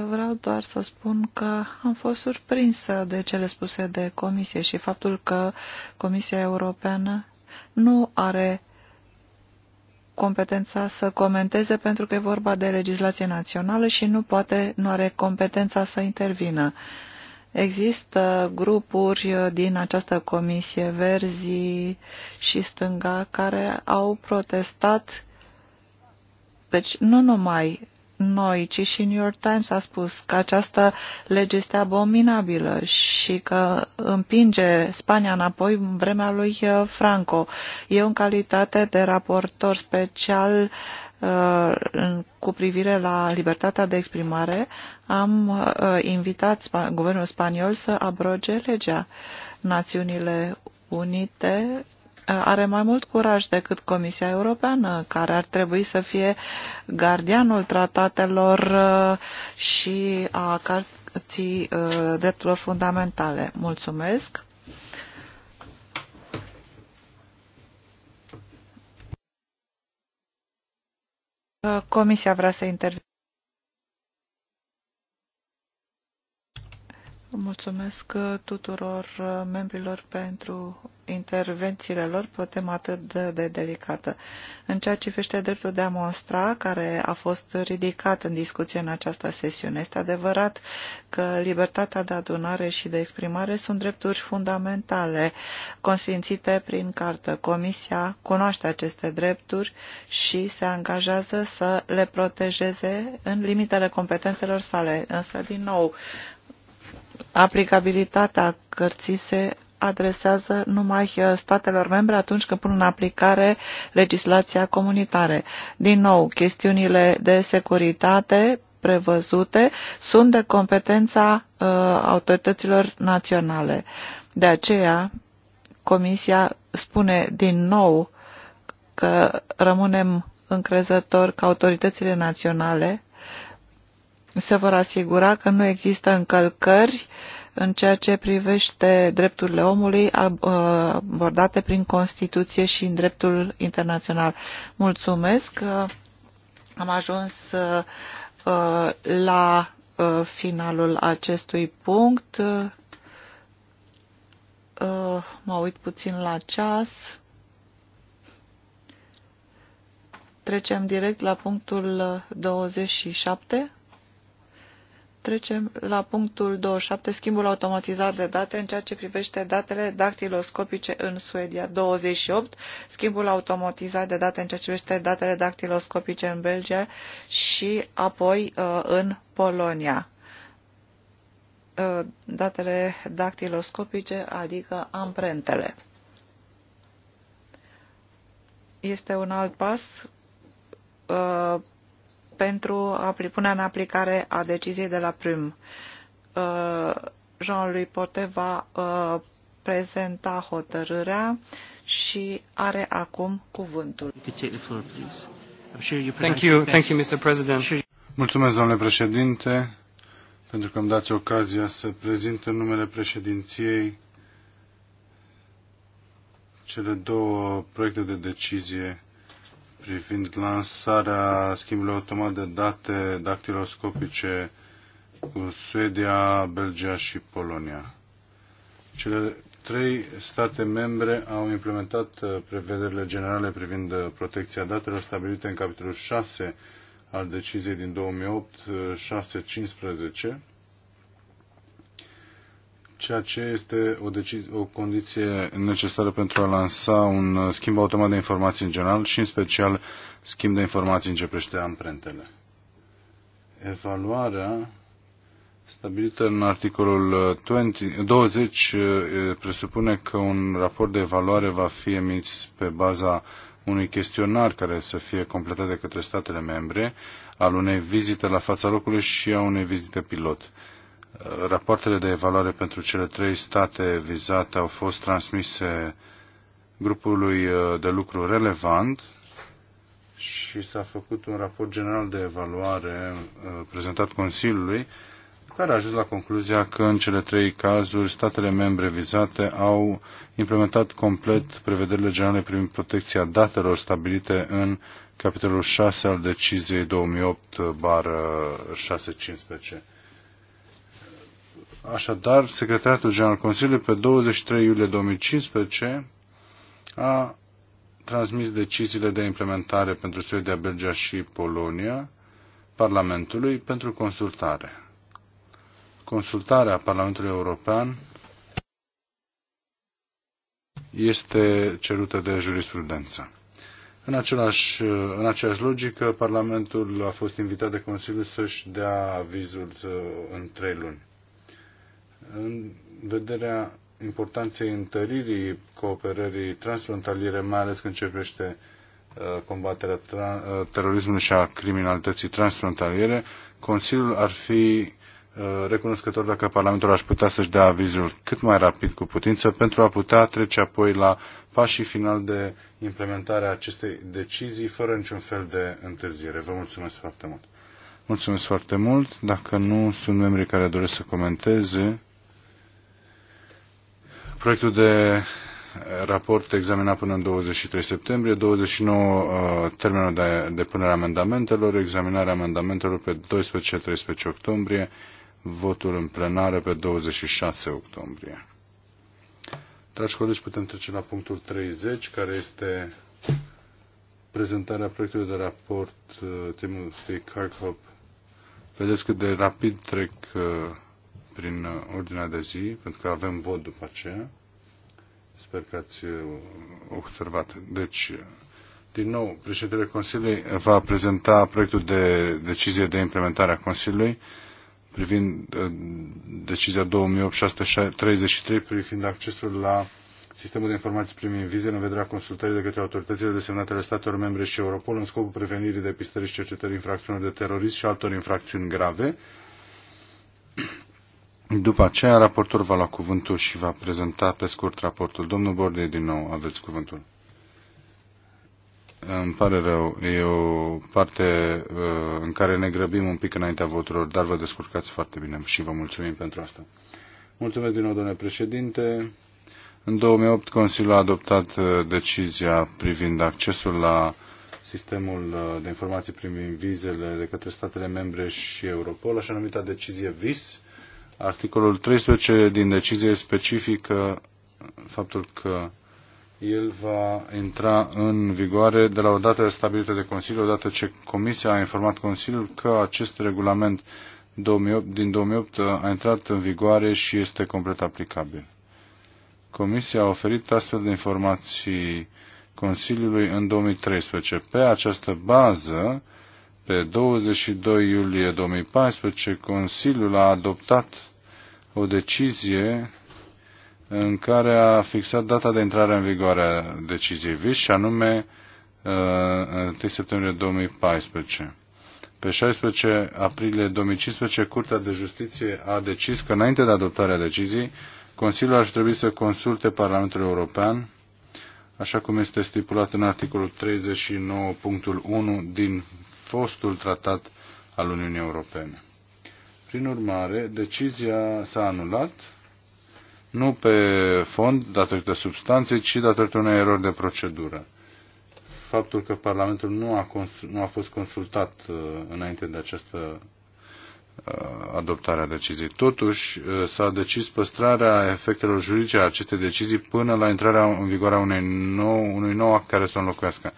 S4: Vreau doar să spun că am fost surprinsă de cele spuse de Comisie și faptul că Comisia Europeană nu are competența să comenteze pentru că e vorba de legislație națională și nu poate, nu are competența să intervină. Uh, Există grupuri din această comisie, verzi și stânga, care au protestat. Deci nu numai noi, ci și New York Times a spus că această lege este abominabilă și că împinge Spania înapoi în vremea lui Franco. Eu, în calitate de raportor special, uh, Uh, cu privire la libertatea de exprimare, am uh, invitat guvernul spaniol să abroge legea. Națiunile Unite uh, are mai mult curaj decât Comisia Europeană, care ar trebui să fie gardianul tratatelor și a cartii drepturilor fundamentale. Mulțumesc! Comisia vrea să intervină. Mulțumesc uh, tuturor uh, membrilor pentru intervențiile lor pe o temă atât de, de delicată. În ceea ce privește dreptul de a monstra, care a fost ridicat în discuție în această sesiune, este adevărat că libertatea de adunare și de exprimare sunt drepturi fundamentale, consfințite prin cartă. Comisia cunoaște aceste drepturi și se angajează să le protejeze în limitele competențelor sale. Însă, din nou, aplicabilitatea cărții se adresează numai uh, statelor membre atunci când pun în aplicare legislația comunitare. Din nou, chestiunile de securitate prevăzute sunt de competența uh, autorităților naționale. De aceea, Comisia spune din nou că rămânem încrezători că autoritățile naționale se vor asigura că nu există încălcări în ceea ce privește drepturile omului uh, abordate prin Constituție și în dreptul internațional. Mulțumesc! Uh, am ajuns uh, la finalul acestui punct. Mă uit puțin la ceas. Trecem direct la punctul 27. Trecem la punctul 27, schimbul automatizat de date în ceea ce privește datele dactiloscopice în Suedia. 28, schimbul automatizat de date în ceea ce privește datele dactiloscopice în Belgia și apoi uh, în Polonia. Uh, datele dactiloscopice, adică amprentele. Este un alt pas uh, pentru a pune în aplicare a deciziei de la prim. Uh, Jean-Louis Porte va uh, prezenta hotărârea și are acum cuvântul.
S1: Thank you, thank you, Mr. President.
S2: Mulțumesc, domnule președinte, pentru că îmi dați ocazia să prezint în numele președinției cele două proiecte de decizie privind lansarea schimbului automat de date dactiloscopice cu Suedia, Belgia și Polonia. Cele trei state membre au implementat uh, prevederile generale privind uh, protecția datelor stabilite în capitolul 6 al deciziei din 2008 615 ceea ce este o, o condiție necesară pentru a lansa un schimb automat de informații în general și în special schimb de informații în ce prește amprentele. Evaluarea stabilită în articolul 20, 20 eh, presupune că un raport de evaluare va fi emis pe baza unui chestionar care să fie completat de către statele membre, al unei vizite la fața locului și a unei vizite pilot. Rapoartele de evaluare pentru cele trei state vizate au fost transmise grupului uh, de lucru relevant și s-a făcut un raport general de evaluare uh, prezentat Consiliului, care a ajuns la concluzia că în cele trei cazuri statele membre vizate au implementat complet prevederile generale privind protecția datelor stabilite în capitolul 6 al deciziei 2008-615. Așadar, Secretariatul General Consiliului pe 23 iulie 2015 a transmis deciziile de implementare pentru Suedia, Belgia și Polonia Parlamentului pentru consultare. Consultarea Parlamentului European este cerută de jurisprudență. În, același, în aceeași logică, Parlamentul a fost invitat de Consiliu să-și dea avizul în trei luni în vederea importanței întăririi cooperării transfrontaliere, mai ales când ce privește uh, combaterea uh, terorismului și a criminalității transfrontaliere, Consiliul ar fi uh, recunoscător dacă Parlamentul ar putea să-și dea avizul cât mai rapid cu putință pentru a putea trece apoi la pașii final de implementare a acestei decizii fără niciun fel de întârziere. Vă mulțumesc foarte mult. Mulțumesc foarte mult. Dacă nu sunt membrii care doresc să comenteze, Proiectul de eh, raport examinat până în 23 septembrie, 29 eh, termenul de depunere amendamentelor, examinarea amendamentelor pe 12-13 octombrie, votul în plenară pe 26 octombrie. Dragi colegi, putem trece la punctul 30, care este prezentarea proiectului de raport eh, Timothy Kirkhope. Vedeți cât de rapid trec prin uh, ordinea de zi, pentru că avem vot după aceea. Sper că ați uh, observat. Deci, din nou, președintele Consiliului va prezenta proiectul de decizie de implementare a Consiliului privind uh, decizia 2833 privind accesul la sistemul de informații privind vize în vederea consultării de către autoritățile desemnate ale statelor membre și Europol în scopul prevenirii depistării și cercetării infracțiunilor de terorism și altor infracțiuni grave. După aceea, raportor va lua cuvântul și va prezenta pe scurt raportul. Domnul Borde, din nou, aveți cuvântul. Îmi pare rău, e o parte uh, în care ne grăbim un pic înaintea voturilor, dar vă descurcați foarte bine și vă mulțumim pentru asta. Mulțumesc din nou, domnule președinte. În 2008, Consiliul a adoptat uh, decizia privind accesul la sistemul uh, de informații privind vizele de către statele membre și Europol, așa numită decizie VIS, Articolul 13 din decizie specifică faptul că el va intra în vigoare de la o dată stabilită de Consiliu, odată ce Comisia a informat Consiliul că acest regulament 2008, din 2008 a intrat în vigoare și este complet aplicabil. Comisia a oferit astfel de informații Consiliului în 2013. Pe această bază, pe 22 iulie 2014, Consiliul a adoptat o decizie în care a fixat data de intrare în vigoare a deciziei VIS și anume 1 uh, septembrie 2014. Pe 16 aprilie 2015, Curtea de Justiție a decis că înainte de adoptarea deciziei, Consiliul ar trebui să consulte Parlamentul European, așa cum este stipulat în articolul 39.1 din fostul tratat al Uniunii Europene. Prin urmare, decizia s-a anulat nu pe fond, datorită substanței, ci datorită unei erori de procedură. Faptul că Parlamentul nu a, nu a fost consultat uh, înainte de această uh, adoptare a deciziei. Totuși, uh, s-a decis păstrarea efectelor juridice a acestei decizii până la intrarea în vigoare a unei nou, unui nou act care să înlocuiască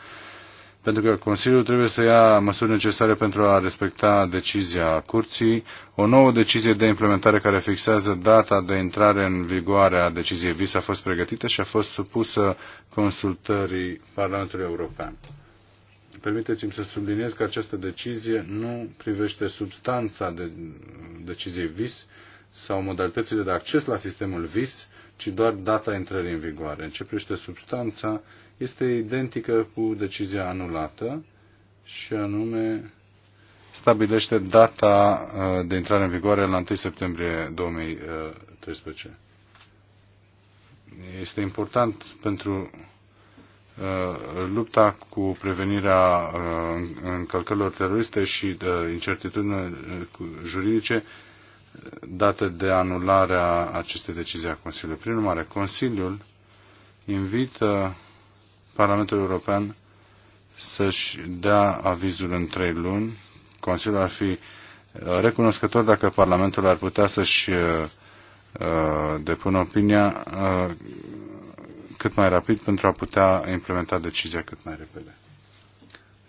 S2: pentru că Consiliul trebuie să ia măsuri necesare pentru a respecta decizia Curții, o nouă decizie de implementare care fixează data de intrare în vigoare a deciziei VIS a fost pregătită și a fost supusă consultării Parlamentului European. Permiteți-mi să subliniez că această decizie nu privește substanța de deciziei VIS sau modalitățile de acces la sistemul VIS, ci doar data intrării în vigoare. În ce privește substanța, este identică cu decizia anulată și anume stabilește data uh, de intrare în vigoare la 1 septembrie 2013. Uh, este important pentru uh, lupta cu prevenirea încălcărilor teroriste și incertitudine juridice date de anularea acestei decizii a Consiliului. Prin urmare, Consiliul invită Parlamentul European să-și dea avizul în trei luni. Consiliul ar fi uh, recunoscător dacă Parlamentul ar putea să-și uh, uh, depună opinia cât mai rapid pentru a putea implementa decizia cât mai repede.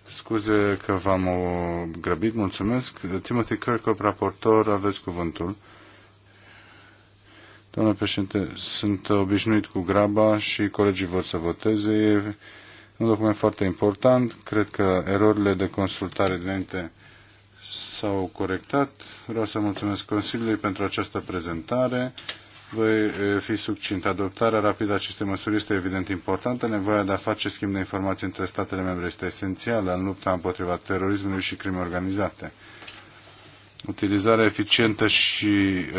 S2: Scuze că v-am grăbit, mulțumesc. Timothy Kirkhope, raportor, aveți cuvântul. Domnule președinte, sunt obișnuit cu graba și colegii vor să voteze. E un document foarte important. Cred că erorile de consultare dinainte s-au corectat. Vreau să mulțumesc Consiliului pentru această prezentare. Voi fi succint. Adoptarea rapidă a acestei măsuri este evident importantă. Nevoia de a face schimb de informații între statele membre este esențială în lupta împotriva terorismului și crimei organizate. Utilizarea eficientă și uh,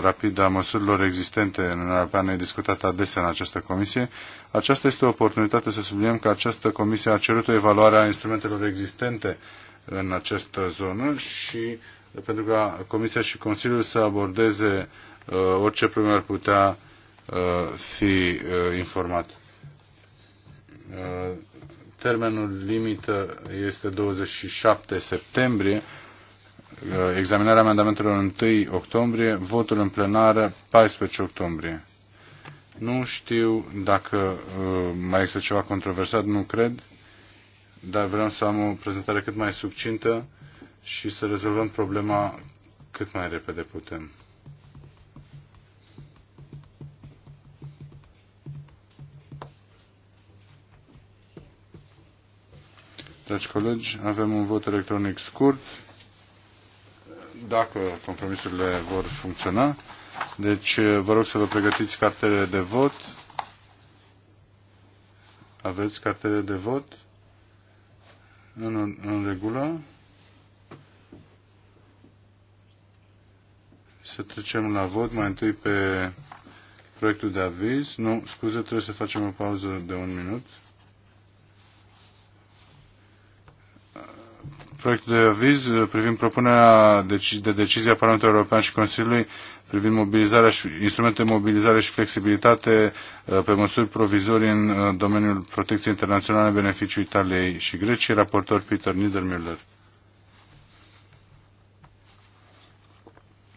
S2: rapidă a măsurilor existente în Uniunea Europeană e discutată adesea în această comisie. Aceasta este o oportunitate să subliniem că această comisie a cerut o evaluare a instrumentelor existente în această zonă și pentru ca Comisia și Consiliul să abordeze uh, orice probleme ar putea uh, fi uh, informat. Uh, termenul limită este 27 septembrie Uh, examinarea amendamentelor 1 octombrie, votul în plenară 14 octombrie. Nu știu dacă uh, mai există ceva controversat, nu cred, dar vreau să am o prezentare cât mai succintă și să rezolvăm problema cât mai repede putem. Dragi colegi, avem un vot electronic scurt dacă compromisurile vor funcționa. Deci uh, vă rog să vă pregătiți cartele de vot. Aveți cartele de vot? În, în regulă. Să trecem la vot. Mai întâi pe proiectul de aviz. Nu, scuze, trebuie să facem o pauză de un minut. proiectul de aviz uh, privind propunerea deci-, de decizie a Parlamentului European și Consiliului privind mobilizarea și, instrumente de mobilizare și flexibilitate uh, pe măsuri provizorii în uh, domeniul protecției internaționale în beneficiul Italiei și Greciei, raportor Peter Niedermüller.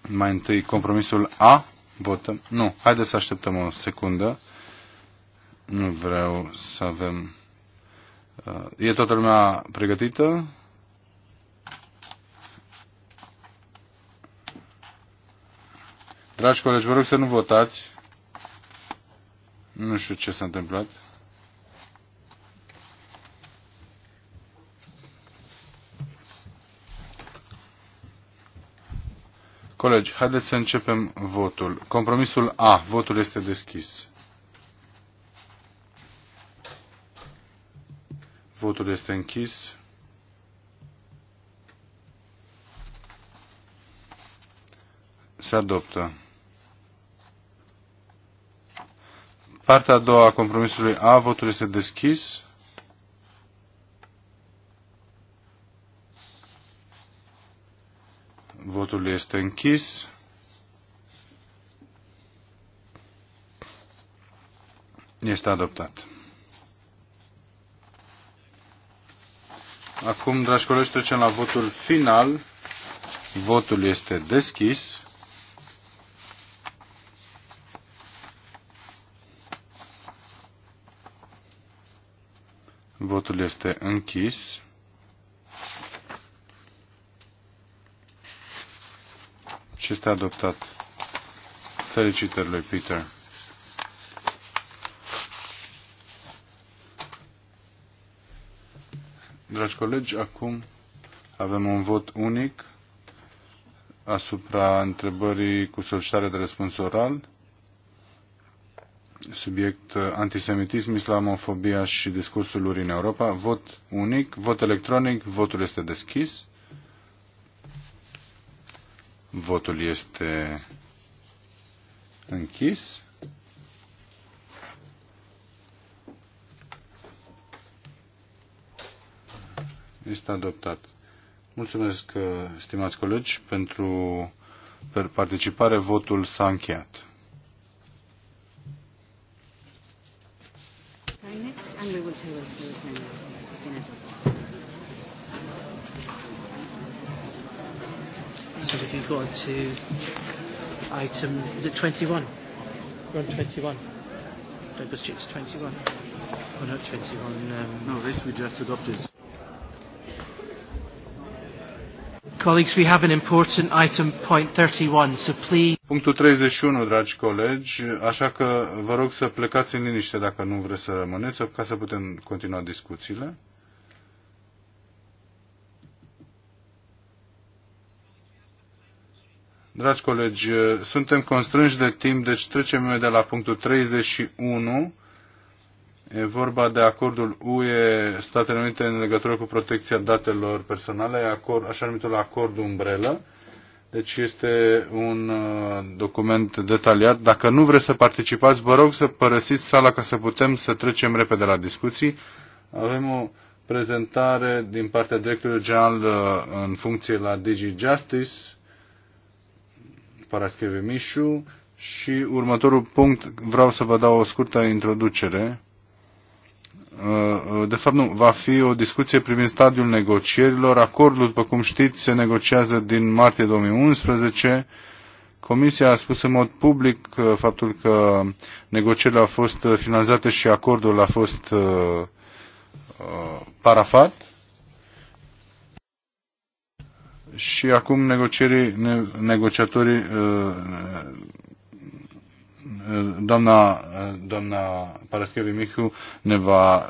S2: Mai întâi compromisul A, votăm. Nu, haideți să așteptăm o secundă. Nu vreau să avem... E toată lumea pregătită? Dragi colegi, vă rog să nu votați. Nu știu ce s-a întâmplat. Colegi, haideți să începem votul. Compromisul A. Votul este deschis. Votul este închis. Se adoptă. Partea a doua a compromisului A, votul este deschis. Votul este închis. Este adoptat. Acum, dragi colegi, trecem la votul final. Votul este deschis. Votul este închis. Și este adoptat. Felicitări lui Peter. Dragi colegi, acum avem un vot unic asupra întrebării cu solicitare de răspuns oral subiect uh, antisemitism, islamofobia și discursul lor în Europa. Vot unic, vot electronic, votul este deschis. Votul este închis. Este adoptat. Mulțumesc, uh, stimați colegi, pentru participare. Votul s-a încheiat.
S1: we've got to item, is it 21? We're on 21. Don't go straight to 21. Oh, not 21. Um... No, this we just adopted. Colleagues, we have an important item, point 31, so please... Punctul
S2: 31, dragi colegi, așa că vă rog să plecați în liniște dacă nu vreți să rămâneți, ca să putem continua discuțiile. Dragi colegi, suntem constrânși de timp, deci trecem de la punctul 31. E vorba de acordul UE Statele Unite în legătură cu protecția datelor personale, acord, așa numitul acord umbrelă. Deci este un uh, document detaliat. Dacă nu vreți să participați, vă rog să părăsiți sala ca să putem să trecem repede la discuții. Avem o prezentare din partea directorului general uh, în funcție la DG Justice Mișu și următorul punct, vreau să vă dau o scurtă introducere. Uh, uh, de fapt, nu, va fi o discuție privind stadiul negocierilor. Acordul, după cum știți, se negociază din martie 2011. Comisia a spus în mod public uh, faptul că negocierile au fost finalizate și acordul a fost parafat și acum negocierii, ne, negociatorii, uh, uh, doamna, uh, doamna Paraschevi Mihu ne va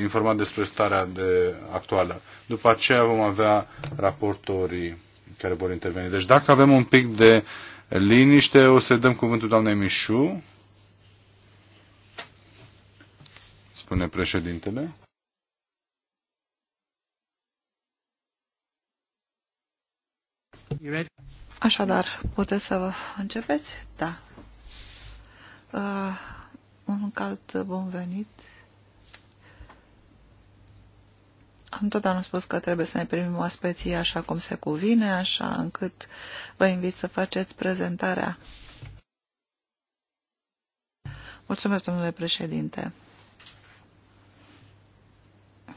S2: informa despre starea de actuală. După aceea vom avea raportorii care vor interveni. Deci dacă avem un pic de liniște, o să dăm cuvântul doamnei Mișu, spune președintele.
S4: Așadar, puteți să vă începeți? Da. Uh, un cald bun venit. Am tot am spus că trebuie să ne primim oaspeții așa cum se cuvine, așa încât vă invit să faceți prezentarea. Mulțumesc, domnule președinte.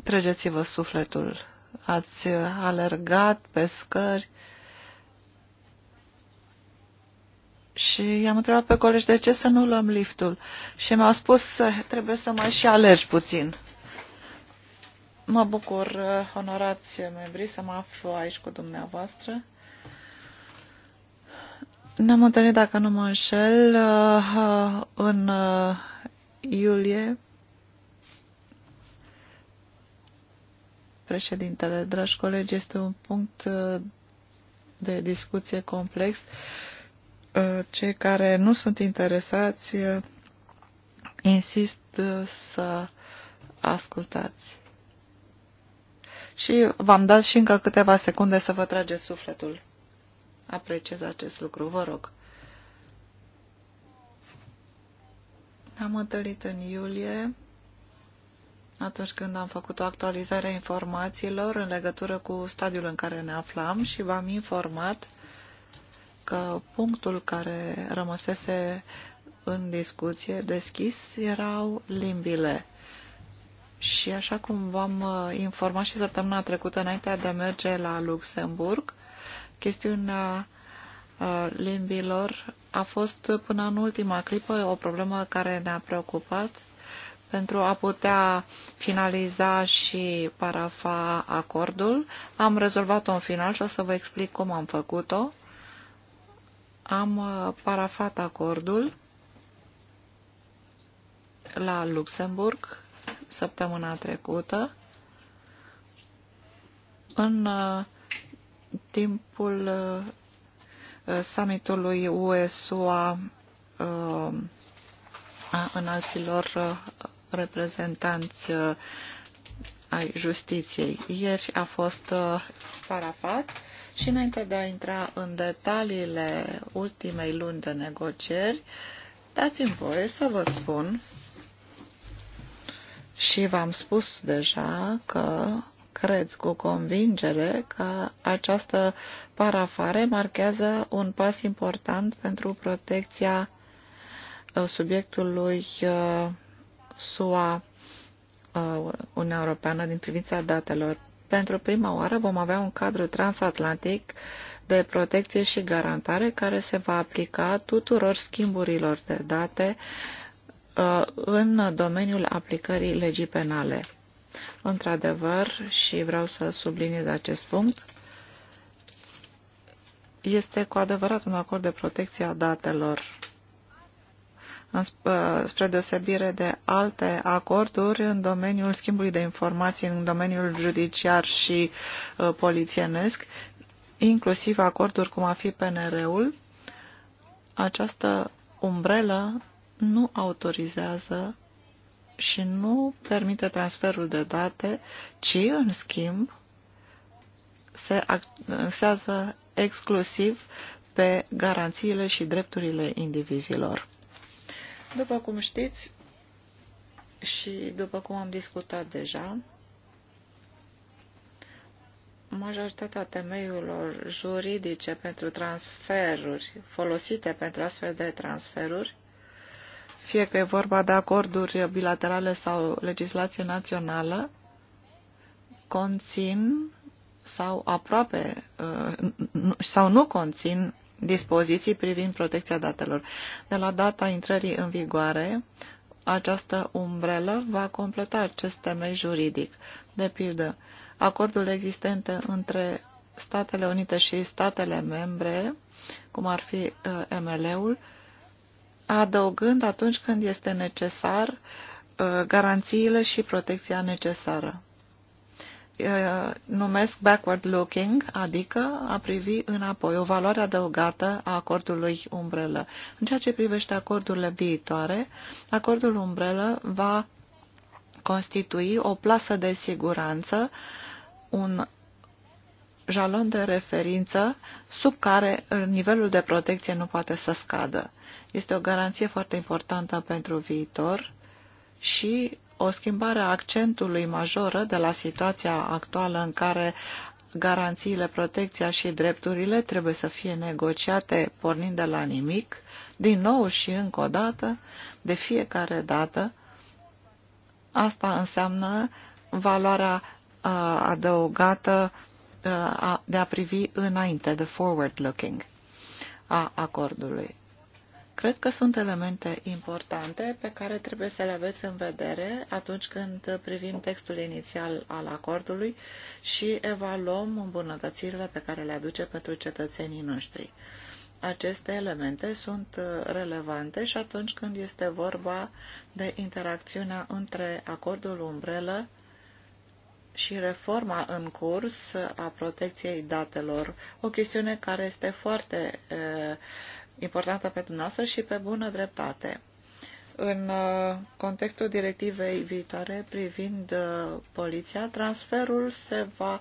S4: trageți vă sufletul. Ați alergat pe scări Și i-am întrebat pe colegi de ce să nu luăm liftul. Și mi-au spus să eh, trebuie să mai și alergi puțin. Mă bucur, eh, onorați membrii, să mă aflu aici cu dumneavoastră. Ne-am întâlnit, dacă nu mă înșel, eh, în iulie. Președintele, dragi colegi, este un punct de discuție complex Uh, cei care nu sunt interesați, uh, insist uh, să ascultați. Și v-am dat și încă câteva secunde să vă trageți sufletul. Apreciez acest lucru, vă rog. Am întâlnit în iulie, atunci când am făcut o actualizare a informațiilor în legătură cu stadiul în care ne aflam și v-am informat că punctul care rămăsese în discuție deschis erau limbile. Și așa cum v-am uh, informat și săptămâna trecută înainte de a merge la Luxemburg, chestiunea uh, limbilor a fost până în ultima clipă o problemă care ne-a preocupat pentru a putea finaliza și parafa acordul. Am rezolvat-o în final și o să vă explic cum am făcut-o. Am uh, parafat acordul la Luxemburg săptămâna trecută în uh, timpul uh, summitului USUA a înalților reprezentanți ai justiției. Ieri a fost parafat și înainte de a intra în detaliile ultimei luni de negocieri, dați-mi voie să vă spun și v-am spus deja că cred cu convingere că această parafare marchează un pas important pentru protecția uh, subiectului uh, SUA uh, Uniunea Europeană din privința datelor pentru prima oară vom avea un cadru transatlantic de protecție și garantare care se va aplica tuturor schimburilor de date uh, în domeniul aplicării legii penale. Într-adevăr, și vreau să subliniez acest punct, este cu adevărat un acord de protecție a datelor spre deosebire de alte acorduri în domeniul schimbului de informații în domeniul judiciar și uh, polițienesc, inclusiv acorduri cum a fi PNR-ul, această umbrelă nu autorizează și nu permite transferul de date, ci, în schimb, se axează exclusiv pe garanțiile și drepturile indivizilor. După cum știți și după cum am discutat deja, majoritatea temeiurilor juridice pentru transferuri, folosite pentru astfel de transferuri, fie că e vorba de acorduri bilaterale sau legislație națională, conțin sau aproape uh, sau nu conțin dispoziții privind protecția datelor. De la data intrării în vigoare, această umbrelă va completa acest temei juridic. De pildă, acordul existente între Statele Unite și statele membre, cum ar fi uh, ML-ul, adăugând atunci când este necesar uh, garanțiile și protecția necesară. Uh, numesc backward-looking, adică a privi înapoi o valoare adăugată a acordului umbrelă. În ceea ce privește acordurile viitoare, acordul umbrelă va constitui o plasă de siguranță, un jalon de referință sub care nivelul de protecție nu poate să scadă. Este o garanție foarte importantă pentru viitor și o schimbare a accentului majoră de la situația actuală în care garanțiile, protecția și drepturile trebuie să fie negociate pornind de la nimic, din nou și încă o dată, de fiecare dată. Asta înseamnă valoarea uh, adăugată uh, de a privi înainte, de forward-looking a acordului. Cred că sunt elemente importante pe care trebuie să le aveți în vedere atunci când privim textul inițial al acordului și evaluăm îmbunătățirile pe care le aduce pentru cetățenii noștri. Aceste elemente sunt relevante și atunci când este vorba de interacțiunea între acordul umbrelă și reforma în curs a protecției datelor, o chestiune care este foarte uh, importantă pe dumneavoastră și pe bună dreptate. În uh, contextul directivei viitoare privind uh, poliția, transferul se va,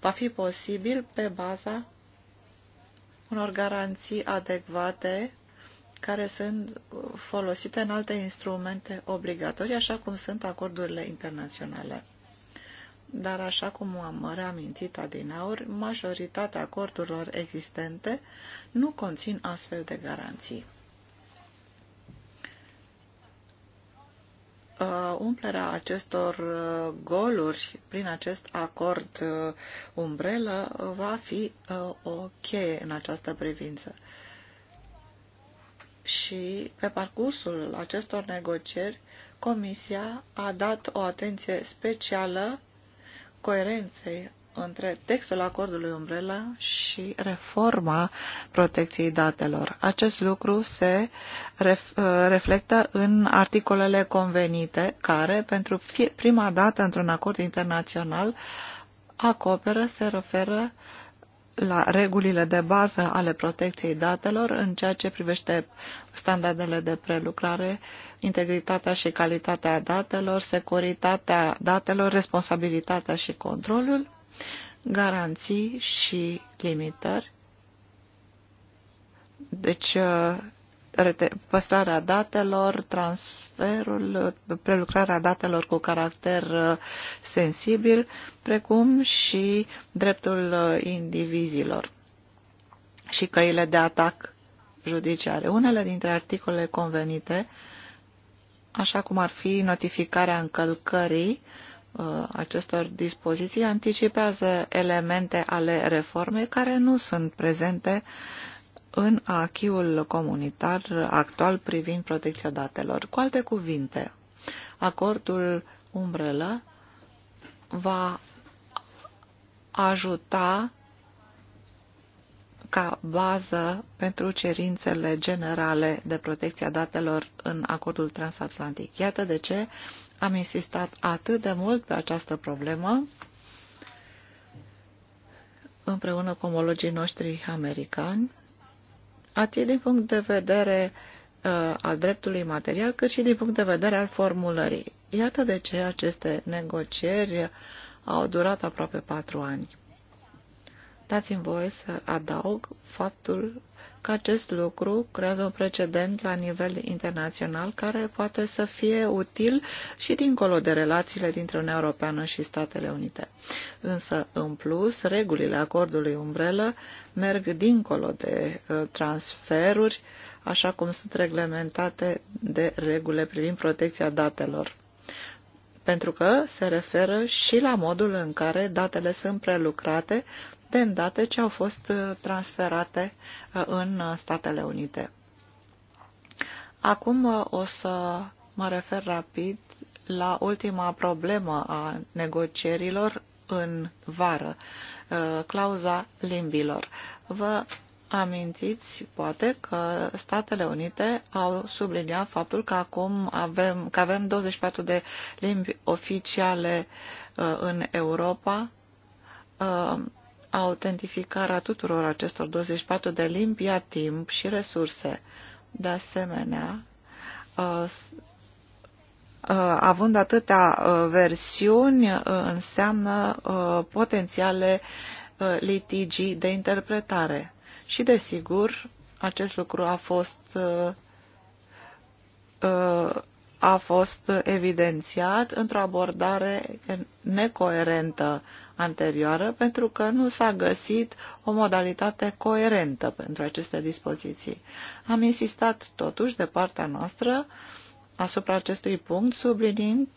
S4: va fi posibil pe baza unor garanții adecvate care sunt uh, folosite în alte instrumente obligatorii, așa cum sunt acordurile internaționale dar așa cum am reamintit adineauri, majoritatea acordurilor existente nu conțin astfel de garanții. Uh, umplerea acestor uh, goluri prin acest acord uh, umbrelă va fi o cheie în această privință. Și pe parcursul acestor negocieri, Comisia a dat o atenție specială coerenței între textul acordului umbrela și reforma protecției datelor. Acest lucru se ref, uh, reflectă în articolele convenite care, pentru prima dată într-un acord internațional, acoperă, se referă uh, la regulile de bază ale protecției datelor în ceea ce privește standardele de prelucrare, integritatea și calitatea datelor, securitatea datelor, responsabilitatea și controlul, garanții și limitări. Deci păstrarea datelor, transferul, prelucrarea datelor cu caracter uh, sensibil, precum și dreptul uh, indivizilor și căile de atac judiciare. Unele dintre articole convenite, așa cum ar fi notificarea încălcării uh, acestor dispoziții, anticipează elemente ale reformei care nu sunt prezente în achiul comunitar actual privind protecția datelor. Cu alte cuvinte, acordul umbrelă va ajuta ca bază pentru cerințele generale de protecția datelor în acordul transatlantic. Iată de ce am insistat atât de mult pe această problemă împreună cu omologii noștri americani atât din punct de vedere uh, al dreptului material, cât și din punct de vedere al formulării. Iată de ce aceste negocieri au durat aproape patru ani. Dați-mi voie să adaug faptul că acest lucru creează un precedent la nivel internațional care poate să fie util și dincolo de relațiile dintre Uniunea Europeană și Statele Unite. Însă, în plus, regulile acordului umbrelă merg dincolo de ă, transferuri, așa cum sunt reglementate de regulile privind protecția datelor pentru că se referă și la modul în care datele sunt prelucrate de îndată ce au fost uh, transferate uh, în uh, Statele Unite. Acum o să mă refer rapid la ultima problemă a negocierilor în vară, clauza limbilor. Vă amintiți, poate, că Statele Unite au subliniat faptul că acum avem, că avem 24 de limbi oficiale în Europa, Autentificarea tuturor acestor 24 de limbi ia timp și resurse. De asemenea, uh, uh, având atâtea uh, versiuni, înseamnă potențiale litigii de interpretare. Și, desigur, acest lucru a fost a fost evidențiat într-o abordare necoerentă anterioară, pentru că nu s-a găsit o modalitate coerentă pentru aceste dispoziții. Am insistat totuși de partea noastră asupra acestui punct, sublinind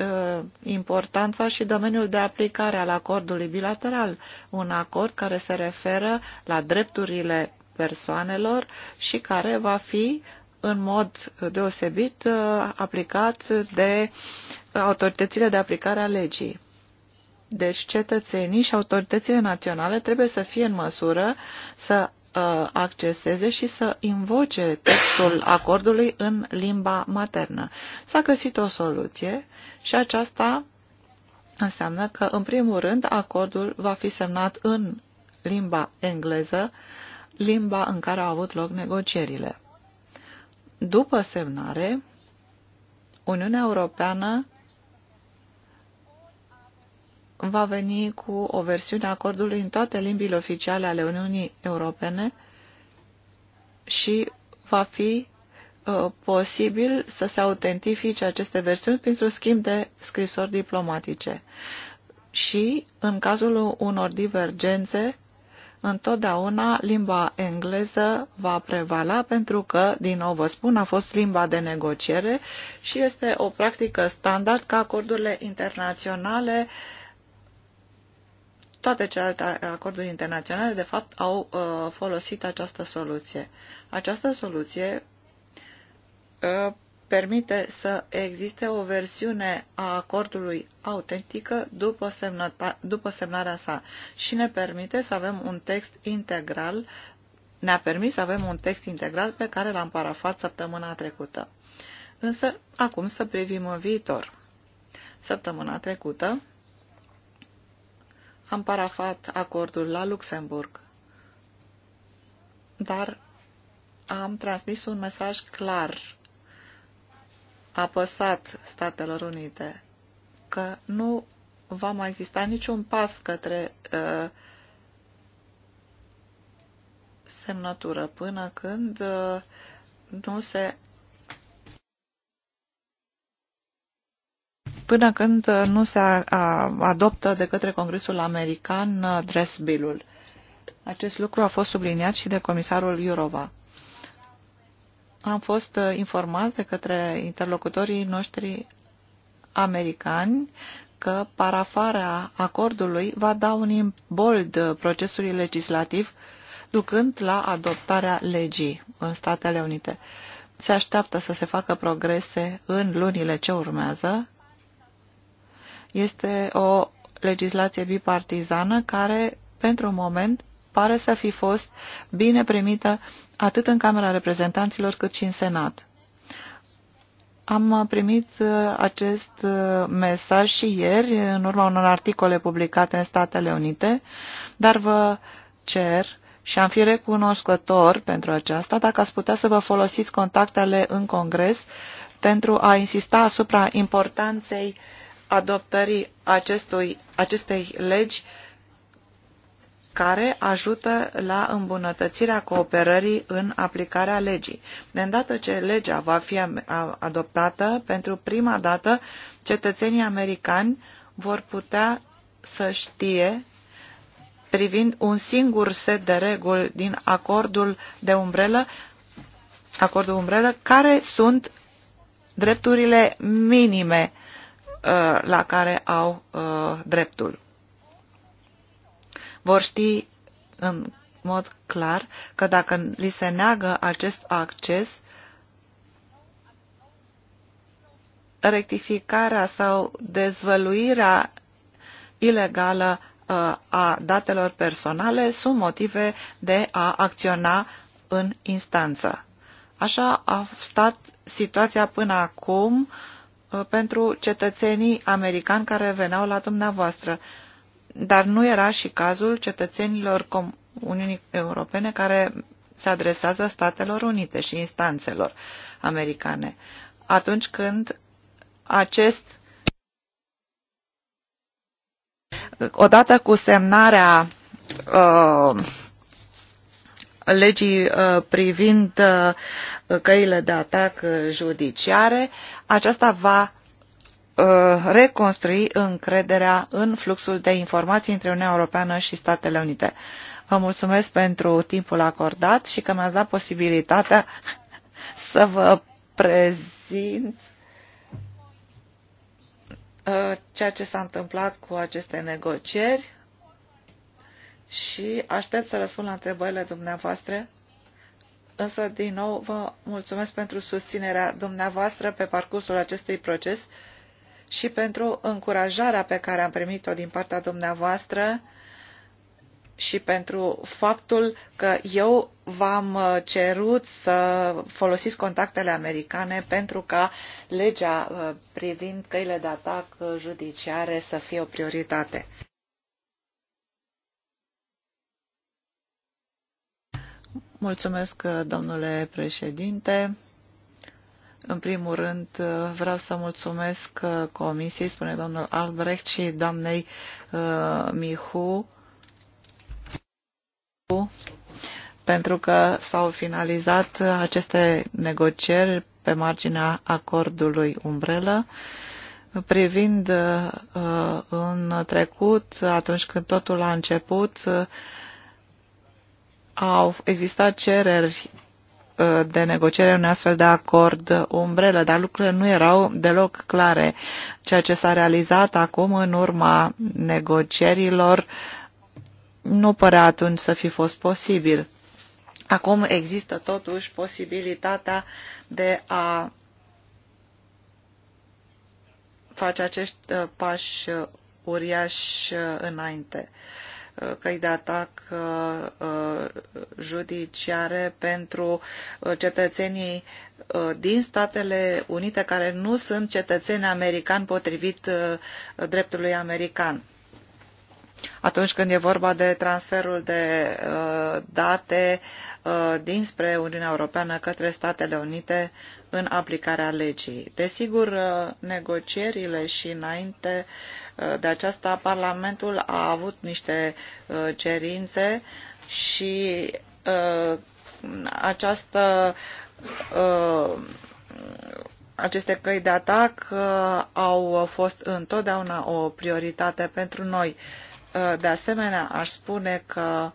S4: uh, importanța și domeniul de aplicare al acordului bilateral, un acord care se referă la drepturile persoanelor și care va fi în mod deosebit uh, aplicat de autoritățile de aplicare a legii. Deci cetățenii și autoritățile naționale trebuie să fie în măsură să uh, acceseze și să invoce textul acordului în limba maternă. S-a găsit o soluție și aceasta înseamnă că, în primul rând, acordul va fi semnat în limba engleză, limba în care au avut loc negocierile. După semnare, Uniunea Europeană va veni cu o versiune a acordului în toate limbile oficiale ale Uniunii Europene și va fi uh, posibil să se autentifice aceste versiuni printr-un schimb de scrisori diplomatice. Și, în cazul unor divergențe, întotdeauna limba engleză va prevala pentru că, din nou vă spun, a fost limba de negociere și este o practică standard ca acordurile internaționale toate celelalte acorduri internaționale, de fapt, au uh, folosit această soluție. Această soluție uh, permite să existe o versiune a acordului autentică după, semnăta, după semnarea sa și ne permite să avem un text integral, ne-a permis să avem un text integral pe care l-am parafat săptămâna trecută. Însă, acum să privim în viitor. Săptămâna trecută am parafat acordul la Luxemburg, dar am transmis un mesaj clar apăsat Statelor Unite că nu va mai exista niciun pas către uh, semnătură până când uh, nu se până când uh, nu se adoptă de către Congresul American uh, dress bill-ul. Acest lucru a fost subliniat și de comisarul Iurova am fost uh, informați de către interlocutorii noștri americani că parafarea acordului va da un imbold uh, procesului legislativ, ducând la adoptarea legii în Statele Unite. Se așteaptă să se facă progrese în lunile ce urmează. Este o legislație bipartizană care, pentru un moment, pare să fi fost bine primită atât în Camera Reprezentanților cât și în Senat. Am primit uh, acest uh, mesaj și ieri, în urma unor articole publicate în Statele Unite, dar vă cer și am fi recunoscător pentru aceasta dacă ați putea să vă folosiți contactele în Congres pentru a insista asupra importanței adoptării acestui, acestei legi uh, care ajută la îmbunătățirea cooperării în aplicarea legii. De îndată ce legea va fi adoptată, pentru prima dată cetățenii americani vor putea să știe privind un singur set de reguli din acordul de umbrelă, acordul umbrelă, care sunt drepturile minime uh, la care au uh, dreptul vor ști în mod clar că dacă li se neagă acest acces, rectificarea sau dezvăluirea ilegală uh, a datelor personale sunt motive de a acționa în instanță. Așa a stat situația până acum uh, pentru cetățenii americani care veneau la dumneavoastră dar nu era și cazul cetățenilor Uniunii Europene care se adresează Statelor Unite și instanțelor americane. Atunci când acest odată cu semnarea uh, legii uh, privind uh, căile de atac uh, judiciare, aceasta va Uh, reconstrui încrederea în fluxul de informații între Uniunea Europeană și Statele Unite. Vă mulțumesc pentru timpul acordat și că mi-ați dat posibilitatea să vă prezint uh, ceea ce s-a întâmplat cu aceste negocieri și aștept să răspund la întrebările dumneavoastră. Însă, din nou, vă mulțumesc pentru susținerea dumneavoastră pe parcursul acestui proces și pentru încurajarea pe care am primit-o din partea dumneavoastră și pentru faptul că eu v-am uh, cerut să folosiți contactele americane pentru ca legea uh, privind căile de atac uh, judiciare să fie o prioritate. Mulțumesc, domnule președinte. În primul rând, uh, vreau să mulțumesc uh, Comisiei, spune domnul Albrecht și doamnei uh, Mihu, pentru că s-au finalizat aceste negocieri pe marginea acordului umbrelă. Privind uh, uh în trecut, atunci când totul a început, uh, au existat cereri de negociere un astfel de acord umbrelă, dar lucrurile nu erau deloc clare. Ceea ce s-a realizat acum în urma negocierilor nu părea atunci să fi fost posibil. Acum există totuși posibilitatea de a face acești uh, pași uriași uh, înainte. Uh, căi de atac uh, uh, judiciare pentru cetățenii din Statele Unite care nu sunt cetățeni americani potrivit dreptului american atunci când e vorba de transferul de date dinspre Uniunea Europeană către Statele Unite în aplicarea legii. Desigur, negocierile și înainte de aceasta, Parlamentul a avut niște uh, cerințe și uh, această, uh, aceste căi de atac au fost întotdeauna o prioritate pentru noi. De asemenea, aș spune că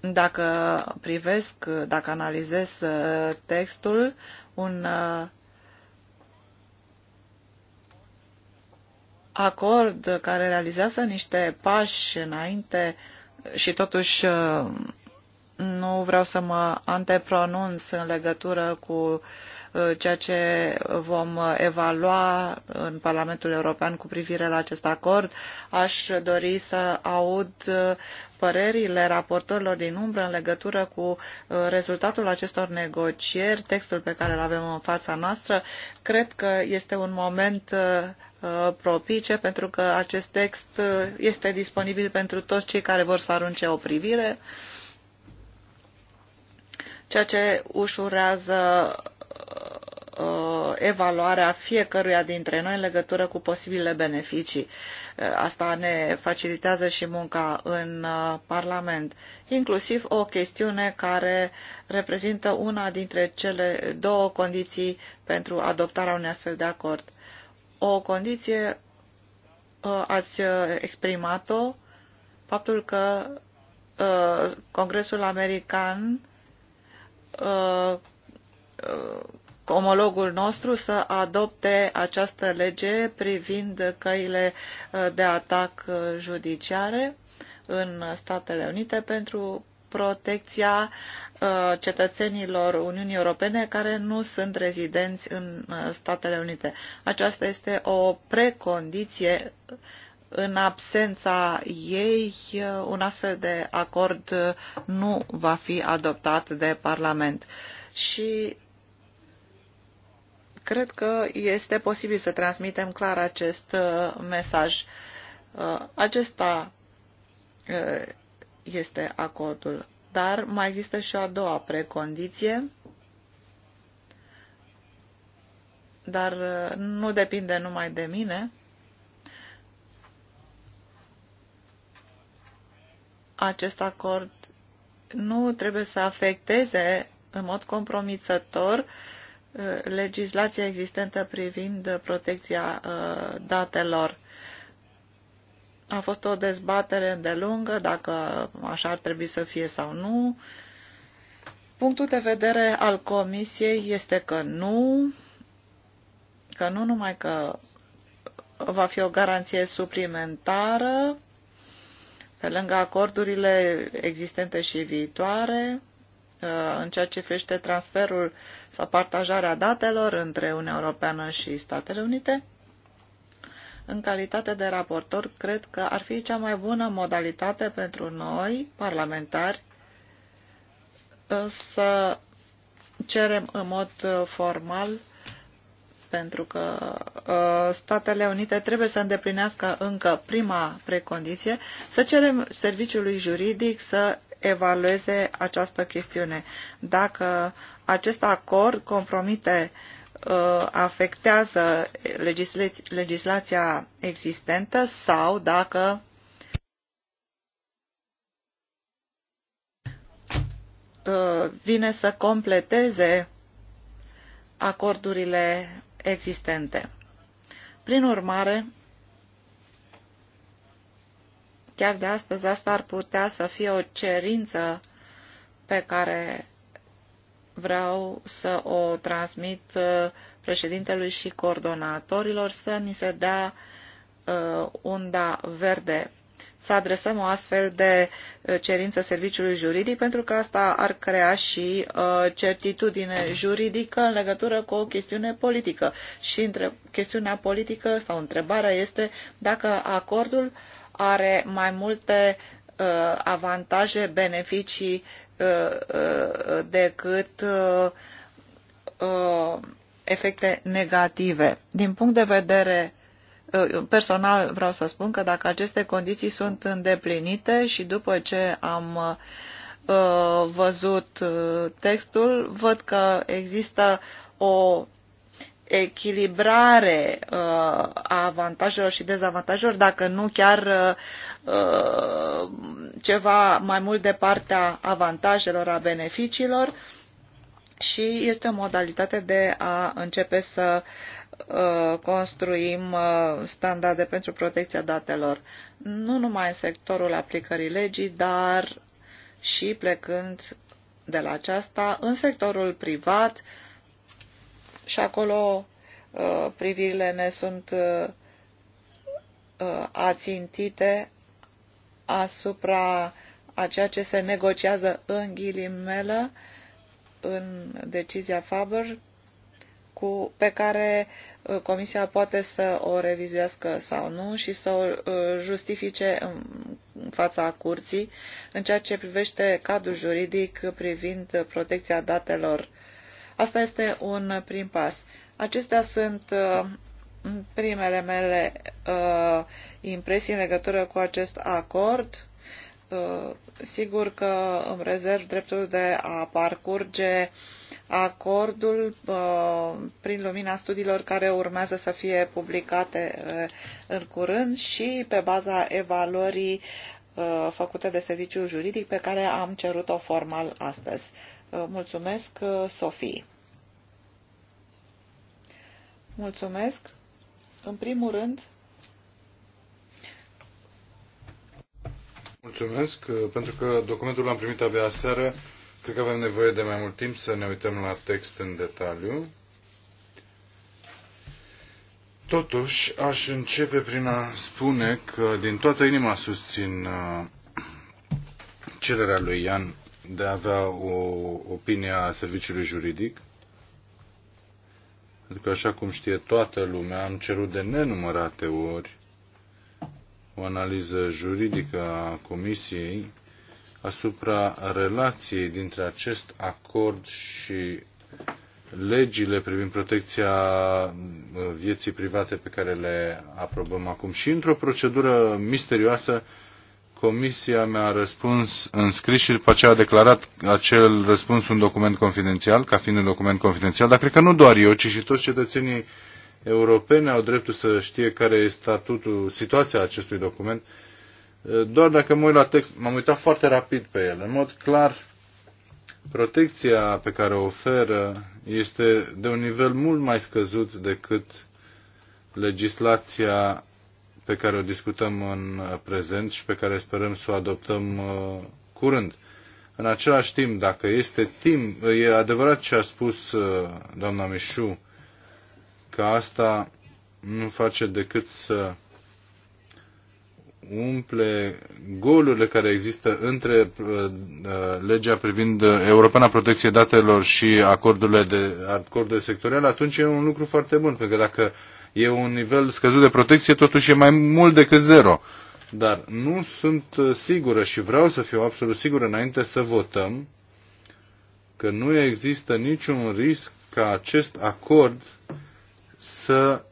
S4: dacă privesc, dacă analizez textul, un acord care realizează niște pași înainte și totuși uh, nu vreau să mă antepronunț în legătură cu uh, ceea ce vom evalua în Parlamentul European cu privire la acest acord. Aș dori să aud uh, părerile raportorilor din umbră în legătură cu rezultatul acestor negocieri, textul pe care îl avem în fața noastră. Cred că este un moment Uh, propice, pentru că acest text uh, este disponibil pentru toți cei care vor să arunce o privire, ceea ce ușurează uh, evaluarea fiecăruia dintre noi în legătură cu posibile beneficii. Asta ne facilitează și munca în Parlament, inclusiv o chestiune care reprezintă una dintre cele două condiții pentru adoptarea unui astfel de acord. O condiție uh, ați uh, exprimat-o, faptul că uh, Congresul American omologul nostru să adopte această lege privind căile de atac judiciare în Statele Unite pentru protecția uh, cetățenilor Uniunii Europene care nu sunt rezidenți în uh, Statele Unite. Aceasta este o precondiție în absența ei, uh, un astfel de acord nu va fi adoptat de Parlament. Și cred că este posibil să transmitem clar acest mesaj. Acesta este acordul. Dar mai există și o a doua precondiție, dar uh, nu depinde numai de mine. Acest acord nu trebuie să afecteze în mod compromițător uh, legislația existentă privind protecția uh, datelor a fost o dezbatere îndelungă dacă așa ar trebui să fie sau nu. Punctul de vedere al Comisiei este că nu, că nu numai că va fi o garanție suplimentară, pe lângă acordurile existente și viitoare, ă, în ceea ce privește transferul sau partajarea datelor între Uniunea Europeană și Statele Unite, în calitate de raportor, cred că ar fi cea mai bună modalitate pentru noi, parlamentari, să cerem în mod uh, formal pentru că uh, Statele Unite trebuie să îndeplinească încă prima precondiție, să cerem serviciului juridic să evalueze această chestiune. Dacă acest acord compromite uh, Uh, afectează legisla legislația existentă sau dacă uh, vine să completeze acordurile existente. Prin urmare, chiar de astăzi asta ar putea să fie o cerință pe care vreau să o transmit uh, președintelui și coordonatorilor să ni se dea uh, unda verde să adresăm o astfel de uh, cerință serviciului juridic, pentru că asta ar crea și certitudine juridică în legătură cu o chestiune politică. Și între chestiunea politică sau întrebarea este dacă acordul are mai multe avantaje, beneficii Uh, uh, decât uh, efecte negative. Din punct de vedere personal vreau să spun că dacă aceste condiții sunt îndeplinite și după ce am văzut textul, văd că există o echilibrare uh, a avantajelor și dezavantajelor, dacă nu chiar uh, uh, ceva mai mult de partea avantajelor, a beneficiilor și este o modalitate de a începe să construim standarde pentru protecția datelor, nu numai în sectorul aplicării legii, dar și plecând de la aceasta în sectorul privat, și acolo uh, privirile ne sunt uh, uh, ațintite asupra a ceea ce se negociază în ghilimele în decizia Faber cu, pe care Comisia poate să o revizuiască sau nu și să o justifice în fața curții în ceea ce privește cadrul juridic privind protecția datelor Asta este un prim pas. Acestea sunt uh, primele mele uh, impresii în legătură cu acest acord. Uh, sigur că îmi rezerv dreptul de a parcurge acordul prin lumina studiilor care urmează să fie publicate în curând și pe baza evaluării făcute de serviciul juridic pe care am cerut-o formal astăzi. Uh, mulțumesc, uh, Sofie. Mulțumesc. În primul rând,
S2: Mulțumesc, uh, pentru că documentul l-am primit abia seară. Cred că avem nevoie de mai mult timp să ne uităm la text în detaliu. Totuși, aș începe prin a spune că din toată inima susțin cererea lui Ian de a avea o opinie a serviciului juridic. Pentru că, așa cum știe toată lumea, am cerut de nenumărate ori o analiză juridică a Comisiei asupra relației dintre acest acord și legile privind protecția uh, vieții private pe care le aprobăm acum. Și într-o procedură misterioasă Comisia mi-a răspuns în scris și după aceea a declarat acel răspuns un document confidențial, ca fiind un document confidențial, dar cred că nu doar eu, ci și toți cetățenii europeni au dreptul să știe care este statutul, situația acestui document. Doar dacă mă uit la text, m-am uitat foarte rapid pe el. În mod clar, protecția pe care o oferă este de un nivel mult mai scăzut decât legislația pe care o discutăm în prezent și pe care sperăm să o adoptăm uh, curând. În același timp, dacă este timp, uh, e adevărat ce a spus uh, doamna Mișu, că asta nu face decât să umple golurile care există între legea privind Europeana Protecție Datelor și acordurile, de, acordurile sectoriale, atunci e un lucru foarte bun, pentru că dacă e un nivel scăzut de protecție, totuși e mai mult decât zero. Dar nu sunt uh, sigură și vreau să fiu absolut sigură înainte să votăm că nu există niciun risc ca acest acord să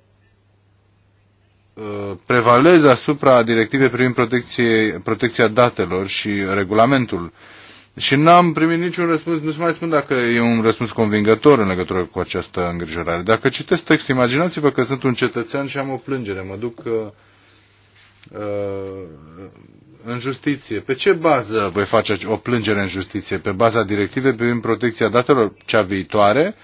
S2: uh, prevaleze asupra directivei privind protecție, protecția datelor și regulamentul și n-am primit niciun răspuns, nu mai spun dacă e un răspuns convingător în legătură cu această îngrijorare. Dacă citesc text, imaginați-vă că sunt un cetățean și am o plângere, mă duc uh, uh în justiție. Pe ce bază voi face o plângere în justiție? Pe baza directivei privind protecția datelor cea viitoare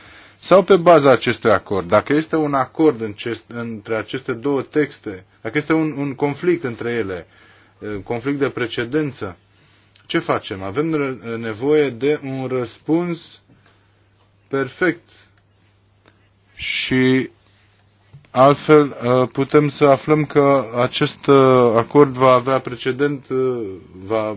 S2: sau pe baza acestui acord? Dacă este un acord în ce, între aceste două texte, dacă este un, un conflict între ele, uh, conflict de precedență, ce facem? Avem nevoie de un răspuns perfect și altfel uh, putem să aflăm că acest uh, acord va avea precedent, uh, va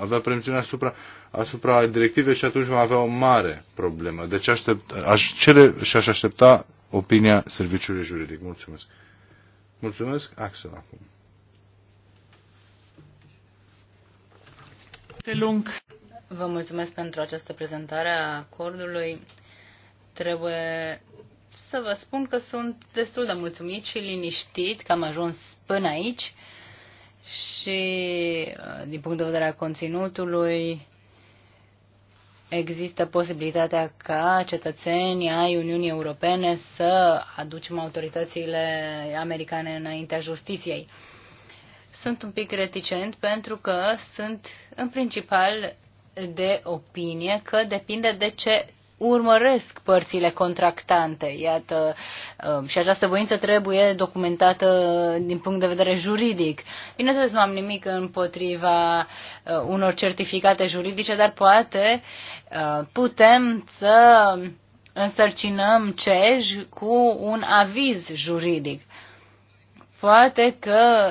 S2: avea preemțiune asupra, asupra directivei și atunci va avea o mare problemă. Deci aștept, aș cere și aș aștepta opinia serviciului juridic. Mulțumesc. Mulțumesc, Axel, acum.
S3: Vă mulțumesc pentru această prezentare a acordului. Trebuie să vă spun că sunt destul de mulțumit și liniștit că am ajuns până aici și din punct de vedere al conținutului există posibilitatea ca cetățenii ai Uniunii Europene să aducem autoritățile americane înaintea justiției sunt un pic reticent pentru că sunt în principal de opinie că depinde de ce urmăresc părțile contractante. Iată, um, și această voință trebuie documentată din punct de vedere juridic. Bineînțeles, nu am nimic împotriva uh, unor certificate juridice, dar poate uh, putem să însărcinăm CEJ cu un aviz juridic. Poate că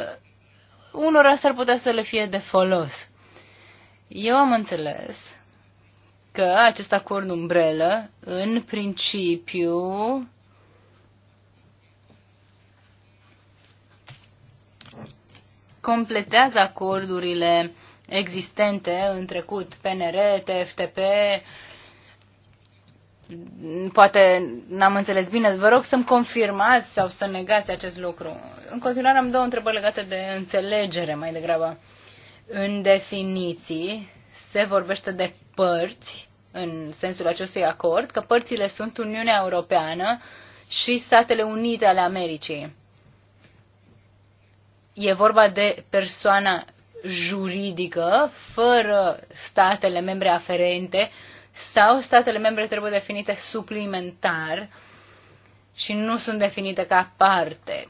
S3: unora s-ar putea să le fie de folos. Eu am înțeles că acest acord umbrelă, în principiu, completează acordurile existente în trecut, PNR, TFTP, poate n-am înțeles bine, vă rog să-mi confirmați sau să negați acest lucru. În continuare am două întrebări legate de înțelegere mai degrabă. În definiții se vorbește de părți în sensul acestui acord, că părțile sunt Uniunea Europeană și Statele Unite ale Americii. E vorba de persoana juridică, fără statele membre aferente, sau statele membre trebuie definite suplimentar și nu sunt definite ca parte.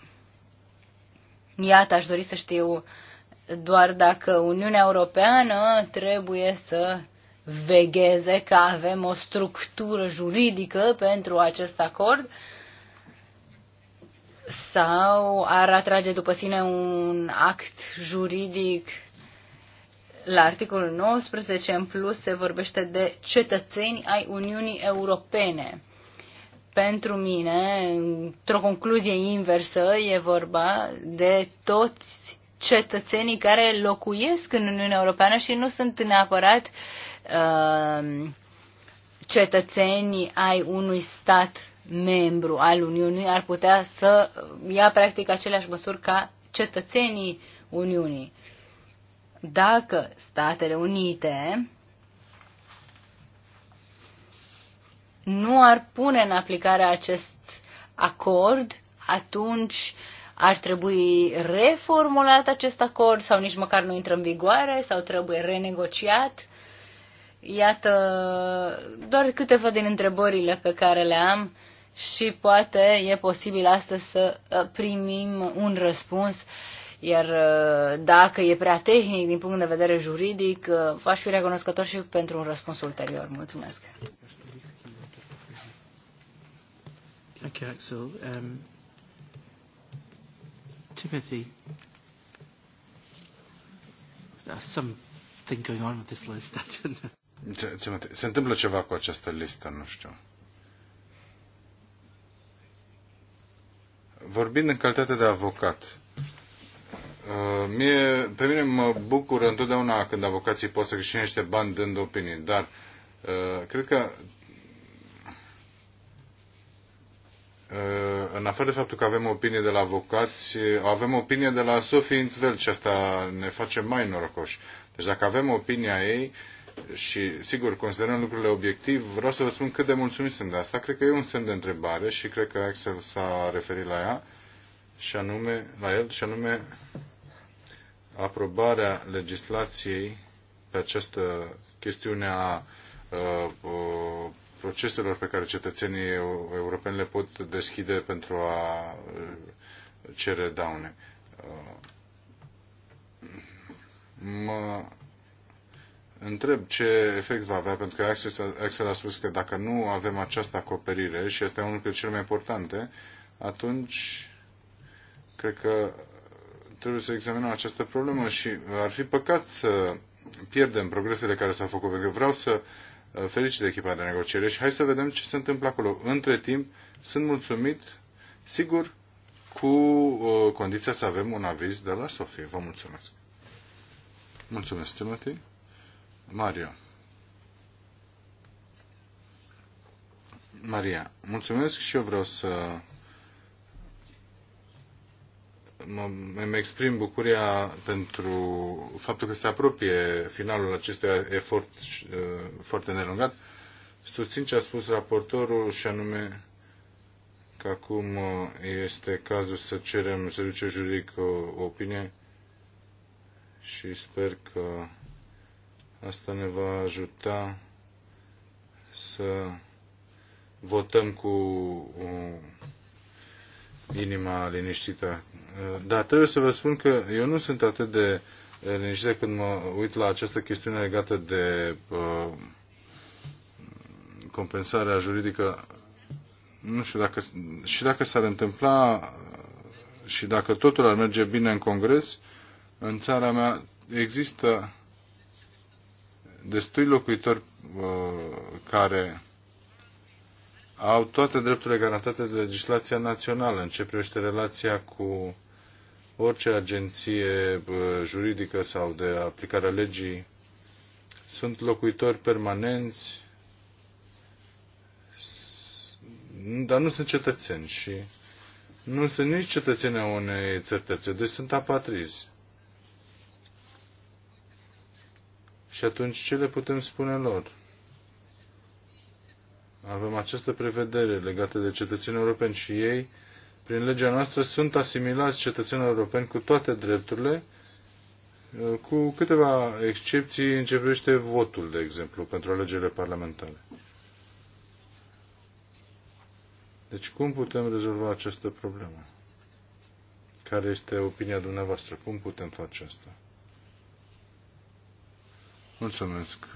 S3: Iată, aș dori să știu doar dacă Uniunea Europeană trebuie să vegheze că avem o structură juridică pentru acest acord sau ar atrage după sine un act juridic la articolul 19, în plus, se vorbește de cetățeni ai Uniunii Europene. Pentru mine, într-o concluzie inversă, e vorba de toți cetățenii care locuiesc în Uniunea Europeană și nu sunt neapărat uh, cetățenii ai unui stat membru al Uniunii, ar putea să ia practic aceleași măsuri ca cetățenii Uniunii dacă Statele Unite nu ar pune în aplicare acest acord, atunci ar trebui reformulat acest acord sau nici măcar nu intră în vigoare sau trebuie renegociat. Iată doar câteva din întrebările pe care le am și poate e posibil astăzi să uh, primim un răspuns iar uh, dacă e prea tehnic din punct de vedere juridic, uh, v-aș fi recunoscător și pentru un răspuns ulterior. Mulțumesc.
S1: Thank you, Axel. Um, Timothy, there's something going on with this list. I don't know.
S2: Timothy, se întâmplă ceva cu această listă, nu știu. Vorbind în calitate de avocat, Uh, mie, pe mine mă bucur întotdeauna când avocații pot să câștige niște bani dând opinii, dar uh, cred că uh, în afară de faptul că avem opinie de la avocați, avem opinie de la Sophie Intvel și asta ne face mai norocoși. Deci dacă avem opinia ei și, sigur, considerăm lucrurile obiectiv, vreau să vă spun cât de mulțumit sunt de asta. Cred că e un semn de întrebare și cred că Axel s-a referit la ea și anume, la el, și anume aprobarea legislației pe această chestiune a proceselor pe care cetățenii europeni le pot deschide pentru a cere daune. Mă întreb ce efect va avea, pentru că Axel a spus că dacă nu avem această acoperire, și este unul dintre cele mai importante, atunci cred că trebuie să examinăm această problemă și uh, ar fi păcat să pierdem progresele care s-au făcut, pentru că vreau să uh, felicit echipa de negociere și hai să vedem ce se întâmplă acolo. Între timp, sunt mulțumit, sigur, cu uh, condiția să avem un aviz de la Sofie. Vă mulțumesc. Mulțumesc, Timothy. Mario. Maria, mulțumesc și eu vreau să mă, îmi exprim bucuria pentru faptul că se apropie finalul acestui efort uh, foarte nelungat. Susțin ce a spus raportorul și anume că acum uh, este cazul să cerem serviciul juridic o opinie și sper că asta ne va ajuta să votăm cu uh, inima liniștită. Dar trebuie să vă spun că eu nu sunt atât de liniștită când mă uit la această chestiune legată de uh, compensarea juridică. Nu știu dacă și dacă s-ar întâmpla uh, și dacă totul ar merge bine în Congres, în țara mea există destui locuitori uh, care au toate drepturile garantate de legislația națională în ce privește relația cu orice agenție juridică sau de aplicare a legii. Sunt locuitori permanenți, dar nu sunt cetățeni și nu sunt nici cetățeni a unei țărtețe, deci sunt apatrizi. Și atunci ce le putem spune lor? Avem aceste prevedere legată de cetățenii europeni și ei, prin legea noastră, sunt asimilați cetățenilor europeni cu toate drepturile, cu câteva excepții începește votul, de exemplu, pentru alegerile parlamentare. Deci cum putem rezolva această problemă? Care este opinia dumneavoastră? Cum putem face asta? Mulțumesc,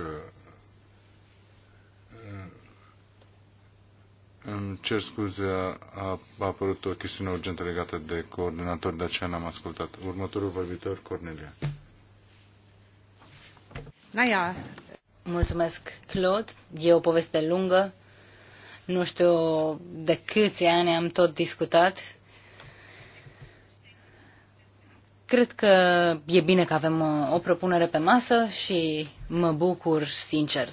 S2: îmi cer scuze, a apărut o chestiune urgentă legată de coordonator, de aceea n-am ascultat. Următorul vorbitor, Cornelia.
S3: Naia. Mulțumesc, Claude. E o poveste lungă. Nu știu de câți ani am tot discutat. Cred că e bine că avem uh, o propunere pe masă și mă bucur sincer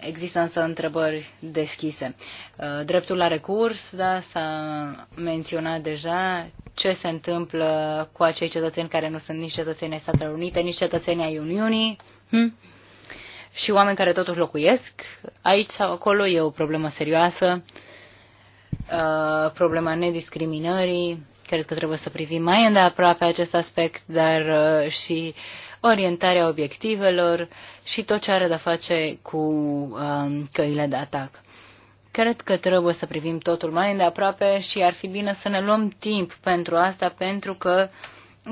S3: Există însă întrebări deschise. Uh, dreptul la recurs, da, s-a menționat deja ce se întâmplă cu acei cetățeni care nu sunt nici cetățeni ai Statelor Unite, nici cetățeni ai Uniunii hm? și oameni care totuși locuiesc aici sau acolo. E o problemă serioasă, uh, problema nediscriminării. Cred că trebuie să privim mai îndeaproape acest aspect, dar uh, și uh, orientarea obiectivelor și tot ce are de face cu um, căile de atac. Cred că trebuie să privim totul mai îndeaproape și ar fi bine să ne luăm timp pentru asta, pentru că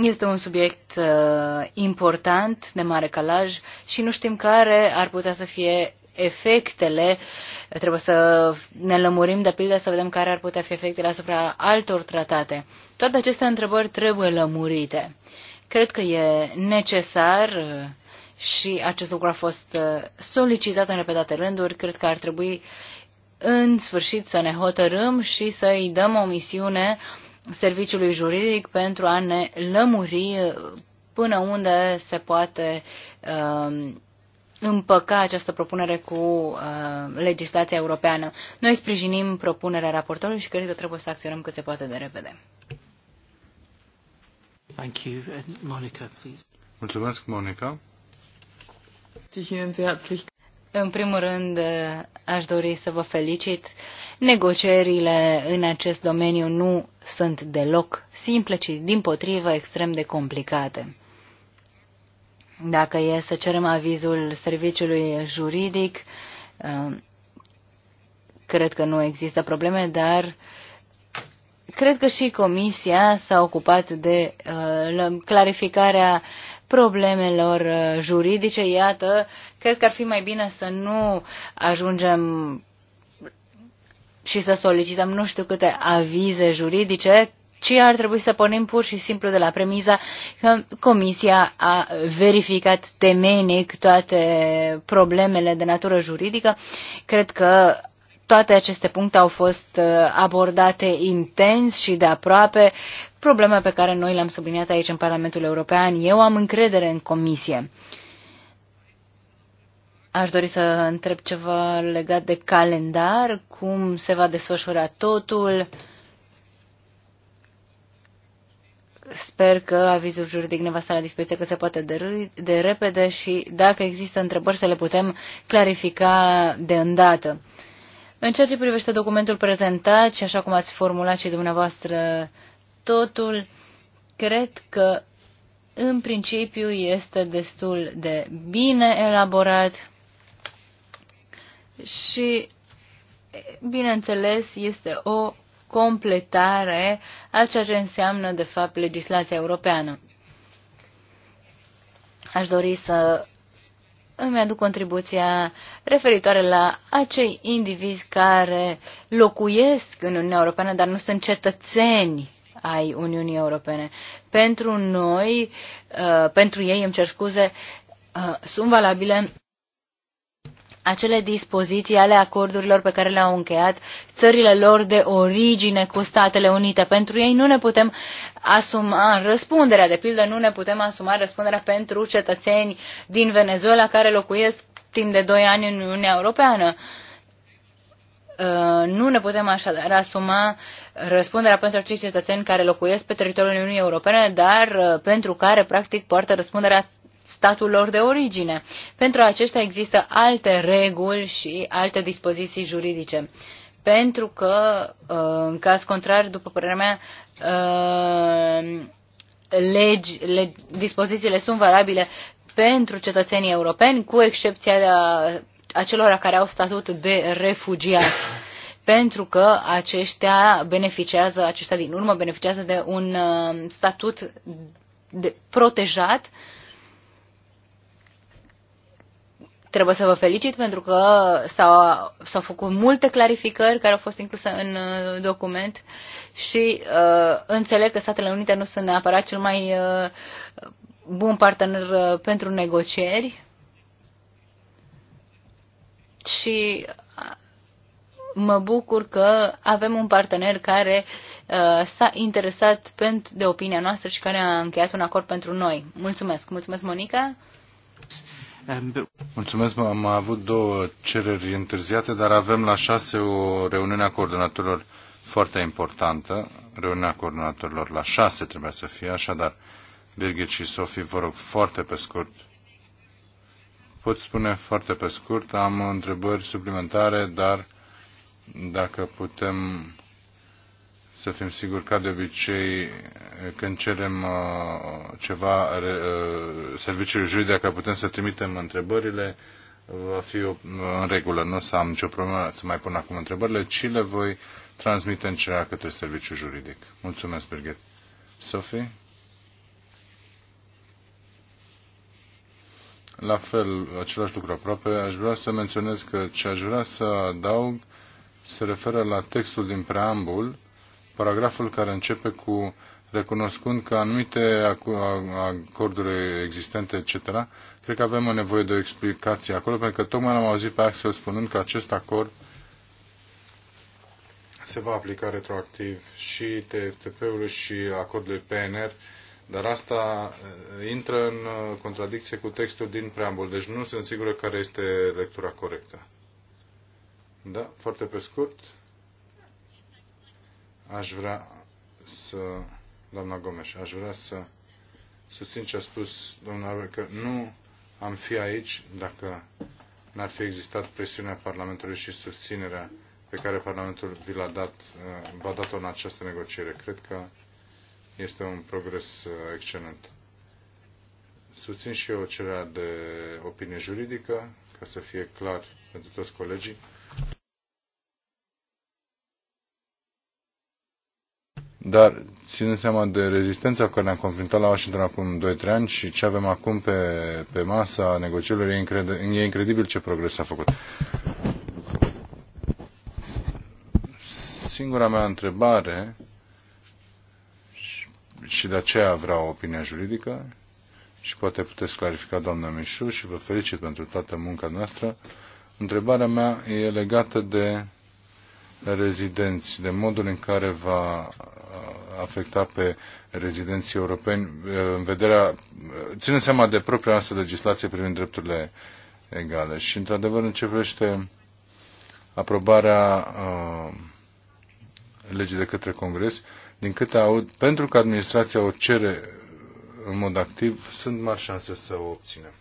S3: este un subiect uh, important, de mare calaj și nu știm care ar putea să fie efectele, trebuie să ne lămurim de pildă să vedem care ar putea fi efectele asupra altor tratate. Toate aceste întrebări trebuie lămurite. Uh, Cred că e necesar uh, și acest lucru a fost uh, solicitat în repetate rânduri. Cred că ar trebui în sfârșit să ne hotărâm și să-i dăm o misiune serviciului juridic pentru a ne lămuri uh, până unde se poate um, împăca această propunere cu uh, legislația europeană. Noi sprijinim propunerea raportorului și cred că trebuie să acționăm cât se poate de repede.
S1: Thank you. Uh, Monica, please.
S2: Mulțumesc, Monica.
S3: În primul rând, uh, aș dori să vă felicit. Negocierile în acest domeniu nu sunt deloc simple, ci din potrivă extrem de complicate. Dacă e să cerem avizul serviciului juridic, uh, cred că nu există probleme, dar uh, Cred că și Comisia s-a ocupat de uh, clarificarea problemelor uh, juridice. Iată, cred că ar fi mai bine să nu ajungem și să solicităm nu știu câte avize juridice, ci ar trebui să punem pur și simplu de la premiza că Comisia a verificat temenic toate problemele de natură juridică. Cred că toate aceste puncte au fost uh, abordate intens și de aproape, problema pe care noi le-am subliniat aici în Parlamentul European. Eu am încredere în comisie. Aș dori să întreb ceva legat de calendar, cum se va desfășura totul. Sper că avizul juridic ne va sta la dispoziție că se poate de, de repede și dacă există întrebări să le putem clarifica de îndată. În ceea ce privește documentul prezentat și așa cum ați formulat și dumneavoastră totul, cred că în principiu este destul de bine elaborat și, bineînțeles, este o completare a ceea ce înseamnă, de fapt, legislația europeană. Aș dori să îmi aduc contribuția referitoare la acei indivizi care locuiesc în Uniunea Europeană, dar nu sunt cetățeni ai Uniunii Europene. Pentru noi, uh, pentru ei, îmi cer scuze, uh, sunt valabile acele dispoziții ale acordurilor pe care le-au încheiat țările lor de origine cu Statele Unite. Pentru ei nu ne putem asuma răspunderea, de pildă nu ne putem asuma răspunderea pentru cetățeni din Venezuela care locuiesc timp de 2 ani în Uniunea Europeană. Uh, nu ne putem așadar asuma răspunderea pentru acei cetățeni care locuiesc pe teritoriul Uniunii Europene, dar uh, pentru care practic poartă răspunderea statul lor de origine. Pentru aceștia există alte reguli și alte dispoziții juridice. Pentru că, uh, în caz contrar, după părerea mea, uh, legi, le, dispozițiile sunt valabile pentru cetățenii europeni, cu excepția de a, acelora care au statut de refugiați, pentru că aceștia beneficiază, aceștia din urmă beneficiază de un uh, statut de, protejat uh, Trebuie să vă felicit pentru că s-au, s-au făcut multe clarificări care au fost incluse în uh, document și uh, înțeleg că Statele Unite nu sunt neapărat cel mai uh, bun partener uh, pentru negocieri și uh, mă bucur că avem un partener care uh, s-a interesat pentru de opinia noastră și care a încheiat un acord pentru noi. Mulțumesc! Mulțumesc, Monica!
S2: Um, Mulțumesc, am avut două cereri întârziate, dar avem la șase o reuniune a coordonatorilor foarte importantă. Reuniunea coordonatorilor la șase trebuia să fie, așadar, Birgit și Sofie, vă rog foarte pe scurt. Pot spune foarte pe scurt, am întrebări suplimentare, dar dacă putem să fim siguri ca de obicei când cerem uh, ceva uh, serviciului juridic, dacă putem să trimitem întrebările, va fi în regulă. Nu o să am nicio problemă să mai pun acum întrebările, ci le voi transmite în cerea către serviciul juridic. Mulțumesc, Birgit. Sofie. La fel, același lucru aproape, aș vrea să menționez că ce aș vrea să adaug se referă la textul din preambul, paragraful care începe cu recunoscând că anumite acorduri existente, etc., cred că avem nevoie de o explicație acolo, pentru că tocmai am auzit pe Axel spunând că acest acord se va aplica retroactiv și ttp ului și acordului PNR, dar asta eh, intră în eh, contradicție cu textul din preambul, deci nu sunt sigură care este lectura corectă. Da, foarte pe scurt. Aș vrea să, doamna Gomes, aș vrea să susțin ce a spus domnul Arbe, că nu am fi aici dacă n-ar fi existat presiunea Parlamentului și susținerea pe care Parlamentul vi l-a dat, eh, v-a dat-o în această negociere. Cred că este un progres eh, excelent. Susțin și eu cererea de opinie juridică, ca să fie clar pentru toți colegii. Dar ținând seama de rezistența cu care ne-am confruntat la Washington acum 2-3 ani și ce avem acum pe, pe masa negocierilor, e, incred, e incredibil ce progres s-a făcut. Singura mea întrebare și, și de aceea vreau opinia juridică și poate puteți clarifica, doamna Mișu, și vă felicit pentru toată munca noastră. Întrebarea mea e legată de rezidenți, de modul în care va afecta pe rezidenții europeni eh, în vederea, eh, ținând seama de propria noastră legislație privind drepturile egale. Și, într-adevăr, în ce privește aprobarea uh, legii de către Congres, din câte aud, pentru că administrația o cere în mod activ, sunt mari șanse să o obținem.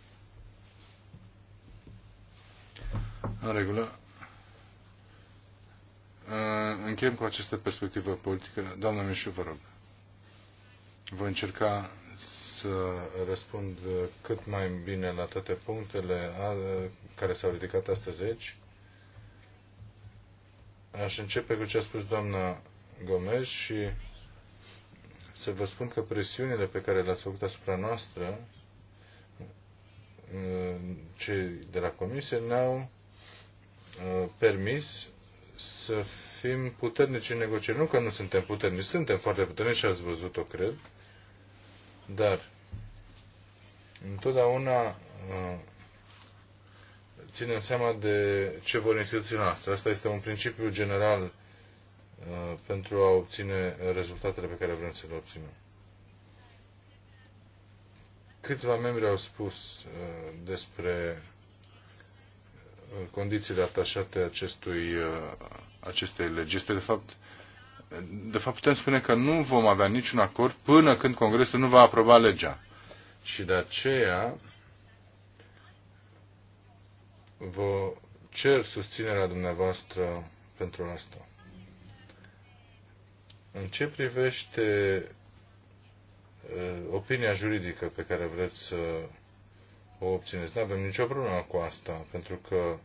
S2: În regulă. Eh, încheiem cu această perspectivă politică. Doamna Mișu, vă rog. Voi încerca să răspund eh, cât mai bine la toate punctele eh, care s-au ridicat astăzi aici. Aș începe cu ce a spus doamna Gomes și să vă spun că presiunile pe care le-ați făcut asupra noastră, cei de la Comisie, ne-au permis să fim puternici în negocieri. Nu că nu suntem puternici, suntem foarte puternici și ați văzut-o, cred, dar întotdeauna uh, ținem seama de ce vor instituțiile noastre. Asta este un principiu general uh, pentru a obține rezultatele pe care vrem să le obținem. Câțiva membri au spus uh, despre condițiile atașate acestui, uh, acestei Este De fapt, de fapt putem spune că nu vom avea niciun acord până când Congresul nu va aproba legea. Și de aceea vă cer susținerea dumneavoastră pentru asta. În ce privește uh, opinia juridică pe care vreți să o obțineți. Nu avem nicio problemă cu asta, pentru că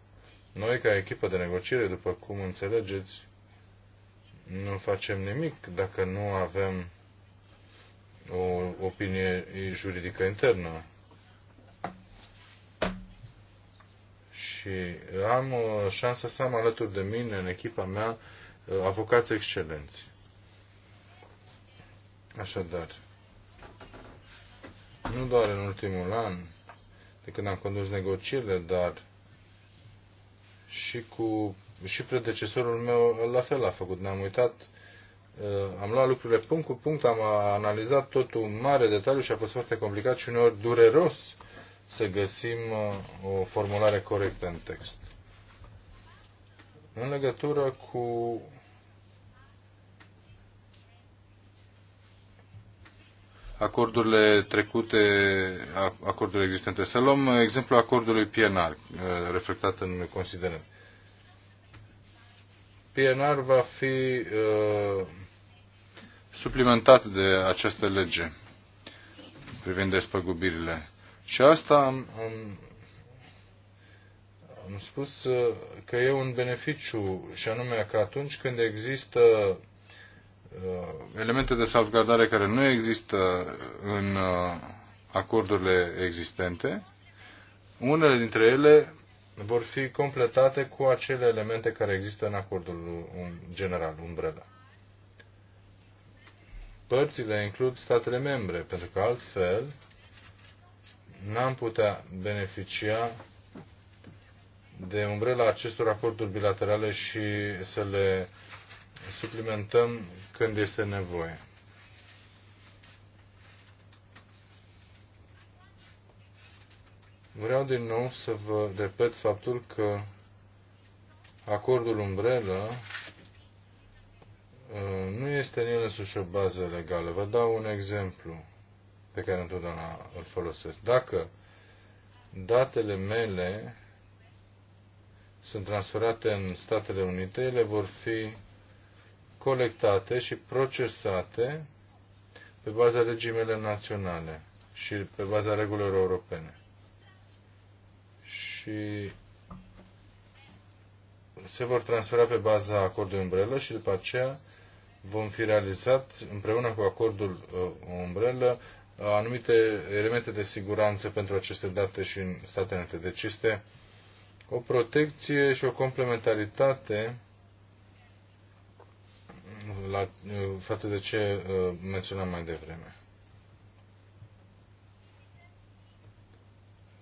S2: noi, ca echipă de negociere, după cum înțelegeți, nu facem nimic dacă nu avem o opinie juridică internă. Și am uh, șansa să am alături de mine, în echipa mea, uh, avocați excelenți. Așadar, nu doar în ultimul an, de când am condus negocierile, dar și cu și predecesorul meu la fel a făcut. Ne-am uitat, uh, am luat lucrurile punct cu punct, am analizat totul în mare detaliu și a fost foarte complicat și uneori dureros să găsim uh, o formulare corectă în text. În legătură cu acordurile trecute, acordurile existente. Să luăm exemplul acordului PNR, uh, reflectat în considerent. PNR va fi uh, suplimentat de această lege privind despăgubirile. Și asta am, am, am spus uh, că e un beneficiu, și anume că atunci când există Uh, elemente de salvgardare care nu există în uh, acordurile existente. Unele dintre ele vor fi completate cu acele elemente care există în acordul general, umbrela. Părțile includ statele membre, pentru că altfel n-am putea beneficia de umbrela acestor acorduri bilaterale și să le suplimentăm când este nevoie. Vreau din nou să vă repet faptul că acordul umbrelă uh, nu este în el însuși o bază legală. Vă dau un exemplu pe care întotdeauna îl folosesc. Dacă datele mele sunt transferate în Statele Unite, ele vor fi colectate și procesate pe baza regimele naționale și pe baza regulilor europene. Și se vor transfera pe baza acordului umbrelă și după aceea vom fi realizat împreună cu acordul uh, umbrelă anumite elemente de siguranță pentru aceste date și în Statele Unite. Deci este o protecție și o complementaritate la, uh, față de ce uh, menționam mai devreme.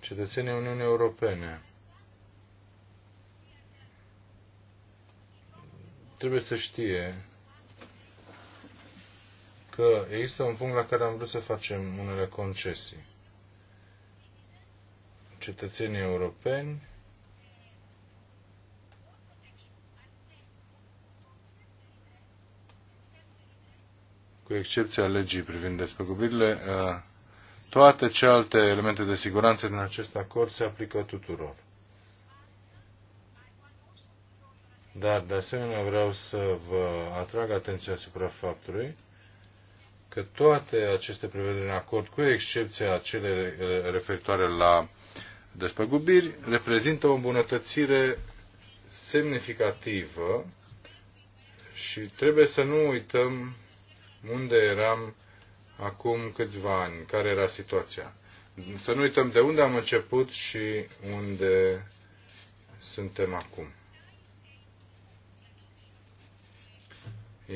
S2: Cetățenii Uniunii Europene trebuie să știe că există un punct la care am vrut să facem unele concesii. Cetățenii europeni cu excepția legii privind despăgubirile, uh, toate celelalte elemente de siguranță din acest acord se aplică tuturor. Dar, de asemenea, vreau să vă atrag atenția asupra faptului că toate aceste prevederi în acord, cu excepția cele referitoare la despăgubiri, reprezintă o îmbunătățire semnificativă și trebuie să nu uităm unde eram acum câțiva ani, care era situația. Să nu uităm de unde am început și unde suntem acum.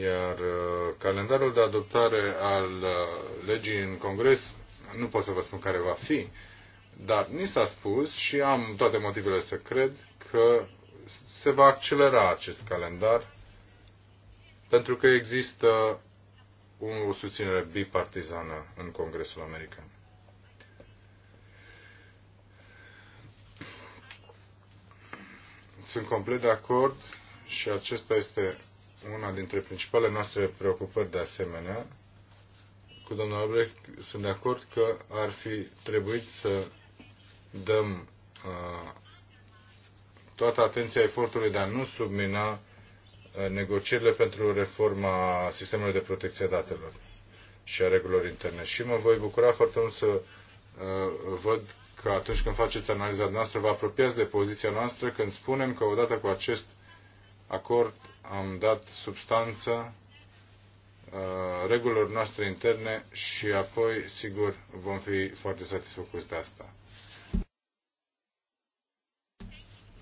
S2: Iar uh, calendarul de adoptare al uh, legii în Congres, nu pot să vă spun care va fi, dar ni s-a spus și am toate motivele să cred că se va accelera acest calendar pentru că există cu o susținere bipartizană în Congresul American. Sunt complet de acord și acesta este una dintre principalele noastre preocupări de asemenea. Cu domnul Albrecht sunt de acord că ar fi trebuit să dăm uh, toată atenția efortului de a nu submina negocierile pentru reforma sistemului de protecție a datelor și a regulilor interne. Și mă voi bucura foarte mult să uh, văd că atunci când faceți analiza noastră, vă apropiați de poziția noastră când spunem că odată cu acest acord am dat substanță uh, regulilor noastre interne și apoi, sigur, vom fi foarte satisfăcuți de asta.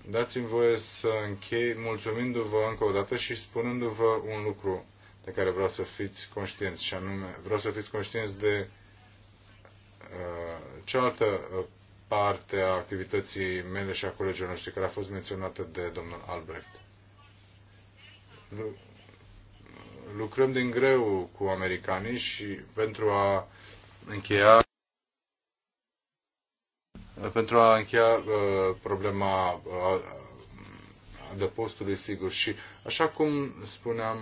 S2: Dați-mi voie să închei mulțumindu-vă încă o dată și spunându-vă un lucru de care vreau să fiți conștienți, și anume vreau să fiți conștienți de uh, cealaltă uh, parte a activității mele și a colegilor noștri care a fost menționată de domnul Albrecht. Lucrăm din greu cu americanii și pentru a încheia da. Pentru a încheia uh, problema uh, adăpostului, sigur, și așa cum spuneam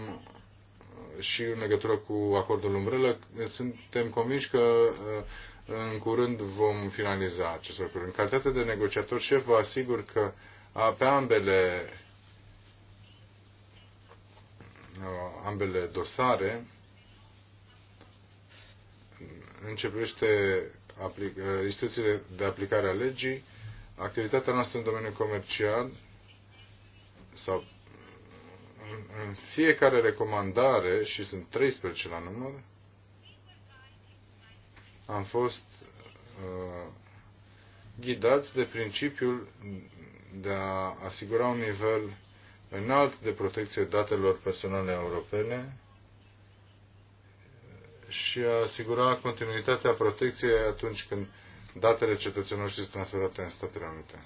S2: uh, și în legătură cu acordul umbrelă, suntem convinși că în curând vom finaliza acest lucru. În calitate de negociator șef, vă asigur că pe ambele ambele dosare începește Eh, instituțiile de aplicare a legii, activitatea noastră în domeniul comercial sau în fiecare recomandare, și sunt 13 la număr, am fost uh, ghidați de principiul de a asigura un nivel înalt de protecție datelor personale europene și a asigura continuitatea protecției atunci când datele cetățenilor sunt transferate în Statele Unite.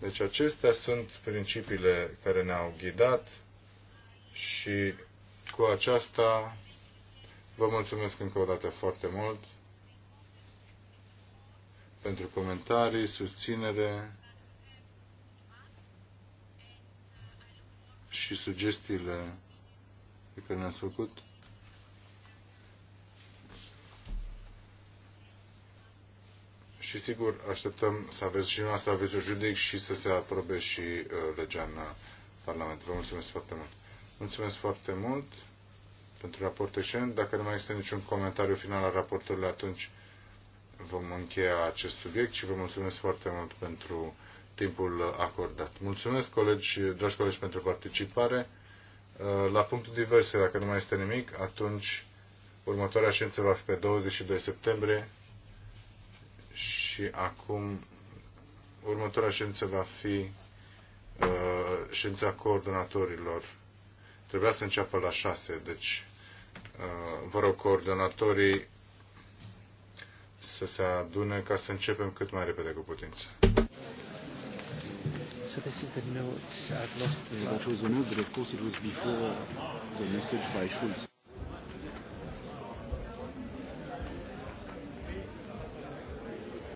S2: Deci acestea sunt principiile care ne-au ghidat și cu aceasta vă mulțumesc încă o dată foarte mult pentru comentarii, susținere și sugestiile pe care ne ați făcut și sigur așteptăm să aveți și noastră o juridic și să se aprobe și uh, legea în uh, Parlament. Vă mulțumesc foarte mult. Mulțumesc foarte mult pentru raportul excelent. Dacă nu mai există niciun comentariu final al raportului, atunci vom încheia acest subiect și vă mulțumesc foarte mult pentru timpul acordat. Mulțumesc, colegi, dragi colegi, pentru participare. Uh, la punctul diverse, dacă nu mai este nimic, atunci următoarea ședință va fi pe 22 septembrie și acum următoarea ședință va fi uh, ședința coordonatorilor. Trebuia să înceapă la șase, deci uh, vă rog coordonatorii să se adune ca să începem cât mai repede cu putință.
S1: So this is the note I've lost. Which
S2: was a note, but of course it was before the message by Schulz.